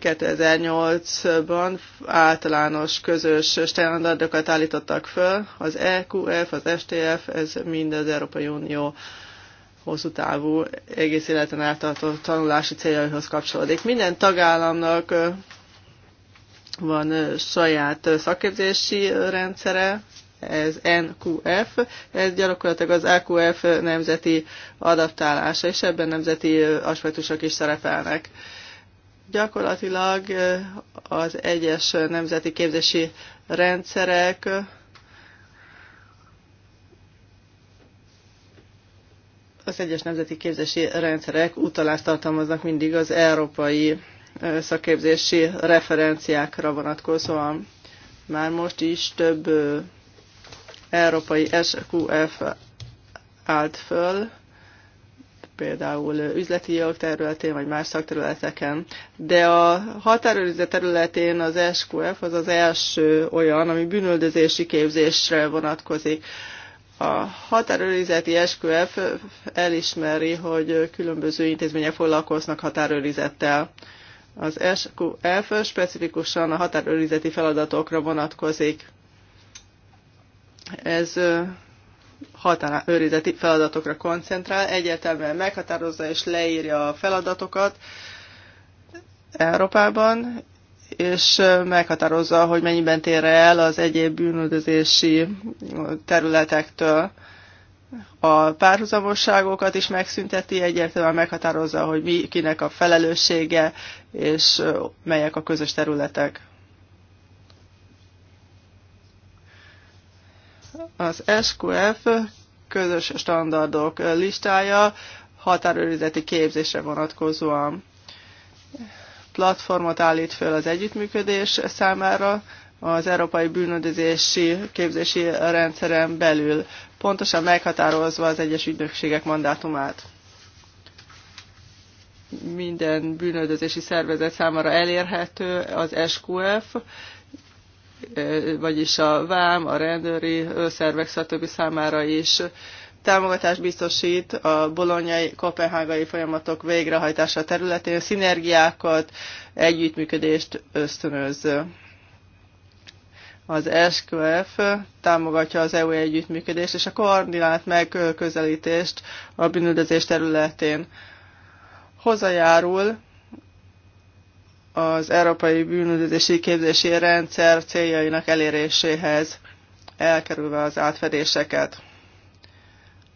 2008-ban általános közös standardokat állítottak föl, az EQF, az STF, ez mind az Európai Unió hosszú távú, egész életen eltartó tanulási céljaihoz kapcsolódik. Minden tagállamnak van saját szakképzési rendszere, ez NQF, ez gyakorlatilag az AQF nemzeti adaptálása, és ebben nemzeti aspektusok is szerepelnek. Gyakorlatilag az egyes nemzeti képzési rendszerek az egyes nemzeti képzési rendszerek utalást tartalmaznak mindig az európai szakképzési referenciákra vonatkozóan. Már most is több európai SQF állt föl, például üzleti jog területén, vagy más szakterületeken. De a határőrizet területén az SQF az az első olyan, ami bűnöldözési képzésre vonatkozik. A határőrizeti SQF elismeri, hogy különböző intézmények foglalkoznak határőrizettel. Az SQF specifikusan a határőrizeti feladatokra vonatkozik. Ez határőrizeti feladatokra koncentrál, egyértelműen meghatározza és leírja a feladatokat Európában, és meghatározza, hogy mennyiben tér el az egyéb bűnöldözési területektől. A párhuzamosságokat is megszünteti, egyértelműen meghatározza, hogy mi kinek a felelőssége, és melyek a közös területek. Az SQF közös standardok listája határőrizeti képzésre vonatkozóan platformot állít föl az együttműködés számára az Európai Bűnöldözési Képzési Rendszeren belül, pontosan meghatározva az egyes ügynökségek mandátumát. Minden bűnöldözési szervezet számára elérhető az SQF, vagyis a vám, a rendőri szervek, stb. számára is támogatást biztosít a bolonyai, kopenhágai folyamatok végrehajtása területén, szinergiákat, együttműködést ösztönöz. Az SQF támogatja az EU együttműködést és a koordinált megközelítést a bűnüldözés területén. Hozzájárul az Európai Bűnözési Képzési Rendszer céljainak eléréséhez, elkerülve az átfedéseket.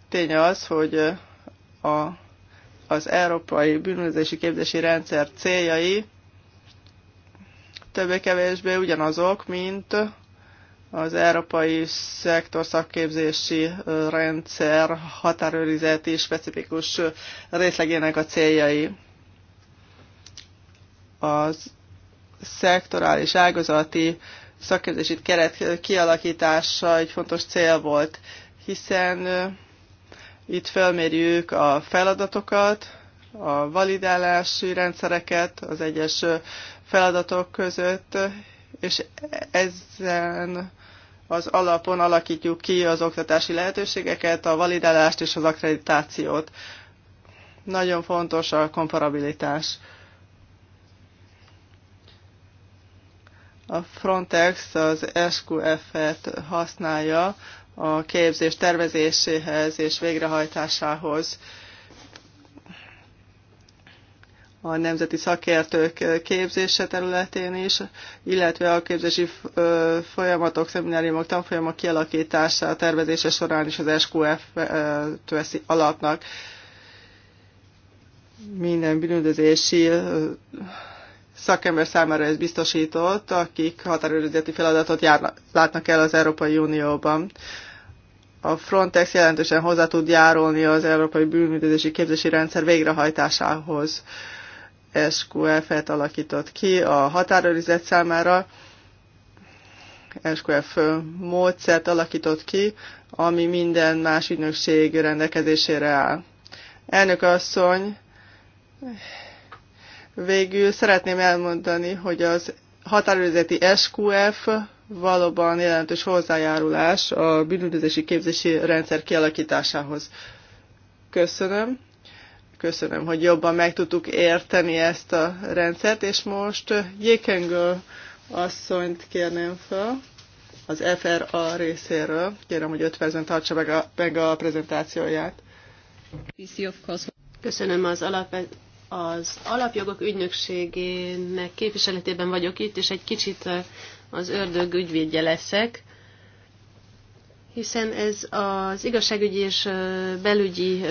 Tény az, hogy a, az Európai Bűnözési Képzési Rendszer céljai többé-kevésbé ugyanazok, mint az Európai Szektor Szakképzési Rendszer határőrizeti specifikus részlegének a céljai az szektorális ágazati szakképzési keret kialakítása egy fontos cél volt, hiszen itt felmérjük a feladatokat, a validálási rendszereket az egyes feladatok között, és ezen az alapon alakítjuk ki az oktatási lehetőségeket, a validálást és az akkreditációt. Nagyon fontos a komparabilitás. A Frontex az SQF-et használja a képzés tervezéséhez és végrehajtásához. A nemzeti szakértők képzése területén is, illetve a képzési folyamatok, szemináriumok, tanfolyamok kialakítása, tervezése során is az SQF-t veszi alapnak minden bűnözési szakember számára ez biztosított, akik határőrizeti feladatot jár látnak el az Európai Unióban. A Frontex jelentősen hozzá tud járulni az Európai Bűnüldözési Képzési Rendszer végrehajtásához. SQF-et alakított ki a határőrizet számára, SQF módszert alakított ki, ami minden más ügynökség rendelkezésére áll. Elnök asszony, Végül szeretném elmondani, hogy az határőrizeti SQF valóban jelentős hozzájárulás a bűnüldözési képzési rendszer kialakításához. Köszönöm. Köszönöm, hogy jobban meg tudtuk érteni ezt a rendszert, és most Jékengő asszonyt kérném fel az FRA részéről. Kérem, hogy 5 percen tartsa meg a, meg a prezentációját. Köszönöm az alapvető az alapjogok ügynökségének képviseletében vagyok itt, és egy kicsit az ördög ügyvédje leszek, hiszen ez az igazságügyi és belügyi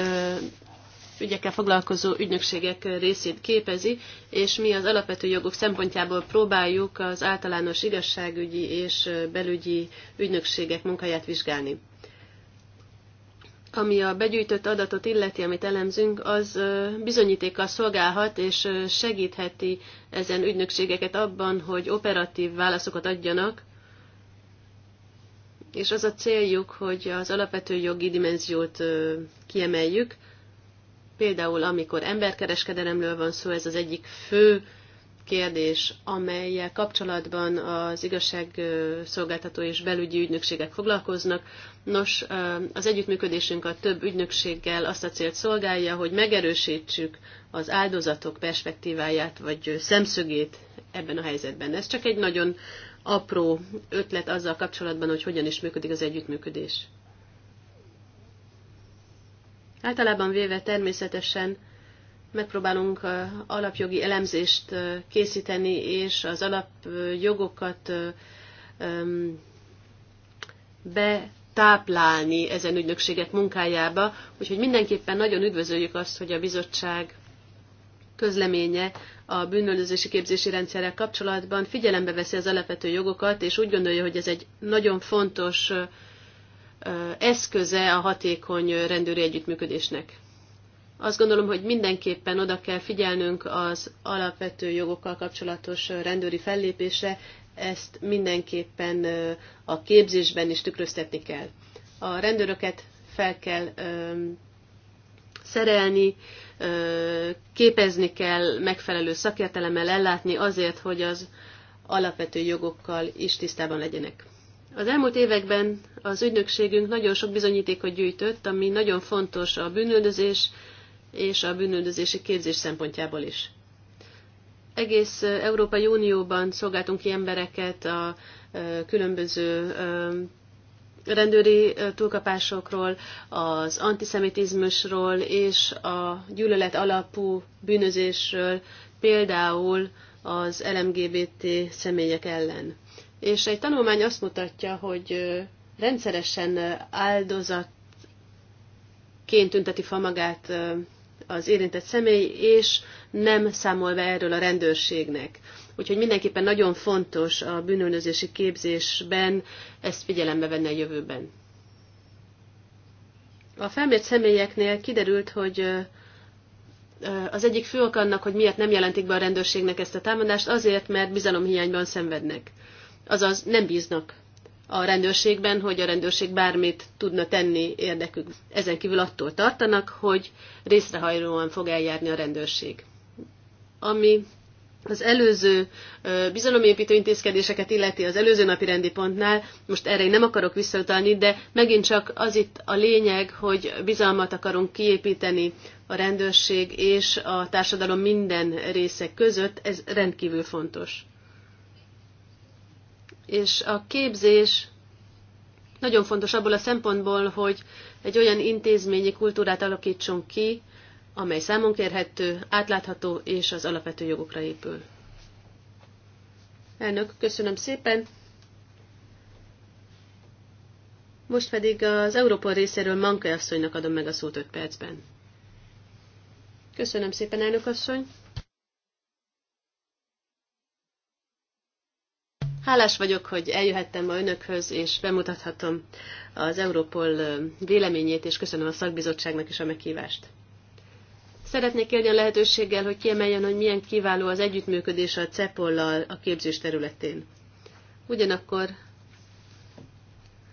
ügyekkel foglalkozó ügynökségek részét képezi, és mi az alapvető jogok szempontjából próbáljuk az általános igazságügyi és belügyi ügynökségek munkáját vizsgálni ami a begyűjtött adatot illeti, amit elemzünk, az bizonyítékkal szolgálhat és segítheti ezen ügynökségeket abban, hogy operatív válaszokat adjanak, és az a céljuk, hogy az alapvető jogi dimenziót kiemeljük, például amikor emberkereskedelemről van szó, ez az egyik fő kérdés, amelyel kapcsolatban az igazságszolgáltató és belügyi ügynökségek foglalkoznak. Nos, az együttműködésünk a több ügynökséggel azt a célt szolgálja, hogy megerősítsük az áldozatok perspektíváját vagy szemszögét ebben a helyzetben. Ez csak egy nagyon apró ötlet azzal kapcsolatban, hogy hogyan is működik az együttműködés. Általában véve természetesen megpróbálunk alapjogi elemzést készíteni, és az alapjogokat betáplálni ezen ügynökségek munkájába, úgyhogy mindenképpen nagyon üdvözöljük azt, hogy a bizottság közleménye a bűnöldözési képzési rendszerrel kapcsolatban figyelembe veszi az alapvető jogokat, és úgy gondolja, hogy ez egy nagyon fontos eszköze a hatékony rendőri együttműködésnek. Azt gondolom, hogy mindenképpen oda kell figyelnünk az alapvető jogokkal kapcsolatos rendőri fellépése, ezt mindenképpen a képzésben is tükröztetni kell. A rendőröket fel kell szerelni, képezni kell megfelelő szakértelemmel ellátni azért, hogy az alapvető jogokkal is tisztában legyenek. Az elmúlt években az ügynökségünk nagyon sok bizonyítékot gyűjtött, ami nagyon fontos a bűnöldözés, és a bűnöldözési képzés szempontjából is. Egész Európai Unióban szolgáltunk ki embereket a különböző rendőri túlkapásokról, az antiszemitizmusról és a gyűlölet alapú bűnözésről, például az LMGBT személyek ellen. És egy tanulmány azt mutatja, hogy rendszeresen áldozatként tünteti fa magát az érintett személy, és nem számol be erről a rendőrségnek. Úgyhogy mindenképpen nagyon fontos a bűnöldözési képzésben ezt figyelembe venni a jövőben. A felmért személyeknél kiderült, hogy az egyik fő ok annak, hogy miért nem jelentik be a rendőrségnek ezt a támadást, azért, mert bizalomhiányban szenvednek. Azaz nem bíznak a rendőrségben, hogy a rendőrség bármit tudna tenni érdekük. Ezen kívül attól tartanak, hogy részrehajlóan fog eljárni a rendőrség. Ami az előző bizalomépítő intézkedéseket illeti az előző napi rendi pontnál, most erre én nem akarok visszautalni, de megint csak az itt a lényeg, hogy bizalmat akarunk kiépíteni a rendőrség és a társadalom minden része között, ez rendkívül fontos. És a képzés nagyon fontos abból a szempontból, hogy egy olyan intézményi kultúrát alakítsunk ki, amely számon kérhető, átlátható és az alapvető jogokra épül. Elnök, köszönöm szépen. Most pedig az Európol részéről Manka asszonynak adom meg a szót 5 percben. Köszönöm szépen, elnök asszony. Hálás vagyok, hogy eljöhettem ma önökhöz, és bemutathatom az Európol véleményét, és köszönöm a szakbizottságnak is a meghívást. Szeretnék élni a lehetőséggel, hogy kiemeljen, hogy milyen kiváló az együttműködés a CEPOL-lal a képzés területén. Ugyanakkor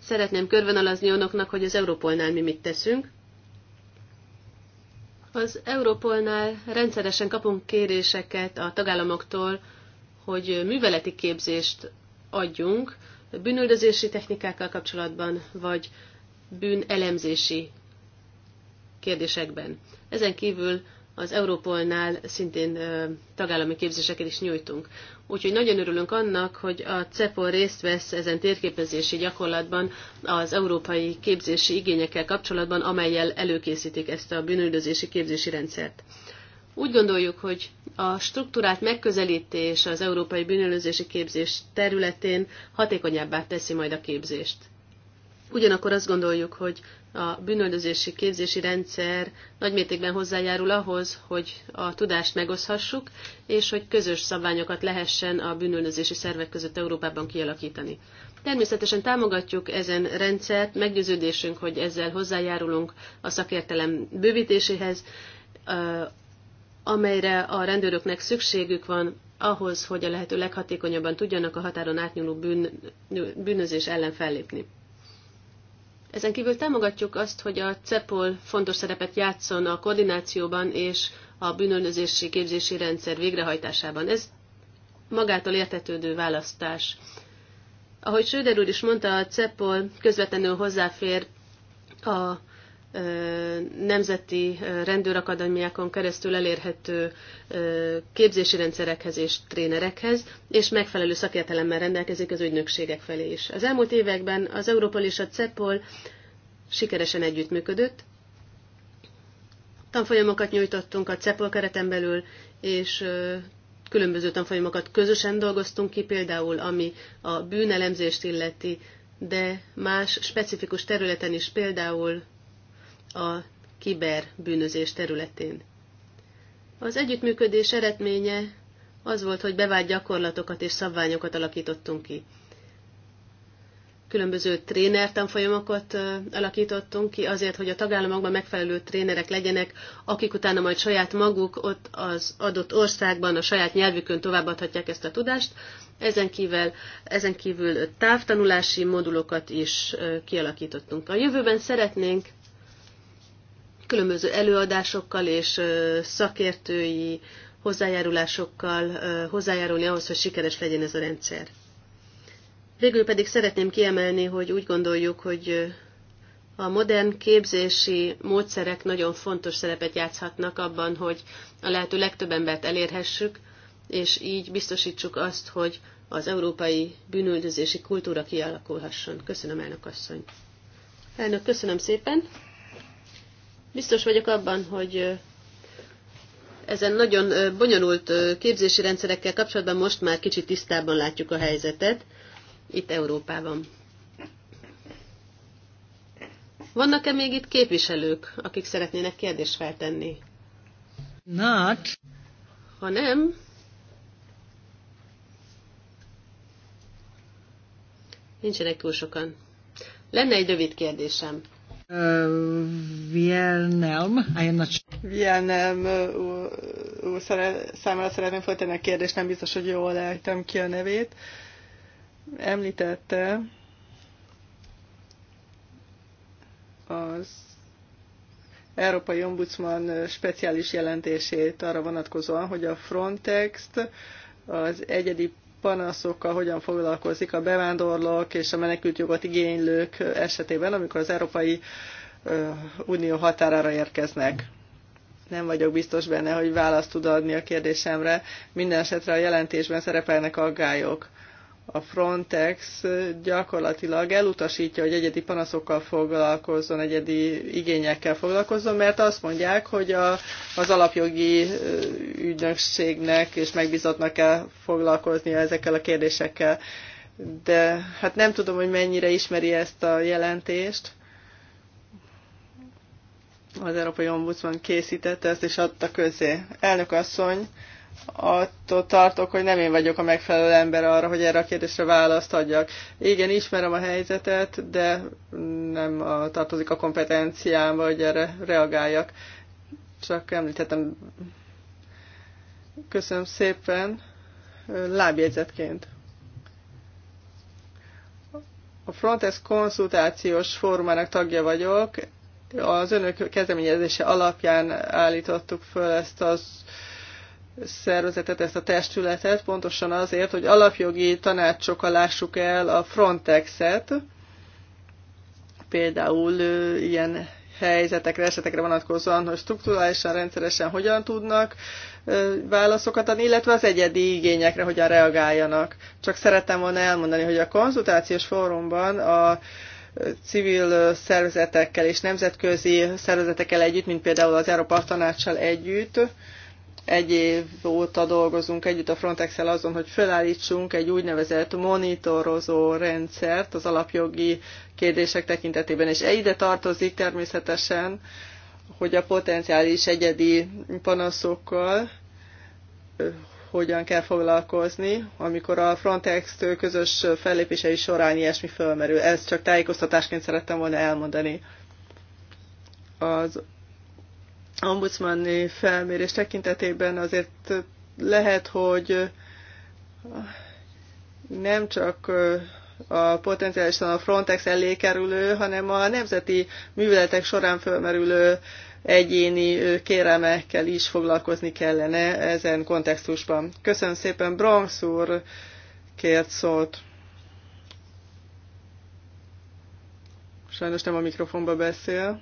szeretném körvonalazni önöknek, hogy az Európolnál mi mit teszünk. Az Európolnál rendszeresen kapunk kéréseket a tagállamoktól, hogy műveleti képzést adjunk bűnöldözési technikákkal kapcsolatban, vagy bűnelemzési kérdésekben. Ezen kívül az Európolnál szintén tagállami képzéseket is nyújtunk. Úgyhogy nagyon örülünk annak, hogy a CEPOL részt vesz ezen térképezési gyakorlatban az európai képzési igényekkel kapcsolatban, amelyel előkészítik ezt a bűnöldözési képzési rendszert. Úgy gondoljuk, hogy a struktúrát megközelítés az európai bűnölőzési képzés területén hatékonyabbá teszi majd a képzést. Ugyanakkor azt gondoljuk, hogy a bűnöldözési képzési rendszer nagymértékben hozzájárul ahhoz, hogy a tudást megoszhassuk, és hogy közös szabványokat lehessen a bűnöldözési szervek között Európában kialakítani. Természetesen támogatjuk ezen rendszert, meggyőződésünk, hogy ezzel hozzájárulunk a szakértelem bővítéséhez, amelyre a rendőröknek szükségük van ahhoz, hogy a lehető leghatékonyabban tudjanak a határon átnyúló bűn, bűnözés ellen fellépni. Ezen kívül támogatjuk azt, hogy a CEPOL fontos szerepet játszon a koordinációban és a bűnözési képzési rendszer végrehajtásában. Ez magától értetődő választás. Ahogy Söder úr is mondta, a CEPOL közvetlenül hozzáfér a nemzeti rendőrakadémiákon keresztül elérhető képzési rendszerekhez és trénerekhez, és megfelelő szakértelemmel rendelkezik az ügynökségek felé is. Az elmúlt években az Európol és a CEPOL sikeresen együttműködött, tanfolyamokat nyújtottunk a CEPOL kereten belül, és különböző tanfolyamokat közösen dolgoztunk ki, például ami a bűnelemzést illeti, de más specifikus területen is, például a kiberbűnözés területén. Az együttműködés eredménye az volt, hogy bevált gyakorlatokat és szabványokat alakítottunk ki. Különböző trénertanfolyamokat alakítottunk ki azért, hogy a tagállamokban megfelelő trénerek legyenek, akik utána majd saját maguk ott az adott országban a saját nyelvükön továbbadhatják ezt a tudást. Ezen kívül, ezen kívül távtanulási modulokat is kialakítottunk. A jövőben szeretnénk különböző előadásokkal és szakértői hozzájárulásokkal hozzájárulni ahhoz, hogy sikeres legyen ez a rendszer. Végül pedig szeretném kiemelni, hogy úgy gondoljuk, hogy a modern képzési módszerek nagyon fontos szerepet játszhatnak abban, hogy a lehető legtöbb embert elérhessük, és így biztosítsuk azt, hogy az európai bűnüldözési kultúra kialakulhasson. Köszönöm, elnök asszony. Elnök, köszönöm szépen. Biztos vagyok abban, hogy ezen nagyon bonyolult képzési rendszerekkel kapcsolatban most már kicsit tisztában látjuk a helyzetet itt Európában. Vannak-e még itt képviselők, akik szeretnének kérdést feltenni? Not. Ha nem, nincsenek túl sokan. Lenne egy rövid kérdésem. Uh, Vielnelm, I am not sure. Vielnelm úr, úr számára szeretném folytani a kérdést, nem biztos, hogy jól ejtem ki a nevét. Említette az Európai Ombudsman speciális jelentését arra vonatkozóan, hogy a Frontex az egyedi panaszokkal hogyan foglalkozik a bevándorlók és a menekültjogot igénylők esetében, amikor az Európai Unió határára érkeznek. Nem vagyok biztos benne, hogy választ tud adni a kérdésemre. Minden esetre a jelentésben szerepelnek aggályok a Frontex gyakorlatilag elutasítja, hogy egyedi panaszokkal foglalkozzon, egyedi igényekkel foglalkozzon, mert azt mondják, hogy a, az alapjogi ügynökségnek és megbizatnak kell foglalkoznia ezekkel a kérdésekkel. De hát nem tudom, hogy mennyire ismeri ezt a jelentést. Az Európai Ombudsman készítette ezt és adta közé. Elnök asszony, attól tartok, hogy nem én vagyok a megfelelő ember arra, hogy erre a kérdésre választ adjak. Igen, ismerem a helyzetet, de nem a, tartozik a kompetenciámba, hogy erre reagáljak. Csak említettem. Köszönöm szépen. Lábjegyzetként. A Frontex konszultációs formának tagja vagyok. Az önök kezdeményezése alapján állítottuk föl ezt az szervezetet, ezt a testületet, pontosan azért, hogy alapjogi tanácsokkal lássuk el a Frontexet, például ilyen helyzetekre, esetekre vonatkozóan, hogy strukturálisan, rendszeresen hogyan tudnak válaszokat adni, illetve az egyedi igényekre hogyan reagáljanak. Csak szerettem volna elmondani, hogy a konzultációs fórumban a civil szervezetekkel és nemzetközi szervezetekkel együtt, mint például az Európa Tanácssal együtt, egy év óta dolgozunk együtt a frontex azon, hogy felállítsunk egy úgynevezett monitorozó rendszert az alapjogi kérdések tekintetében. És ide tartozik természetesen, hogy a potenciális egyedi panaszokkal hogyan kell foglalkozni, amikor a Frontex közös fellépései során ilyesmi fölmerül. Ezt csak tájékoztatásként szerettem volna elmondani. Az ombudsmani felmérés tekintetében azért lehet, hogy nem csak a potenciálisan a Frontex elé kerülő, hanem a nemzeti műveletek során fölmerülő egyéni kérelmekkel is foglalkozni kellene ezen kontextusban. Köszönöm szépen, Bronx úr kért szót. Sajnos nem a mikrofonba beszél.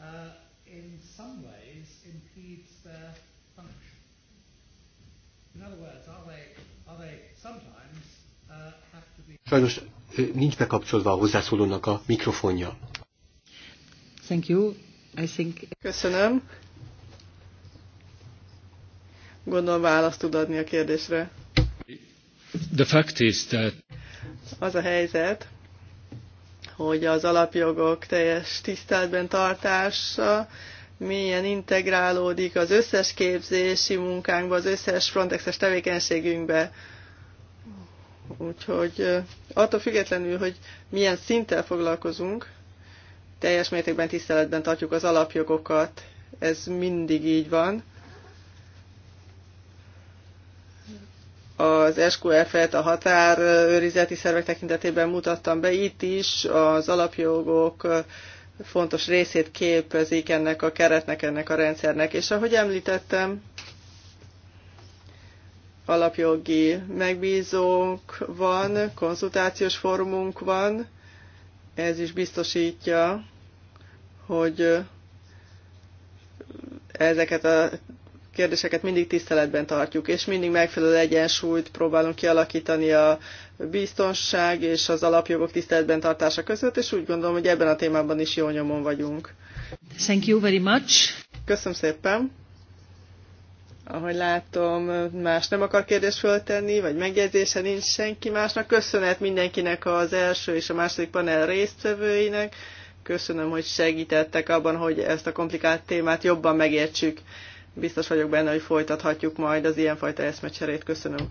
Uh, in some ways impedes their function. In other words, are they, are they sometimes uh, have to be... Sajnos nincs bekapcsolva a hozzászólónak a mikrofonja. Thank you. I think... Köszönöm. Gondolom választ tud adni a kérdésre. The fact is that... Az a helyzet, hogy az alapjogok teljes tiszteletben tartása milyen integrálódik az összes képzési munkánkba, az összes Frontexes tevékenységünkbe. Úgyhogy attól függetlenül, hogy milyen szinttel foglalkozunk, teljes mértékben tiszteletben tartjuk az alapjogokat. Ez mindig így van. az SQF-et a határőrizeti szervek tekintetében mutattam be. Itt is az alapjogok fontos részét képezik ennek a keretnek, ennek a rendszernek. És ahogy említettem, alapjogi megbízónk van, konzultációs fórumunk van, ez is biztosítja, hogy ezeket a kérdéseket mindig tiszteletben tartjuk, és mindig megfelelő egyensúlyt próbálunk kialakítani a biztonság és az alapjogok tiszteletben tartása között, és úgy gondolom, hogy ebben a témában is jó nyomon vagyunk. Thank you very much. Köszönöm szépen. Ahogy látom, más nem akar kérdést föltenni, vagy megjegyzése nincs senki másnak. Köszönet mindenkinek az első és a második panel résztvevőinek. Köszönöm, hogy segítettek abban, hogy ezt a komplikált témát jobban megértsük. Biztos vagyok benne, hogy folytathatjuk majd az ilyenfajta eszmecserét. Köszönöm.